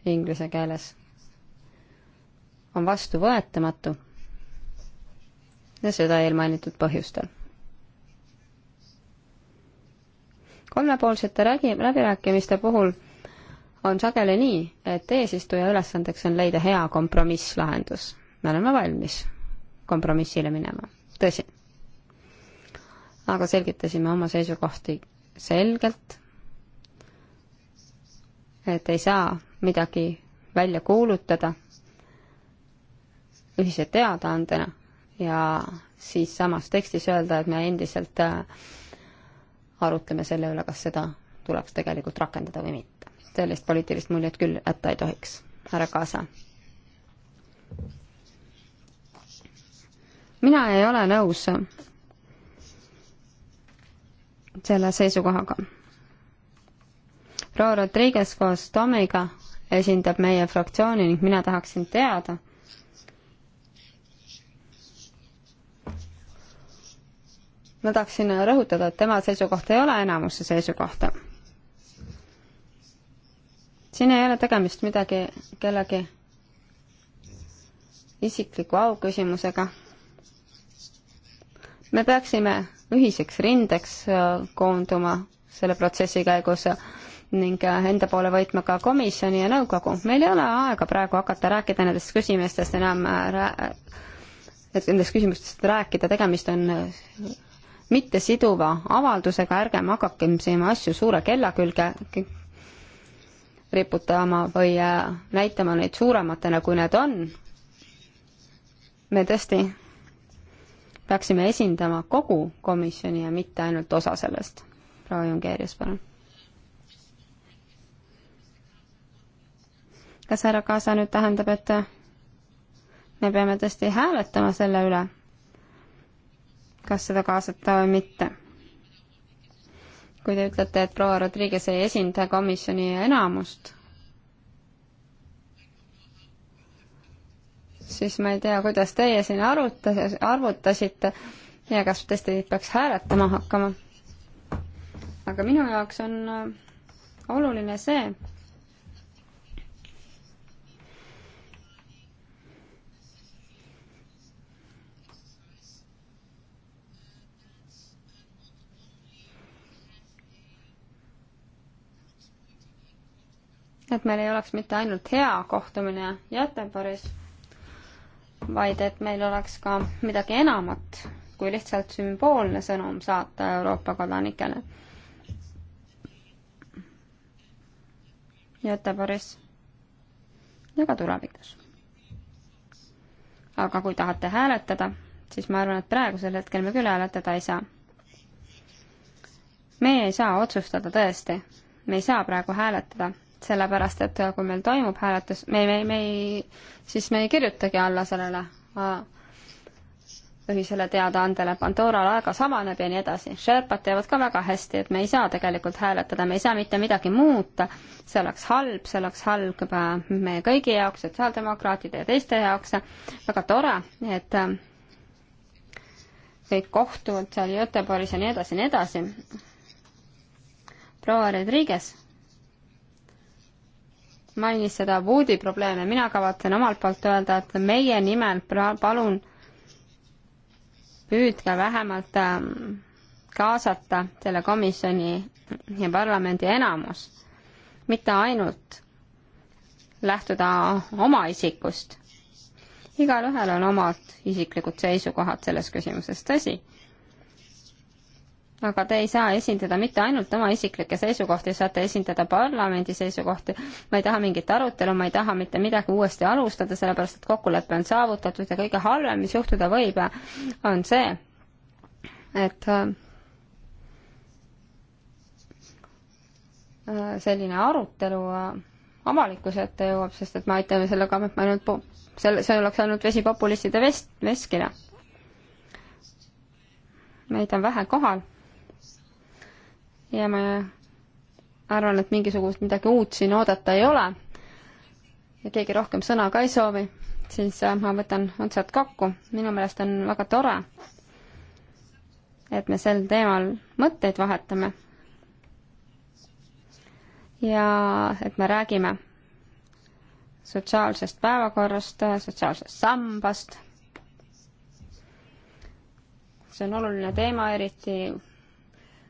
inglise keeles on vastuvõetamatu ja seda eelmainitud põhjustel. kolmepoolsete räägi-, läbirääkimiste puhul on sageli nii, et eesistuja ülesandeks on leida hea kompromisslahendus. me oleme valmis kompromissile minema, tõsi. aga selgitasime oma seisukohti selgelt, et ei saa midagi välja kuulutada ühise teadaandena ja siis samas tekstis öelda, et me endiselt äh, arutleme selle üle, kas seda tuleks tegelikult rakendada või mitte. sellist poliitilist muljet küll jätta ei tohiks. härra Kaasa. mina ei ole nõus selle seisukohaga. proua Rodriguez koos Tomiga esindab meie fraktsiooni ning mina tahaksin teada, ma tahaksin rõhutada, et tema seisukoht ei ole enamuse seisukohta. siin ei ole tegemist midagi, kellegi isikliku auküsimusega. me peaksime ühiseks rindeks äh, koonduma selle protsessi käigus ning äh, enda poole võitma ka komisjoni ja nõukogu. meil ei ole aega praegu hakata rääkida nendest küsimustest enam, äh, et nendest küsimustest rääkida, tegemist on mittesiduva avaldusega, ärgem hakakem siin asju suure kella külge riputama või näitama neid suurematena, kui need on. me tõesti peaksime esindama kogu komisjoni ja mitte ainult osa sellest. proua Jungeerius, palun. kas härra Kaasa nüüd tähendab, et me peame tõesti hääletama selle üle, kas seda kaasata või mitte? kui te ütlete, et proua Rodriguez ei esinda komisjoni enamust siis ma ei tea, kuidas teie siin arutas, arvutasite ja kas tõesti peaks hääletama hakkama. aga minu jaoks on äh, oluline see, et meil ei oleks mitte ainult hea kohtumine Göteborgis vaid et meil oleks ka midagi enamat kui lihtsalt sümboolne sõnum saata Euroopa kodanikele. Göteborgis ja ka tulevikus. aga kui tahate hääletada, siis ma arvan, et praegusel hetkel me küll hääletada ei saa. meie ei saa otsustada tõesti, me ei saa praegu hääletada sellepärast et kui meil toimub hääletus, me, me, me ei, siis me ei kirjutagi alla sellele ühisele teadaandele, Pandora laegas avaneb ja nii edasi. Sherpad teevad ka väga hästi, et me ei saa tegelikult hääletada, me ei saa mitte midagi muuta, see oleks halb, see oleks halb meie kõigi jaoks, sotsiaaldemokraatide ja teiste jaoks, väga tore, et äh, kõik kohtuvad seal Göteborgis ja nii edasi ja nii edasi. proua Rodriguez mainis seda voodi probleeme, mina kavatsen omalt poolt öelda, et meie nimel palun püüdke vähemalt ähm, kaasata selle komisjoni ja parlamendi enamus, mitte ainult lähtuda oma isikust. igalühel on omad isiklikud seisukohad selles küsimuses, tõsi aga te ei saa esindada mitte ainult oma isiklikke seisukohti, saate esindada parlamendi seisukohti. ma ei taha mingit arutelu, ma ei taha mitte midagi uuesti alustada, sellepärast et kokkulepe on saavutatud ja kõige halvem, mis juhtuda võib, on see, et äh, selline arutelu äh, avalikkuse ette jõuab, sest et me aitame sellega ainult, selle, see oleks ainult vesi populistide vest-, veskile. meid on vähe kohal ja ma arvan, et mingisugust midagi uut siin oodata ei ole ja keegi rohkem sõna ka ei soovi, siis äh, ma võtan otsad kokku. minu meelest on väga tore, et me sel teemal mõtteid vahetame. ja et me räägime sotsiaalsest päevakorrast, sotsiaalsest sambast. see on oluline teema, eriti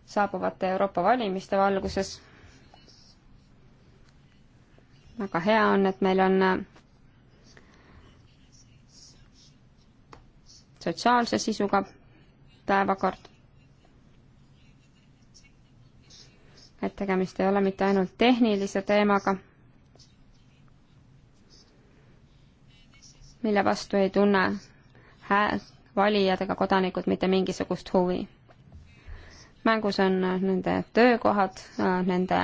saabuvate Euroopa valimiste valguses. väga hea on, et meil on äh, sotsiaalse sisuga päevakord. et tegemist ei ole mitte ainult tehnilise teemaga, mille vastu ei tunne hää-, valijad ega kodanikud mitte mingisugust huvi mängus on äh, nende töökohad, äh, nende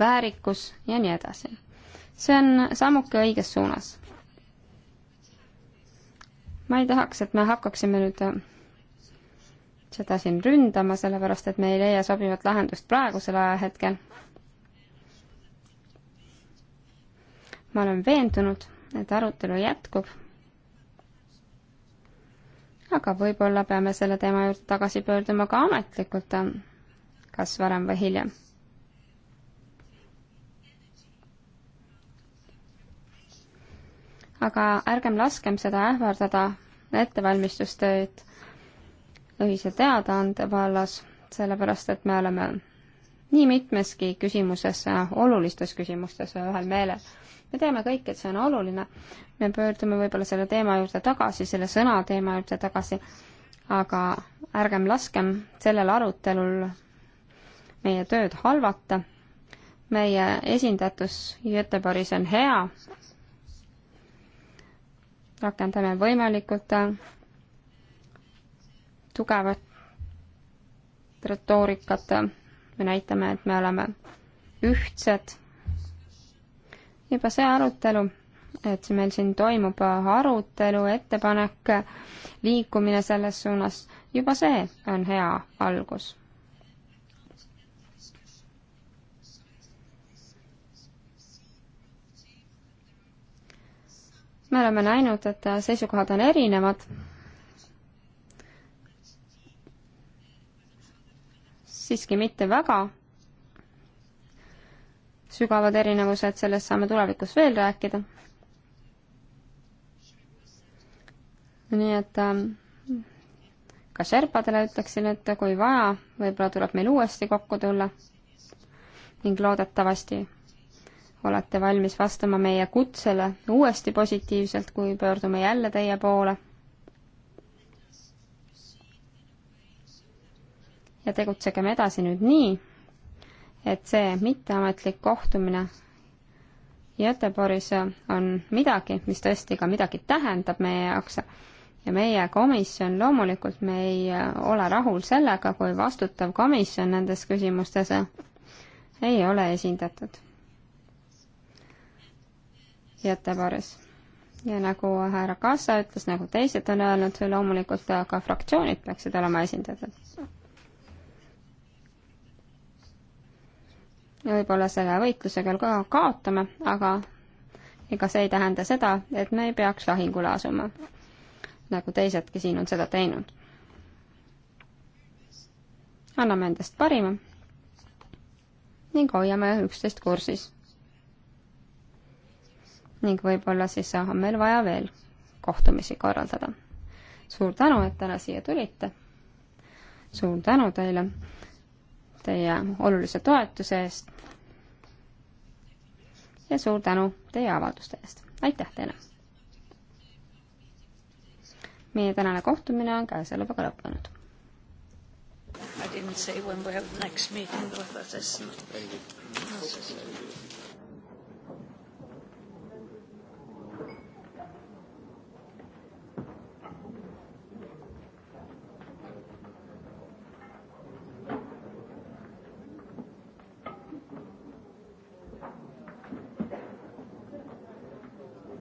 väärikus ja nii edasi. see on sammuke õiges suunas. ma ei tahaks, et me hakkaksime nüüd äh, seda siin ründama, sellepärast et me ei leia sobivat lahendust praegusel ajahetkel. ma olen veendunud, et arutelu jätkub aga võib-olla peame selle teema juurde tagasi pöörduma ka ametlikult, ähm, kas varem või hiljem. aga ärgem laskem seda ähvardada ettevalmistustööd ühise teadaande vallas, sellepärast et me oleme nii mitmeski küsimuses, äh, olulistes küsimustes ühel meelel me teame kõik, et see on oluline, me pöördume võib-olla selle teema juurde tagasi, selle sõna teema juurde tagasi, aga ärgem laskem sellel arutelul meie tööd halvata. meie esindatus Göteborgis on hea, rakendame võimalikult tugevat retoorikat, me näitame, et me oleme ühtsed juba see arutelu, et meil siin toimub arutelu, ettepanek, liikumine selles suunas, juba see on hea algus. me oleme näinud, et seisukohad on erinevad siiski mitte väga, sügavad erinevused, sellest saame tulevikus veel rääkida. nii et ähm, ka Sherpadele ütleksin, et kui vaja, võib-olla tuleb meil uuesti kokku tulla ning loodetavasti olete valmis vastama meie kutsele uuesti positiivselt, kui pöördume jälle teie poole. ja tegutsegem edasi nüüd nii et see mitteametlik kohtumine Göteborgis on midagi, mis tõesti ka midagi tähendab meie jaoks ja meie komisjon, loomulikult me ei ole rahul sellega, kui vastutav komisjon nendes küsimustes ei ole esindatud. Göteborgis. ja nagu härra Kassa ütles, nagu teised on öelnud, loomulikult ka fraktsioonid peaksid olema esindatud võib-olla selle võitlusega ka kaotame, aga ega see ei tähenda seda, et me ei peaks lahingule asuma, nagu teisedki siin on seda teinud. anname endast parima ning hoiame üksteist kursis. ning võib-olla siis on meil vaja veel kohtumisi korraldada. suur tänu, et täna siia tulite. suur tänu teile teie olulise toetuse eest ja suur tänu teie avalduste eest. aitäh teile! meie tänane kohtumine on käesolevaga lõppenud. I didn't say when we have next meeting, but that's not necessary.